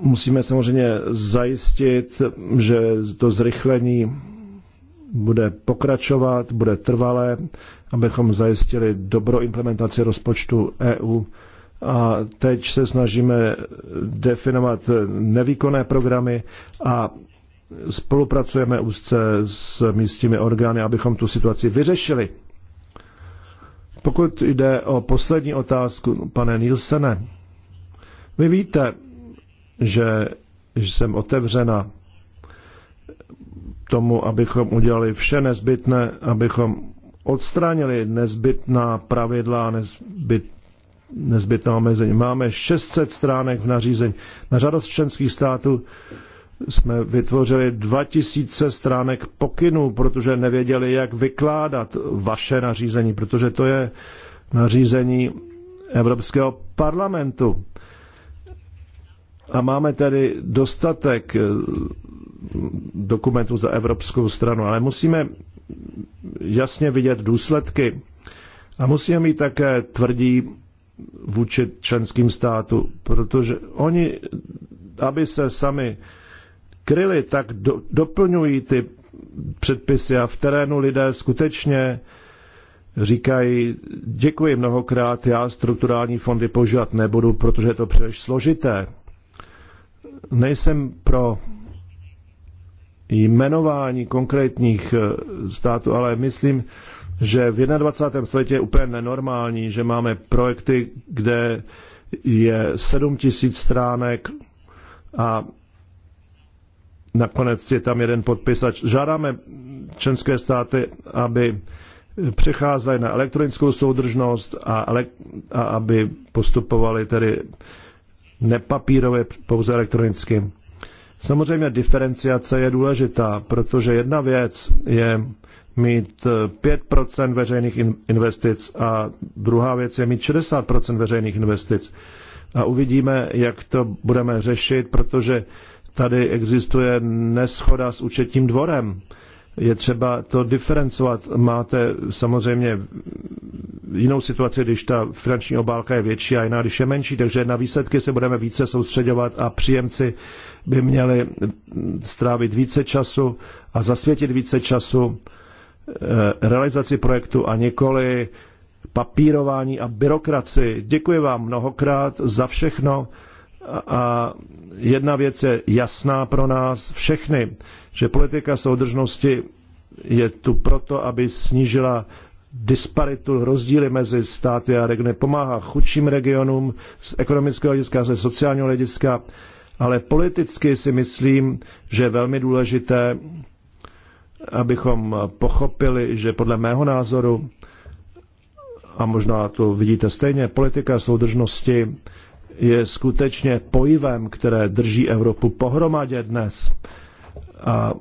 Musíme samozřejmě zajistit, že to zrychlení bude pokračovat, bude trvalé, abychom zajistili dobrou implementaci rozpočtu EU. A teď se snažíme definovat nevýkonné programy a Spolupracujeme úzce s místními orgány, abychom tu situaci vyřešili. Pokud jde o poslední otázku, pane Nilsene, vy víte, že jsem otevřena tomu, abychom udělali vše nezbytné, abychom odstranili nezbytná pravidla, nezbyt, nezbytná omezení. Máme 600 stránek v nařízení. Na žádost členských států jsme vytvořili 2000 stránek pokynů, protože nevěděli, jak vykládat vaše nařízení, protože to je nařízení Evropského parlamentu. A máme tedy dostatek eh, dokumentů za Evropskou stranu, ale musíme jasně vidět důsledky a musíme mít také tvrdí vůči členským státu, protože oni, aby se sami kryly, tak do, doplňují ty předpisy a v terénu lidé skutečně říkají, děkuji mnohokrát, já strukturální fondy požívat nebudu, protože je to příliš složité. Nejsem pro jmenování konkrétních eh, států, ale myslím, že v 21. světě je úplně nenormální, že máme projekty, kde je 7 tisíc stránek a Nakonec je tam jeden podpis a žádáme členské státy, aby přecházely na elektronickou soudržnost a, ale, a aby postupovali tedy nepapírově, pouze elektronicky. Samozřejmě diferenciace je důležitá, protože jedna věc je mít 5% veřejných investic a druhá věc je mít 60% veřejných investic. A uvidíme, jak to budeme řešit, protože tady existuje neschoda s účetním dvorem. Je třeba to diferencovat. Máte samozřejmě jinou situaci, když ta finanční obálka je větší a jiná, když je menší, takže na výsledky se budeme více soustředovat a příjemci by měli strávit více času a zasvětit více času eh, realizaci projektu a nikoli papírování a byrokraci. Děkuji vám mnohokrát za všechno a jedna věc je jasná pro nás všechny, že politika soudržnosti je tu proto, aby snížila disparitu, rozdíly mezi státy a regiony, pomáhá chudším regionům z ekonomického hlediska, ze sociálního hlediska, ale politicky si myslím, že je velmi důležité, abychom pochopili, že podle mého názoru, a možná to vidíte stejně, politika soudržnosti je skutečně pojivem, které drží Evropu pohromadě dnes. A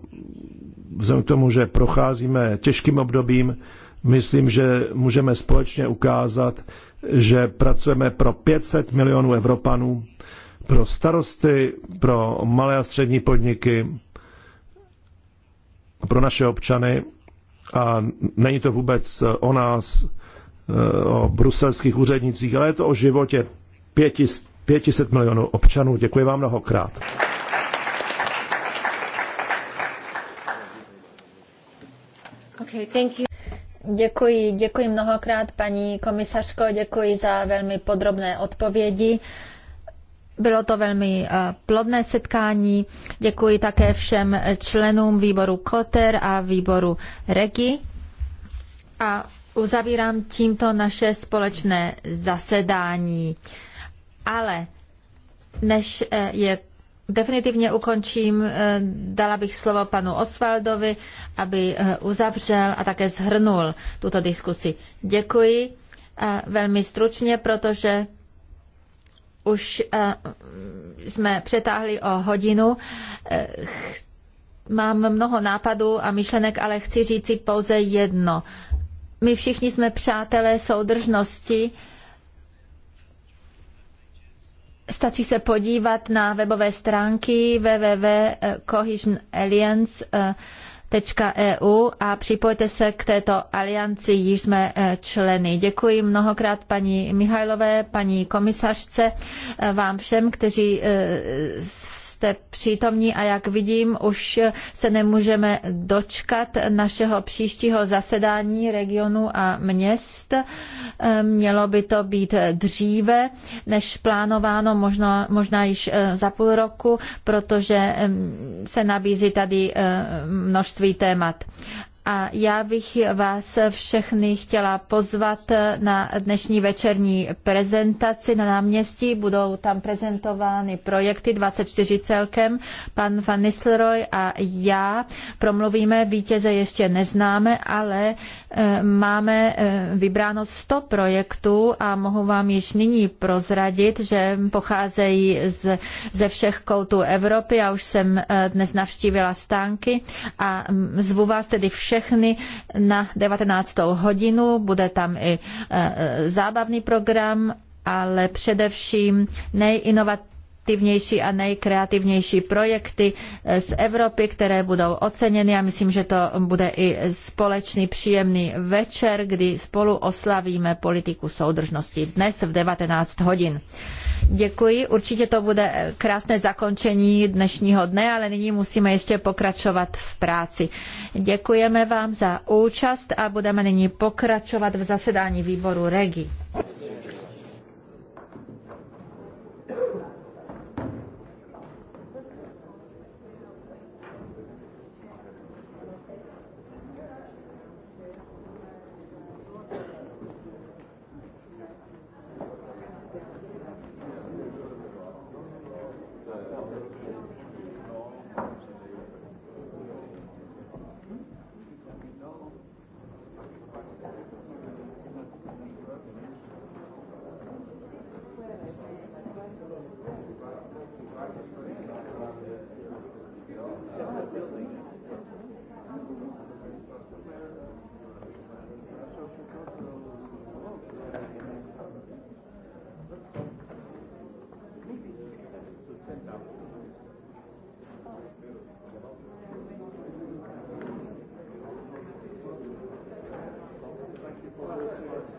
vzhledem k tomu, že procházíme těžkým obdobím, myslím, že můžeme společně ukázat, že pracujeme pro 500 milionů Evropanů, pro starosty, pro malé a střední podniky, pro naše občany. A není to vůbec o nás, eh, o bruselských úřednicích, ale je to o životě 500 milionů občanů. Děkuji vám mnohokrát. Okay, thank you. Děkuji, děkuji mnohokrát, paní komisařko, děkuji za velmi podrobné odpovědi. Bylo to velmi eh, plodné setkání. Děkuji také všem členům výboru Koter a výboru Regi. A uzavírám tímto naše společné zasedání. Ale než eh, je definitivně ukončím, eh, dala bych slovo panu Osvaldovi, aby eh, uzavřel a také zhrnul tuto diskusi. Děkuji velmi stručně, protože už jsme přetáhli o hodinu. Mám mnoho nápadů a myšlenek, ale chci říci pouze jedno. My všichni jsme přátelé soudržnosti, Stačí se podívat na webové stránky www.cohesionalliance.eu a připojte se k této alianci, již jsme eh, členy. Děkuji mnohokrát paní Mihajlové, paní komisařce, eh, vám všem, kteří eh, jste přítomní a jak vidím, už se nemůžeme dočkat našeho příštího zasedání regionu a měst. Mělo by to být dříve než plánováno, možná, možná již eh, za půl roku, protože mm, se nabízí tady eh, množství témat. A já bych vás všechny chtěla pozvat na dnešní večerní prezentaci na náměstí. Budou tam prezentovány projekty 24 celkem. Pan Van Nistelrooy a já promluvíme, vítěze ještě neznáme, ale Eh, máme eh, vybráno 100 projektů a mohu vám již nyní prozradit, že pocházejí z, ze všech koutů Evropy. Já už jsem eh, dnes navštívila stánky a mm, zvu vás tedy všechny na 19. hodinu. Bude tam i zábavný program ale především nejinovativnější nejaktivnější a nejkreativnější projekty eh, z Evropy, které budou oceněny Já myslím, že to bude i společný příjemný večer, kdy spolu oslavíme politiku soudržnosti dnes v 19 hodin. Děkuji, určitě to bude krásné zakončení dnešního dne, ale nyní musíme ještě pokračovat v práci. Děkujeme vám za účast a budeme nyní pokračovat v zasedání výboru REGI. Thank you. Jak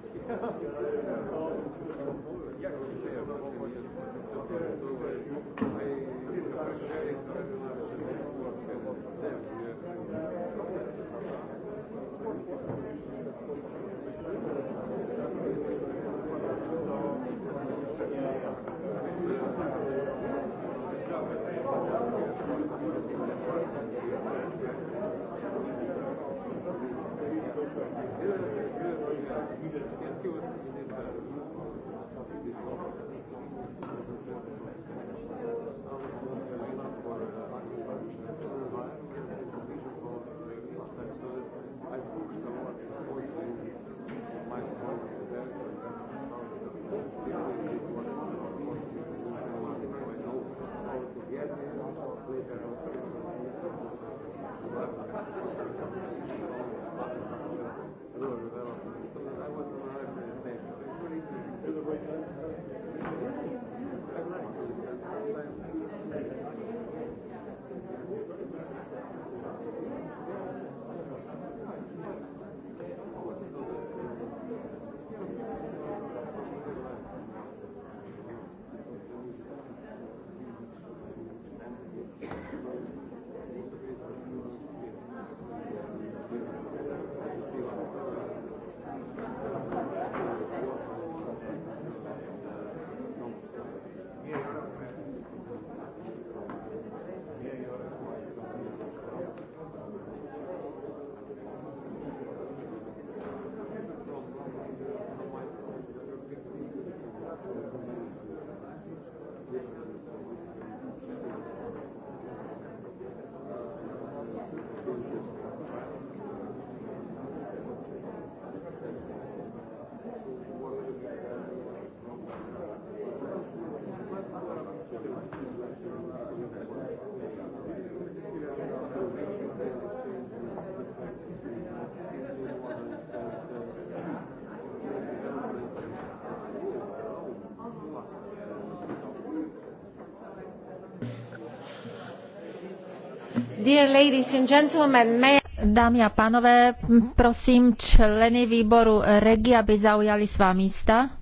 Dear ladies and gentlemen, may Dámy a pánové, prosím členy výboru Regi, aby zaujali svá místa.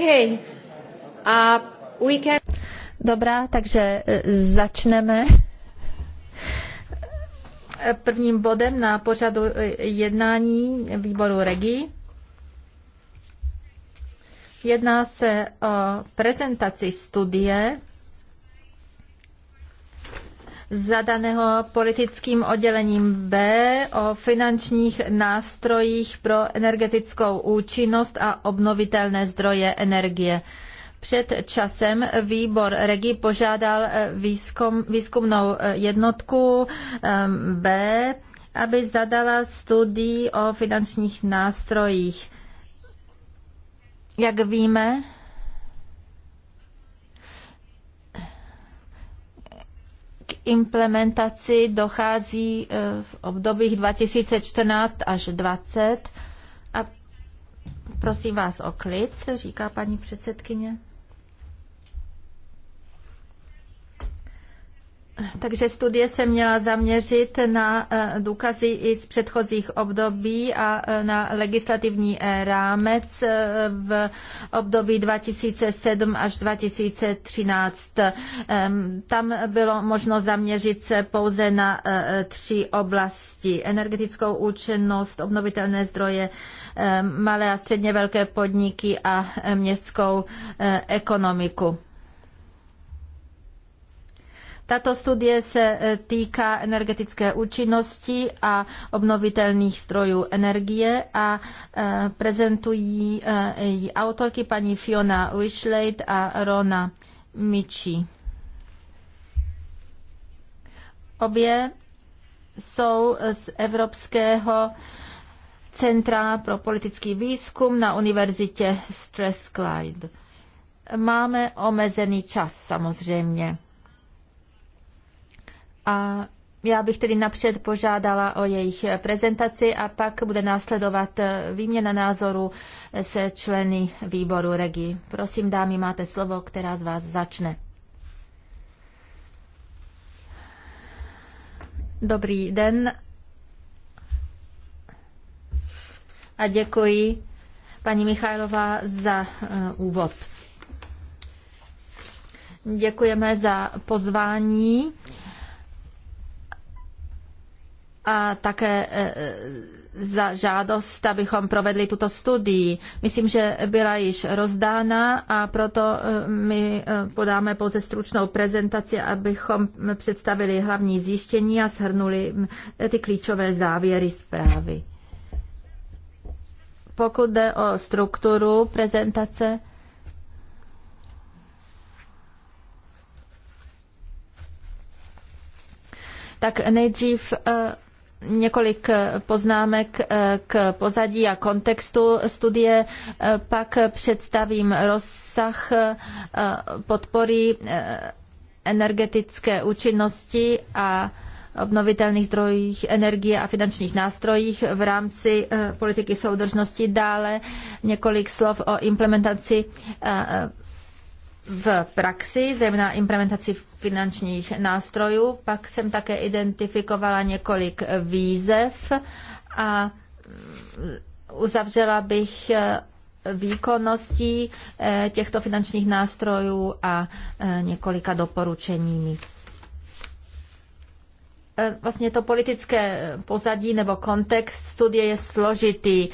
Okay. Uh, we can... Dobrá, takže eh, začneme. Prvním bodem na pořadu eh, jednání výboru Regi. Jedná se o prezentaci studie zadaného politickým oddělením B o finančních nástrojích pro energetickou účinnost a obnovitelné zdroje energie. Před časem výbor Regi požádal eh, výzkum, výzkumnou eh, jednotku ehm, B, aby zadala studii o finančních nástrojích. Jak víme, implementaci dochází e, v obdobích 2014 až 2020. A prosím vás o klid, říká paní předsedkyně. Takže studie se měla zaměřit na eh, důkazy i z předchozích období a eh, na legislativní eh, rámec v období 2007 až 2013. Ehm, tam bylo možno zaměřit se pouze na tři oblasti. Energetickou účinnost, obnovitelné zdroje, ehm, malé a středně velké podniky a městskou ekonomiku. Tato studie se e, týká energetické účinnosti a obnovitelných strojů energie a e, prezentují e, její autorky paní Fiona Wishleit a Rona Michi. Obě jsou z Evropského Centra pro politický výzkum na Univerzitě Strathclyde. Máme omezený čas samozřejmě. A já bych tedy napřed požádala o jejich prezentaci a pak bude následovat eh, výměna názoru se členy výboru REGI. Prosím, dámy, máte slovo, která z vás začne. Dobrý den a děkuji paní Michajlová za eh, úvod. Děkujeme za pozvání a také e, e, za žádost, abychom provedli tuto studii. Myslím, že byla již rozdána a proto e, my podáme pouze stručnou prezentaci, abychom představili hlavní zjištění a shrnuli ty klíčové závěry zprávy. Pokud jde o strukturu prezentace, tak nejdřív několik eh, poznámek eh, k pozadí a kontextu studie, eh, pak představím rozsah podpory energetické účinnosti a obnovitelných zdrojích energie a finančních nástrojích v rámci politiky soudržnosti. Dále několik slov o implementaci v praxi, zejména implementaci v finančních nástrojů. Pak jsem také identifikovala několik výzev a uzavřela bych výkonností eh, těchto finančních nástrojů a eh, několika doporučeními. Eh, vlastně to politické pozadí nebo kontext studie je složitý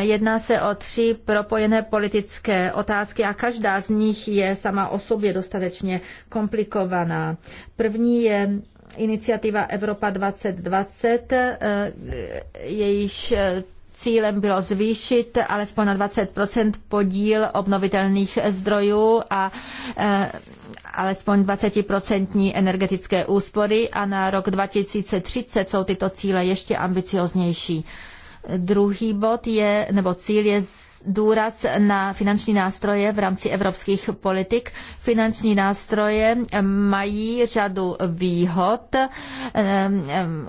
Jedná se o tři propojené politické otázky a každá z nich je sama o sobě dostatečně komplikovaná. První je iniciativa Evropa 2020, eh, jejíž eh, cílem bylo zvýšit alespoň na 20 podíl obnovitelných zdrojů a eh, alespoň 20% energetické úspory a na rok 2030 jsou tyto cíle ještě ambicioznější. Druhý bod je, nebo cíl je důraz na finanční nástroje v rámci evropských politik. Finanční nástroje mají řadu výhod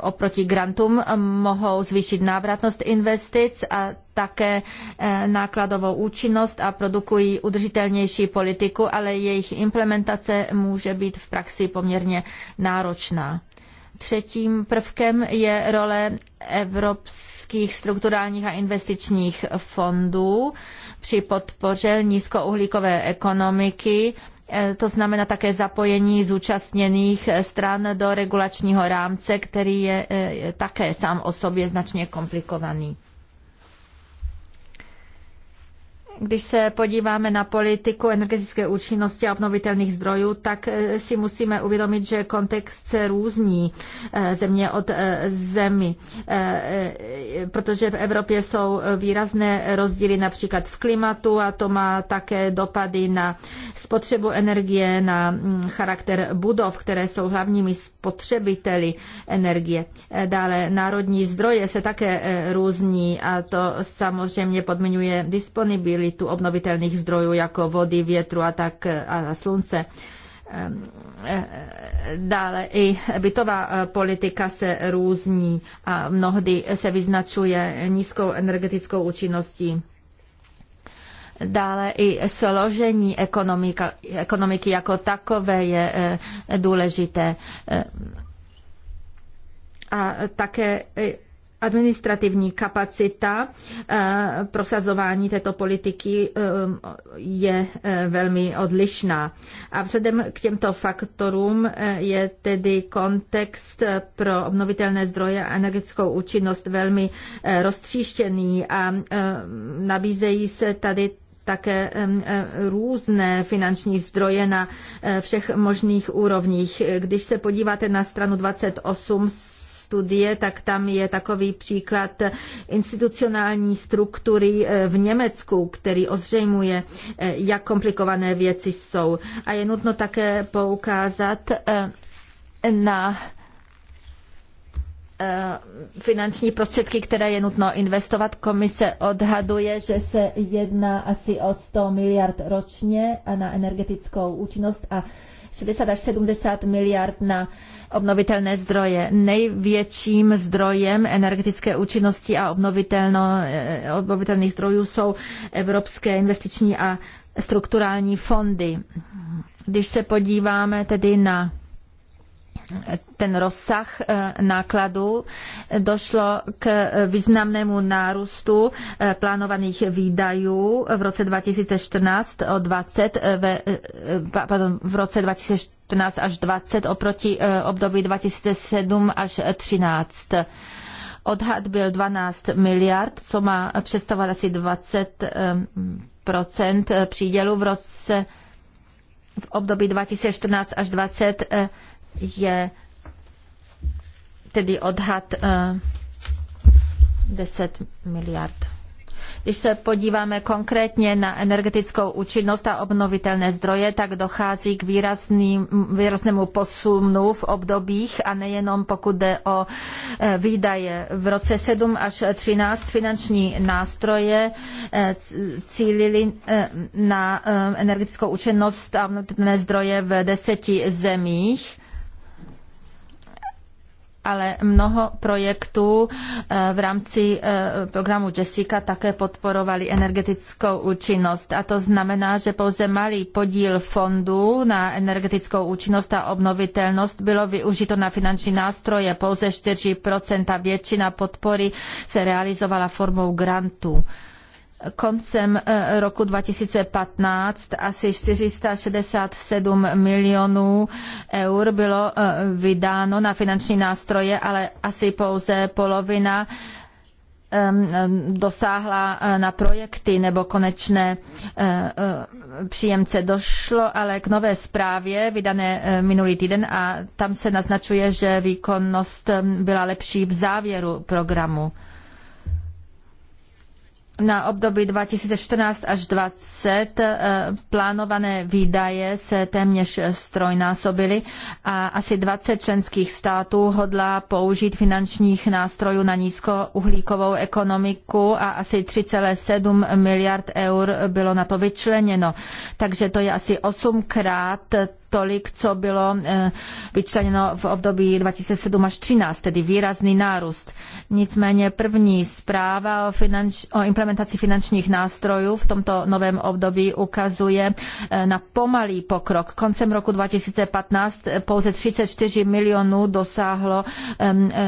oproti grantům, mohou zvýšit návratnost investic a také eh, nákladovou účinnost a produkují udržitelnější politiku, ale jejich implementace může být v praxi poměrně náročná. Třetím prvkem je role evropské evropských strukturálních a investičních fondů při podpoře nízkouhlíkové ekonomiky, eh, to znamená také zapojení zúčastněných stran do regulačního rámce, který je eh, také sám o sobě značně komplikovaný. Když se podíváme na politiku energetické účinnosti a obnovitelných zdrojů, tak eh, si musíme uvědomit, že kontext se různí eh, země od eh, zemi, protože v Evropě jsou výrazné rozdíly například v klimatu a to má také dopady na spotřebu energie, na mm, charakter budov, které jsou hlavními spotřebiteli energie. Dále národní zdroje se také různí a to samozřejmě podmiňuje disponibilitu kvalitu obnovitelných zdrojů jako vody, větru a tak a slunce. Ehm, eh, dále i bytová eh, politika se různí a mnohdy se vyznačuje nízkou energetickou účinností. Dále i složení ekonomika, ekonomiky jako takové je eh, důležité. Ehm, a také administrativní kapacita eh, prosazování této politiky eh, je eh, velmi odlišná. A vzhledem k těmto faktorům je tedy kontext pro obnovitelné zdroje a energetickou účinnost velmi roztříštěný a nabízejí se tady také různé finanční zdroje na všech možných úrovních. Když se podíváte na stranu 28, studie, tak tam je takový příklad institucionální struktury eh, v Německu, který ozřejmuje, eh, jak komplikované věci jsou. A je nutno také poukázat eh, na finanční prostředky, které je nutno investovat. Komise odhaduje, že se jedná asi o 100 miliard ročně na energetickou účinnost a 60 až 70 miliard na obnovitelné zdroje. Největším zdrojem energetické účinnosti a eh, obnovitelných zdrojů jsou evropské investiční a strukturální fondy. Když se podíváme tedy na ten rozsah eh, nákladů. Došlo k eh, významnému nárůstu eh, plánovaných výdajů v roce 2014 o 20, ve, pardon, v roce 2014 až 20 oproti období 2007 až 13. Odhad byl 12 miliard, co má představovat asi 20 přídělu v roce v období 2014 až 20 je tedy odhad 10 eh, miliard. Když se podíváme konkrétně na energetickou účinnost a obnovitelné zdroje, tak dochází k výrazným, výraznému posunu v obdobích a nejenom pokud jde o eh, výdaje. V roce 7 až 13 finanční nástroje eh, cílili na energetickou účinnost a obnovitelné zdroje v deseti zemích ale mnoho projektů eh, v rámci eh, programu Jessica také podporovali energetickou účinnost. A to znamená, že pouze malý podíl fondu na energetickou účinnost a obnovitelnost bylo využito na finanční nástroje, pouze 4%. Většina podpory se realizovala formou grantů koncem eh, roku 2015 asi 467 milionů eur bylo eh, vydáno na finanční nástroje, ale asi pouze polovina dosáhla eh, na projekty nebo konečné příjemce. Došlo ale k nové zprávě vydané minulý týden a tam se naznačuje, že výkonnost byla lepší v závěru programu na období 2014 až 2020 eh, plánované výdaje se téměř strojnásobily a asi 20 členských států hodlá použít finančních nástrojů na nízkouhlíkovou ekonomiku a asi 3,7 miliard eur bylo na to vyčleněno. Takže to je asi osmkrát tolik, co bylo eh, vyčleněno v období 2007 až 2013, tedy výrazný nárůst. Nicméně první zpráva o, finanč, o implementaci finančních nástrojů v tomto novém období ukazuje eh, na pomalý pokrok. Koncem roku 2015 pouze 34 milionů dosáhlo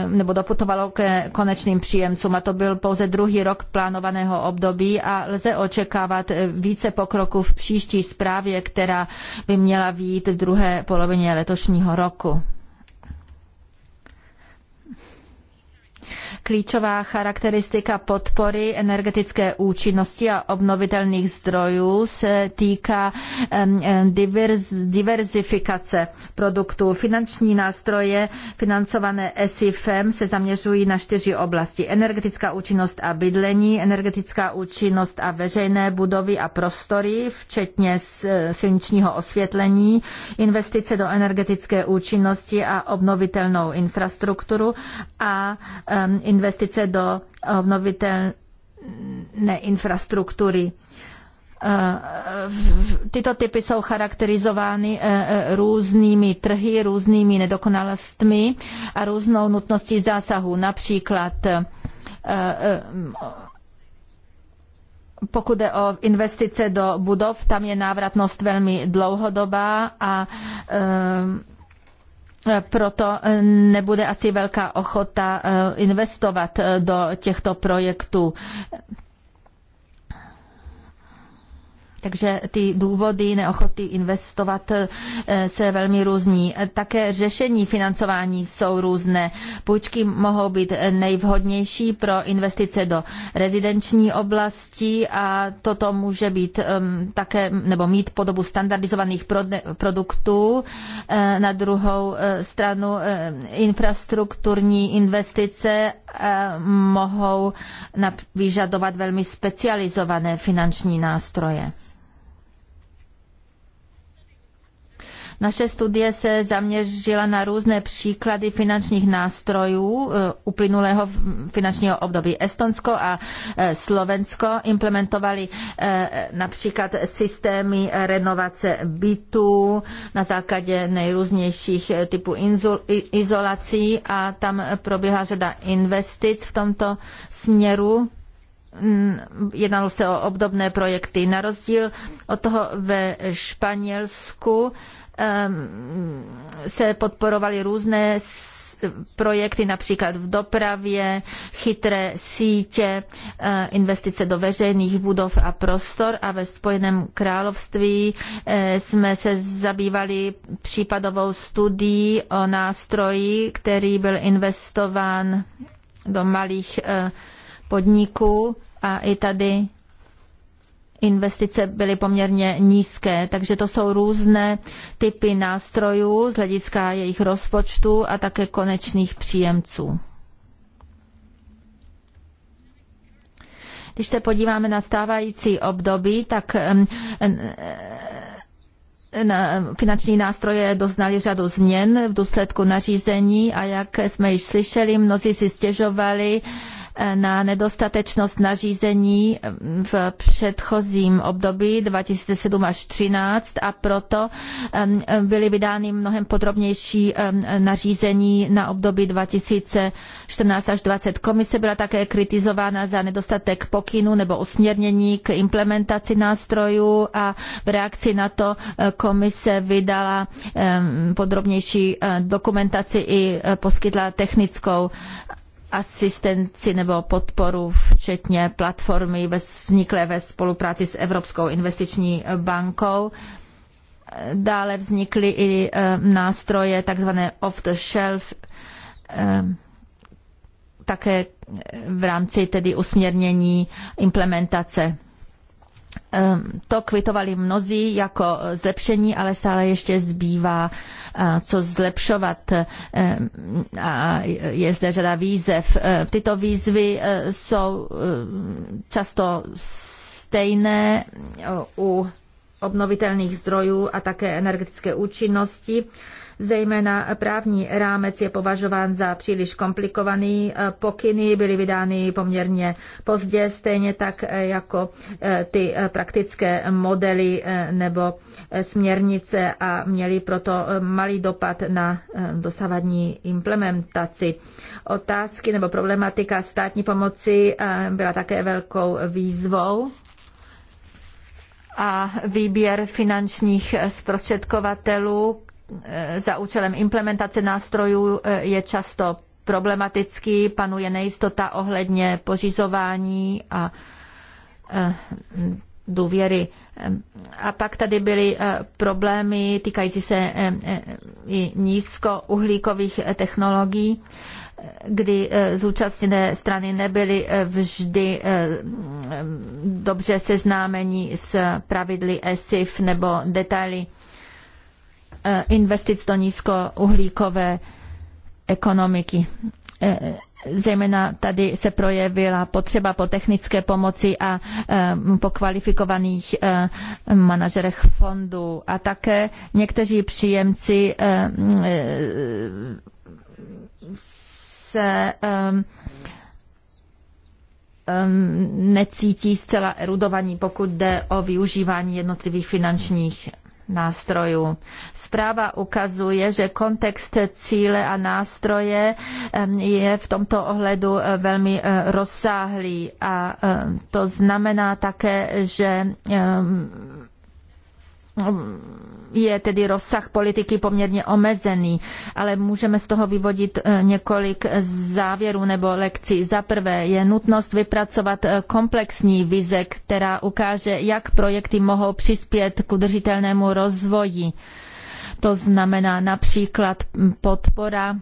nebo doputovalo ke konečným příjemcům a to byl pouze druhý rok plánovaného období a lze očekávat eh, více pokroku v příští zprávě, která by měla výjít v druhé polovině letošního roku. klíčová charakteristika podpory energetické účinnosti a obnovitelných zdrojů se týká diverzifikace produktů. Finanční nástroje financované SIFem se zaměřují na čtyři oblasti. Energetická účinnost a bydlení, energetická účinnost a veřejné budovy a prostory, včetně silničního osvětlení, investice do energetické účinnosti a obnovitelnou infrastrukturu a um, investice do obnovitelné infrastruktury. Eh, tyto typy jsou charakterizovány eh, eh, různými trhy, různými nedokonalostmi a různou nutností zásahu. Například pokud jde o investice do budov, tam je návratnost velmi dlouhodobá a proto nebude asi velká ochota eh, investovat eh, do těchto projektů. Takže ty důvody neochoty investovat eh, se velmi různí. Také řešení financování jsou různé. Půjčky mohou být nejvhodnější pro investice do rezidenční oblasti a toto může být také nebo mít podobu standardizovaných produktů. Eh, na druhou eh, stranu infrastrukturní investice mohou vyžadovat velmi specializované finanční nástroje. Naše studie se zaměřila na různé příklady finančních nástrojů eh, uplynulého finančního období. Estonsko a eh, Slovensko implementovali eh, například systémy renovace bytů na základě nejrůznějších typů izolací a tam proběhla řada investic v tomto směru mm, jednalo se o obdobné projekty. Na rozdíl od toho ve Španělsku Ehm, se podporovaly různé projekty například v dopravě, chytré sítě, eh, investice do veřejných budov a prostor a ve Spojeném království eh, jsme se zabývali případovou studií o nástroji, který byl investován do malých eh, podniků a i tady investice byly poměrně nízké, takže to jsou různé typy nástrojů z hlediska jejich rozpočtu a také konečných příjemců. Když se podíváme na stávající období, tak na finanční nástroje doznali řadu změn v důsledku nařízení a jak jsme již slyšeli, mnozí si stěžovali, na nedostatečnost nařízení v předchozím období 2007 až 2013 a proto byly vydány mnohem podrobnější nařízení na období 2014 až 2020. Komise byla také kritizována za nedostatek pokynů nebo usměrnění k implementaci nástrojů a v reakci na to eh, komise vydala podrobnější eh, dokumentaci i eh, poskytla technickou asistenci nebo podporu, včetně platformy vzniklé ve spolupráci s Evropskou investiční bankou. Dále vznikly i e, nástroje takzvané off-the-shelf, e, také v rámci tedy usměrnění implementace Ehm, to kvitovali mnozí jako zlepšení, ale stále ještě zbývá eh, co zlepšovat. Ehm, a je zde řada výzev. Ehm, tyto výzvy eh, jsou často stejné eh, u obnovitelných zdrojů a také energetické účinnosti Zejména právní rámec je považován za příliš komplikovaný. Eh, Pokyny byly vydány poměrně pozdě, stejně tak eh, jako eh, ty praktické modely nebo směrnice a měly proto malý dopad na dosavadní implementaci. Otázky nebo problematika státní pomoci byla také velkou výzvou a výběr finančních zprostředkovatelů, Eh, za účelem implementace nástrojů eh, je často problematický, panuje nejistota ohledně pořizování a eh, důvěry. A pak tady byly problémy týkající se i nízkouhlíkových technologií, kdy zúčastněné strany nebyly vždy mm, dobře seznámeni s pravidly ESIF nebo detaily Eh, investic do nízkouhlíkové ekonomiky. Eh, zejména tady se projevila potřeba po technické pomoci a eh, po kvalifikovaných manažerech fondů. A také někteří příjemci se necítí zcela erudovaní, pokud jde o využívání jednotlivých finančních nástrojů. Zpráva ukazuje, že kontext cíle a nástroje je v tomto ohledu eh, velmi eh, rozsáhlý a eh, to znamená také, že je tedy rozsah politiky poměrně omezený, ale můžeme z toho vyvodit eh, několik závěrů nebo lekcí. Za prvé je nutnost vypracovat eh, komplexní vize, která ukáže, jak projekty mohou přispět k udržitelnému rozvoji. To znamená například podpora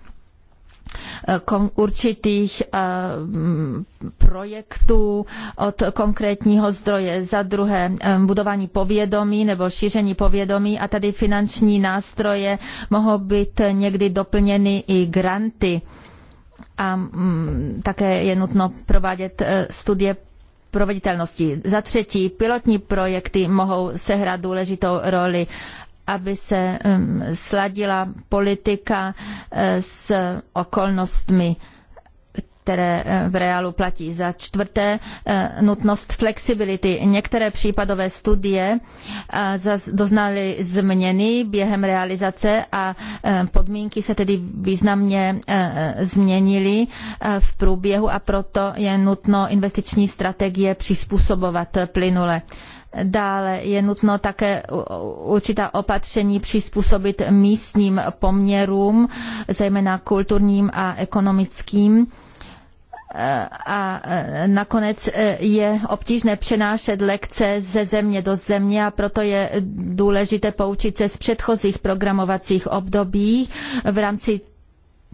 určitých eh, projektů od konkrétního zdroje, za druhé eh, budování povědomí nebo šíření povědomí a tady finanční nástroje mohou být někdy doplněny i granty a také je nutno provádět eh, studie proveditelnosti. Za třetí, pilotní projekty mohou sehrát důležitou roli aby se sladila politika eh, s okolnostmi které eh, v reálu platí. Za čtvrté, eh, nutnost flexibility. Některé případové studie doznaly změny během realizace a podmínky se tedy významně změnily v průběhu a proto je nutno investiční strategie přizpůsobovat plynule. Dále je nutno také určitá opatření přizpůsobit místním poměrům, zejména kulturním a ekonomickým eh, a eh, nakonec eh, je obtížné přenášet lekce ze země do země a proto je důležité poučit se z předchozích programovacích období v rámci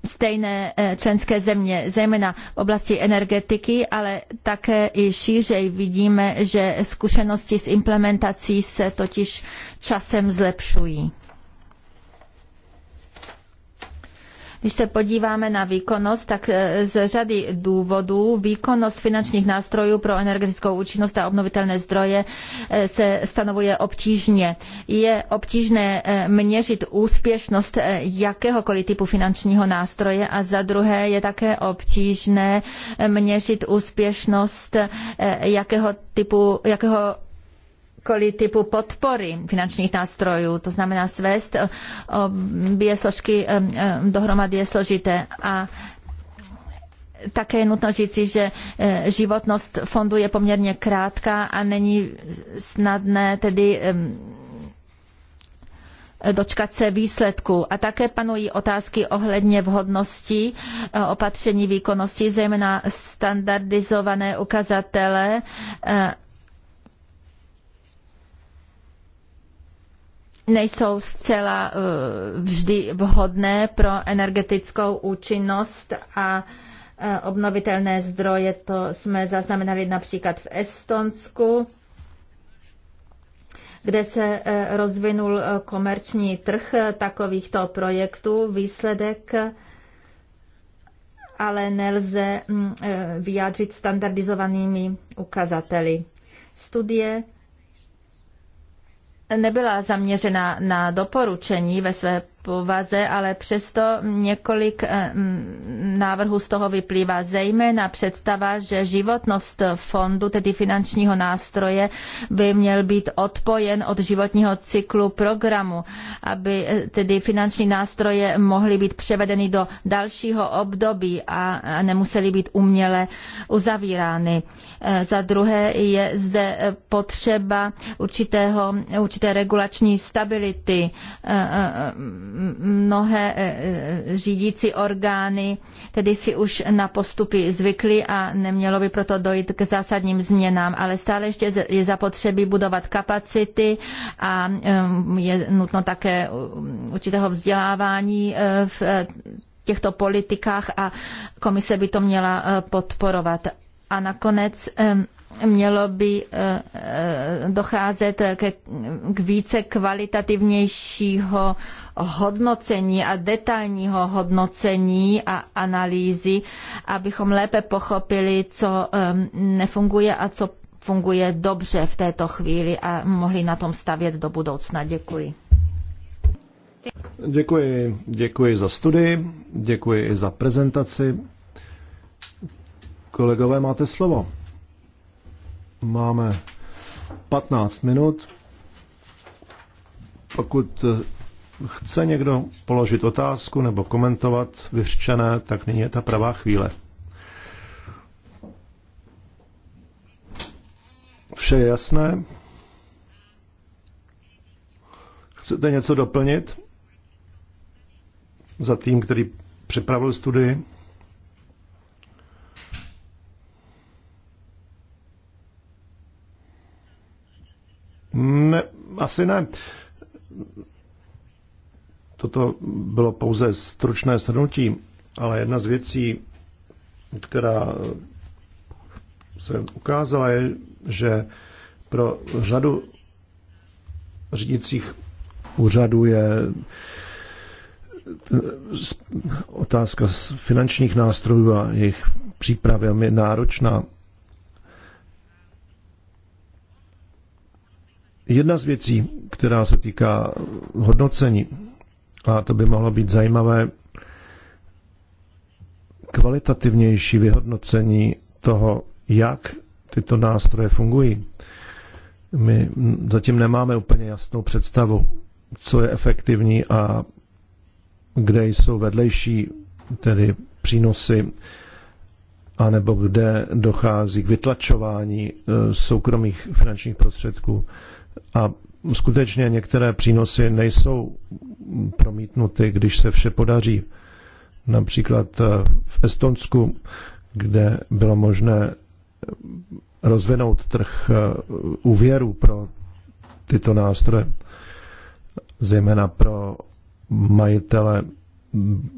stejné eh, členské země, zejména v oblasti energetiky, ale také i šířej vidíme, že zkušenosti s implementací se totiž časem zlepšují. Když se podíváme na výkonnost, tak e, z řady důvodů výkonnost finančních nástrojů pro energetickou účinnost a obnovitelné zdroje e, se stanovuje obtížně. Je obtížné e, měřit úspěšnost jakéhokoliv typu finančního nástroje a za druhé je také obtížné měřit úspěšnost jakého typu, jakého jakýkoliv typu podpory finančních nástrojů. To znamená svést eh, obě složky eh, eh, dohromady je složité. A také je nutno říci, že životnost fondu je poměrně krátká a není snadné tedy dočkat se výsledku. A také panují otázky ohledně vhodnosti opatření výkonnosti, zejména standardizované ukazatele nejsou zcela eh, vždy vhodné pro energetickou účinnost a eh, obnovitelné zdroje. To jsme zaznamenali například v Estonsku, kde se eh, rozvinul komerční trh takovýchto projektů. Výsledek ale nelze mm, vyjádřit standardizovanými ukazateli. Studie nebyla zaměřena na doporučení ve své povaze, ale přesto několik eh, návrhů z toho vyplývá. Zejména představa, že životnost fondu, tedy finančního nástroje, by měl být odpojen od životního cyklu programu, aby eh, tedy finanční nástroje mohly být převedeny do dalšího období a nemusely být uměle uzavírány. Eh, za druhé je zde potřeba určitého, určité regulační stability mnohé e, e, řídící orgány tedy si už na postupy zvykly a nemělo by proto dojít k zásadním změnám, ale stále ještě je zapotřebí budovat kapacity a e, je nutno také určitého vzdělávání v těchto politikách a komise by to měla podporovat. A nakonec mělo by docházet k více kvalitativnějšího hodnocení a detailního hodnocení a analýzy, abychom lépe pochopili, co nefunguje a co funguje dobře v této chvíli a mohli na tom stavět do budoucna. Děkuji. Děkuji, děkuji za studii, děkuji i za prezentaci. Kolegové, máte slovo. Máme 15 minut. Pokud Chce někdo položit otázku nebo komentovat vyřčené, tak nyní je ta pravá chvíle. Vše je jasné? Chcete něco doplnit? Za tým, který připravil studii? Ne, asi ne. Toto bylo pouze stručné shrnutí, ale jedna z věcí, která se ukázala, je, že pro řadu řídících úřadů je otázka z finančních nástrojů a jejich přípravy je náročná. Jedna z věcí, která se týká hodnocení, a to by mohlo být zajímavé, kvalitativnější vyhodnocení toho, jak tyto nástroje fungují. My zatím nemáme úplně jasnou představu, co je efektivní a kde jsou vedlejší tedy přínosy, anebo kde dochází k vytlačování eh, soukromých finančních prostředků. A skutečně některé přínosy nejsou promítnuty, když se vše podaří. Například eh, v Estonsku, kde bylo možné eh, rozvinout trh eh, úvěru pro tyto nástroje, zejména pro majitele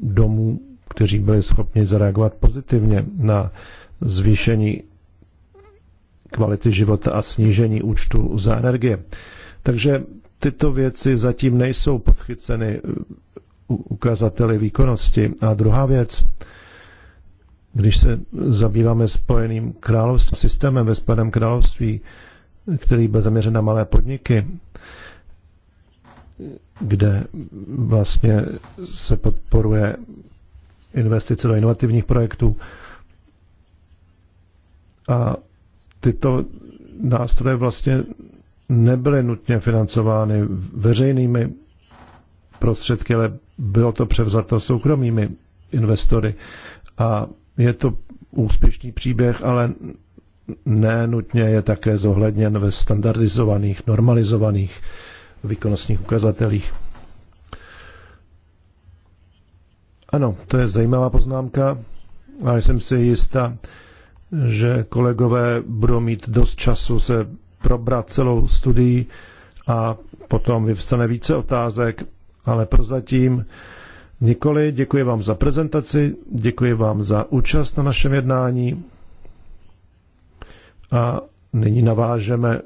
domů, kteří byli schopni zareagovat pozitivně na zvýšení kvality života a snížení účtu za energie. Takže tyto věci zatím nejsou podchyceny eh, ukazateli výkonnosti. A druhá věc, když se zabýváme spojeným královstvím, systémem ve Spojeném království, který byl zaměřen na malé podniky, kde vlastně se podporuje investice do inovativních projektů. A tyto nástroje vlastně nebyly nutně financovány veřejnými prostředky, ale bylo to převzato soukromými investory. A je to úspěšný příběh, ale ne nutně je také zohledněn ve standardizovaných, normalizovaných výkonnostních ukazatelích. Ano, to je zajímavá poznámka a jsem si jistá, že kolegové budou mít dost času se probrat celou studii a potom vyvstane více otázek, ale prozatím nikoli. Děkuji vám za prezentaci, děkuji vám za účast na našem jednání a nyní navážeme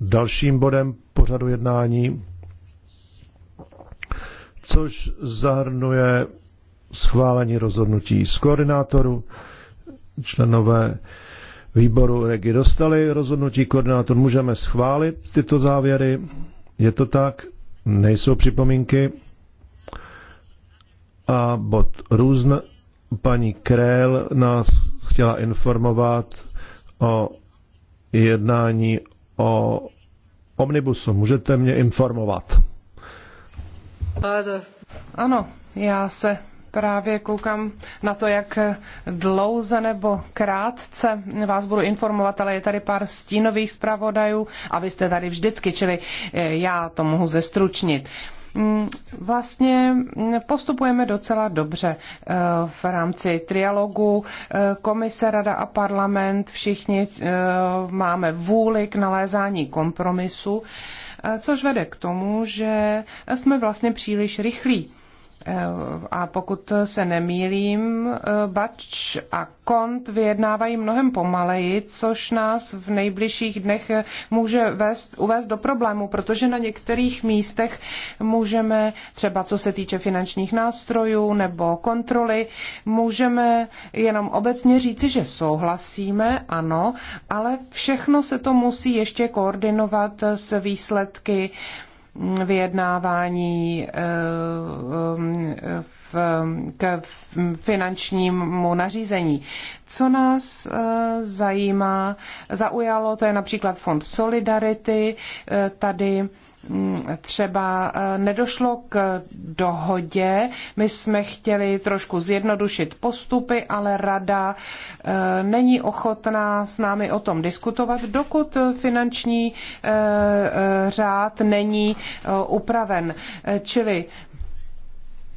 dalším bodem pořadu jednání, což zahrnuje schválení rozhodnutí z koordinátoru, členové výboru Regi dostali rozhodnutí koordinátor, můžeme schválit tyto závěry. Je to tak? Nejsou připomínky? A bod různ, paní Krél nás chtěla informovat o jednání o omnibusu. Můžete mě informovat? Ano, já se právě koukám na to, jak dlouze nebo krátce vás budu informovat, ale je tady pár stínových zpravodajů a vy jste tady vždycky, čili e, já to mohu zestručnit mm, vlastně postupujeme docela dobře e, v rámci trialogu. E, komise, rada a parlament, všichni máme vůli k nalézání kompromisu, což vede k tomu, že jsme vlastně příliš rychlí. A pokud se nemýlím, Bač a Kont vyjednávají mnohem pomaleji, což nás v nejbližších dnech může vést, uvést do problému, protože na některých místech můžeme, třeba co se týče finančních nástrojů nebo kontroly, můžeme jenom obecně říci, že souhlasíme, ano, ale všechno se to musí ještě koordinovat s výsledky vyjednávání eh, eh, eh, v, k finančnímu nařízení. Co nás zajímá, zaujalo, to je například fond Solidarity. Tady třeba eh, nedošlo k dohodě. My jsme chtěli trošku zjednodušit postupy, ale rada eh, není ochotná s námi o tom diskutovat, dokud finanční eh, řád není upraven. Čili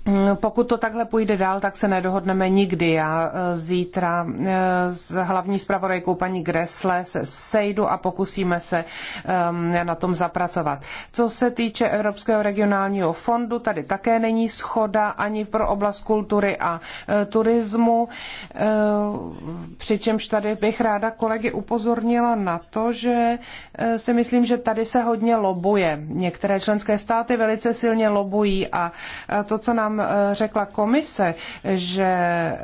Mm, pokud to takhle půjde dál, tak se nedohodneme nikdy. Já e, zítra e, s hlavní zpravodajkou paní Gresle se sejdu a pokusíme se na tom zapracovat. Co se týče Evropského regionálního fondu, tady také není schoda ani pro oblast kultury a e, turismu, přičemž tady bych ráda kolegy upozornila na to, že si myslím, že tady se hodně lobuje. Některé členské státy velice silně lobují a to, co nám Eh, řekla komise, že eh,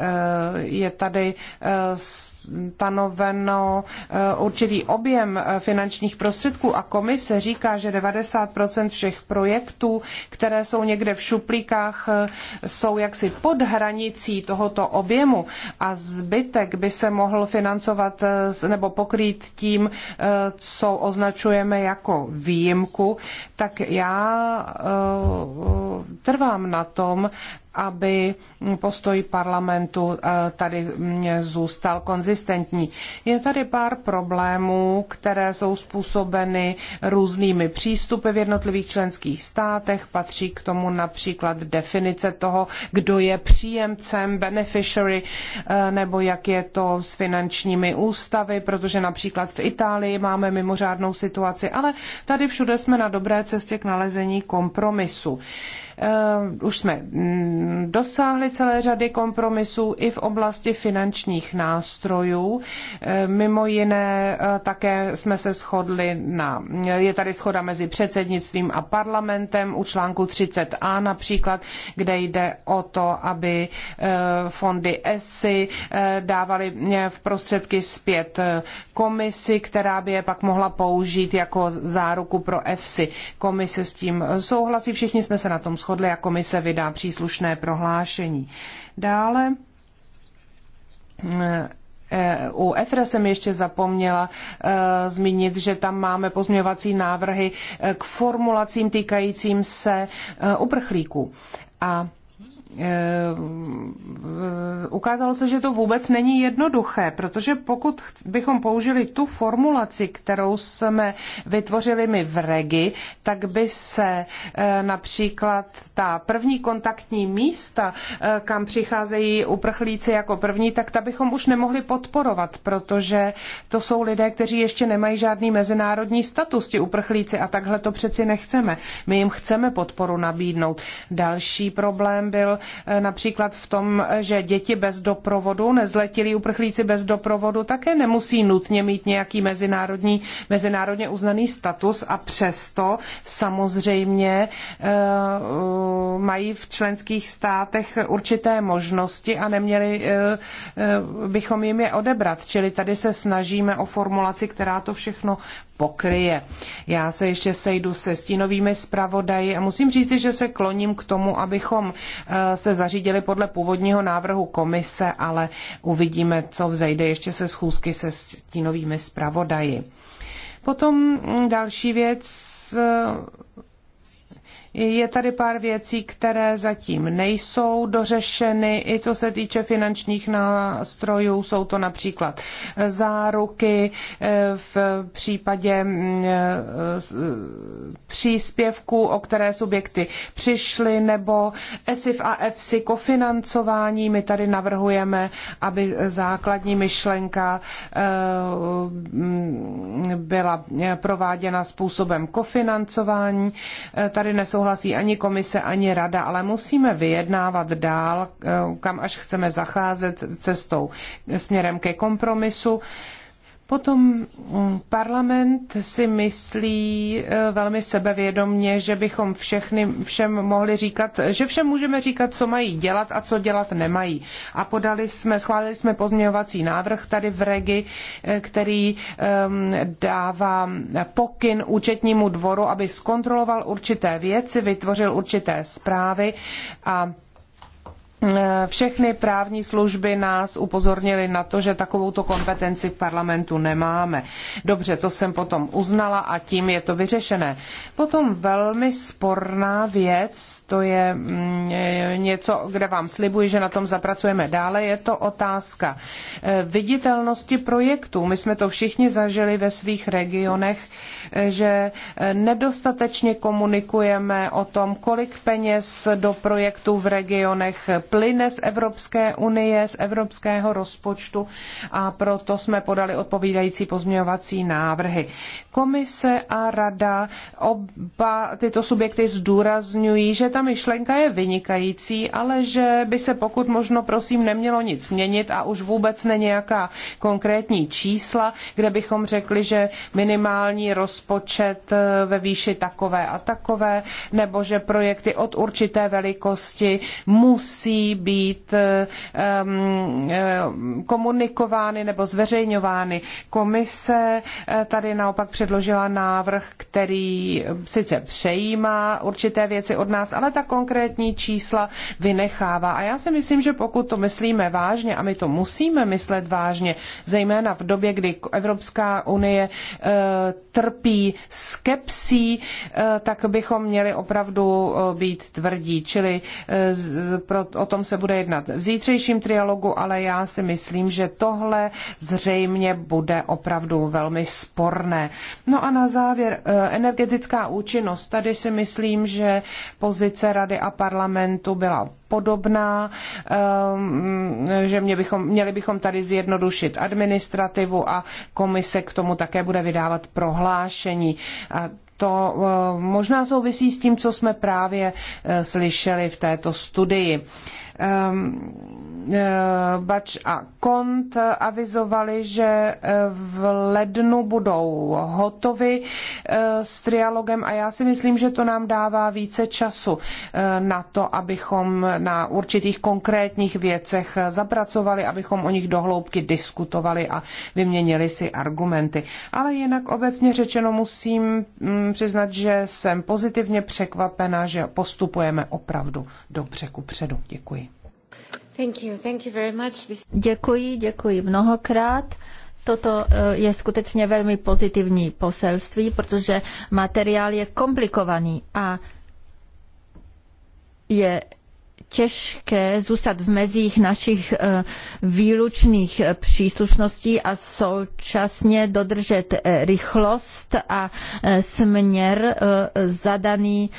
je tady eh, stanoveno eh, určitý objem eh, finančních prostředků a komise říká, že 90% všech projektů, které jsou někde v šuplíkách, eh, jsou jaksi pod hranicí tohoto objemu a zbytek by se mohl financovat nebo pokrýt tím, co označujeme jako výjimku, tak já trvám na tom, aby postoj parlamentu eh, tady mm, zůstal konzistentní. Je tady pár problémů, které jsou způsobeny různými přístupy v jednotlivých členských státech. Patří k tomu například definice toho, kdo je příjemcem, beneficiary, eh, nebo jak je to s finančními ústavy, protože například v Itálii máme mimořádnou situaci, ale tady všude jsme na dobré cestě k nalezení kompromisu. Eh, už jsme mm, dosáhli celé řady kompromisů i v oblasti finančních nástrojů. Eh, mimo jiné eh, také jsme se shodli na, je tady schoda mezi předsednictvím a parlamentem u článku 30a například, kde jde o to, aby fondy ESI dávaly v prostředky zpět komisi, která by je pak mohla použít jako záruku pro EFSI. Komise s tím souhlasí, všichni jsme se na tom shodli a komise vydá příslušné prohlášení. Dále eh, u EFRA jsem ještě zapomněla eh, zmínit, že tam máme pozměňovací návrhy eh, k formulacím týkajícím se uprchlíků. A Eh, ukázalo se, že to vůbec není jednoduché, protože pokud bychom použili tu formulaci, kterou jsme vytvořili my v Regi, tak by se eh, například ta první kontaktní místa, eh, kam přicházejí uprchlíci jako první, tak ta bychom už nemohli podporovat, protože to jsou lidé, kteří ještě nemají žádný mezinárodní status, ti uprchlíci, a takhle to přeci nechceme. My jim chceme podporu nabídnout. Další problém byl Eh, například v tom, eh, že děti bez doprovodu, nezletilí uprchlíci bez doprovodu také nemusí nutně mít nějaký mezinárodní, mezinárodně uznaný status a přesto samozřejmě eh, mají v členských státech určité možnosti a neměli bychom jim je odebrat. Čili tady se snažíme o formulaci, která to všechno pokryje. Já se ještě sejdu se stínovými zpravodaji a musím říci, že se kloním k tomu, abychom eh, se zařídili podle původního návrhu komise, ale uvidíme, co vzejde ještě se schůzky se stínovými zpravodaji. Potom další věc je tady pár věcí, které zatím nejsou dořešeny, i co se týče finančních nástrojů, jsou to například záruky eh, v případě mm, eh, eh, příspěvků, o které subjekty přišly, nebo ESIF a EFSI kofinancování. My tady navrhujeme, aby základní myšlenka mm, byla prováděna způsobem kofinancování. Tady nesou nesouhlasí ani komise, ani rada, ale musíme vyjednávat dál, eh, kam až chceme zacházet cestou směrem ke kompromisu Potom mm, parlament si myslí e, velmi sebevědomně, že bychom všechny, všem mohli říkat, že všem můžeme říkat, co mají dělat a co dělat nemají. A podali jsme, schválili jsme pozměňovací návrh tady v Regi, e, který dává pokyn účetnímu dvoru, aby zkontroloval určité věci, vytvořil určité zprávy a Eh, všechny právní služby nás upozornily na to, že takovouto kompetenci v parlamentu nemáme. Dobře, to jsem potom uznala a tím je to vyřešené. Potom velmi sporná věc, to je mm, eh, něco, kde vám slibuji, že na tom zapracujeme dále, je to otázka eh, viditelnosti projektů. My jsme to všichni zažili ve svých regionech, že nedostatečně komunikujeme o tom, kolik peněz do projektů v regionech plyne z Evropské unie, z evropského rozpočtu a proto jsme podali odpovídající pozměňovací návrhy. Komise a rada oba tyto subjekty zdůrazňují, že ta myšlenka je vynikající, ale že by se pokud možno prosím nemělo nic měnit a už vůbec ne nějaká konkrétní čísla, kde bychom řekli, že minimální rozpočet eh, ve výši takové a takové, nebo že projekty od určité velikosti musí být komunikovány nebo zveřejňovány. Komise eh, tady naopak předložila návrh, který sice přejímá určité věci od nás, ale ta konkrétní čísla vynechává. A já si myslím, že pokud to myslíme vážně, a my to musíme myslet vážně, zejména v době, kdy Evropská unie eh, trpí skepsí, eh, tak bychom měli opravdu být tvrdí. Čili o tom se bude jednat v zítřejším trialogu, ale já si myslím, že tohle zřejmě bude opravdu velmi sporné. No a na závěr eh, energetická účinnost. Tady si myslím, že pozice Rady a parlamentu byla podobná, ehm, že mě bychom, měli bychom tady zjednodušit administrativu a komise k tomu také bude vydávat prohlášení. A to eh, možná souvisí s tím, co jsme právě eh, slyšeli v této studii um, Eh, Bač a Kont avizovali, že eh, v lednu budou hotovi eh, s trialogem a já si myslím, že to nám dává více času na to, abychom na určitých konkrétních věcech zapracovali, abychom o nich dohloubky diskutovali a vyměnili si argumenty. Ale jinak obecně řečeno musím mm, přiznat, že jsem pozitivně překvapena, že postupujeme opravdu dobře kupředu. Děkuji. Děkuji, děkuji mnohokrát. Toto e, je skutečně velmi pozitivní poselství, protože materiál je komplikovaný a je těžké zůstat v mezích našich eh, výlučných eh, příslušností a současně dodržet eh, rychlost a směr zadaný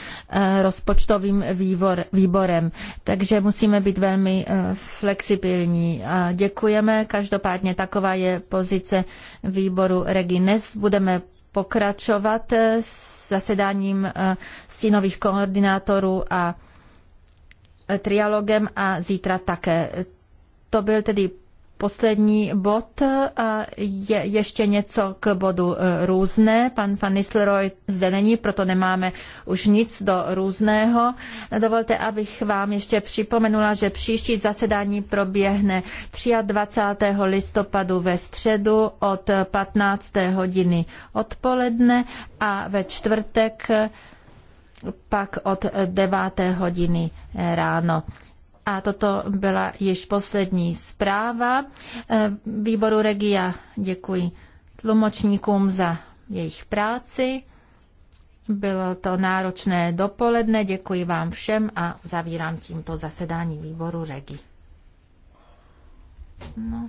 rozpočtovým výbor, výborem. Takže musíme být velmi flexibilní. A děkujeme. Každopádně taková je pozice výboru Regines. Budeme pokračovat s zasedáním stínových koordinátorů a trialogem a zítra také. To byl tedy poslední bod. Je ještě něco k bodu e, různé. Pan Van Nistelrooy zde není, proto nemáme už nic do různého. Dovolte, abych vám ještě připomenula, že příští zasedání proběhne 23. listopadu ve středu od 15. hodiny odpoledne a ve čtvrtek pak od 9. hodiny ráno. A toto byla již poslední zpráva eh, výboru Regia. Děkuji tlumočníkům za jejich práci. Bylo to náročné dopoledne, děkuji vám všem a zavírám tímto zasedání výboru Regi. No.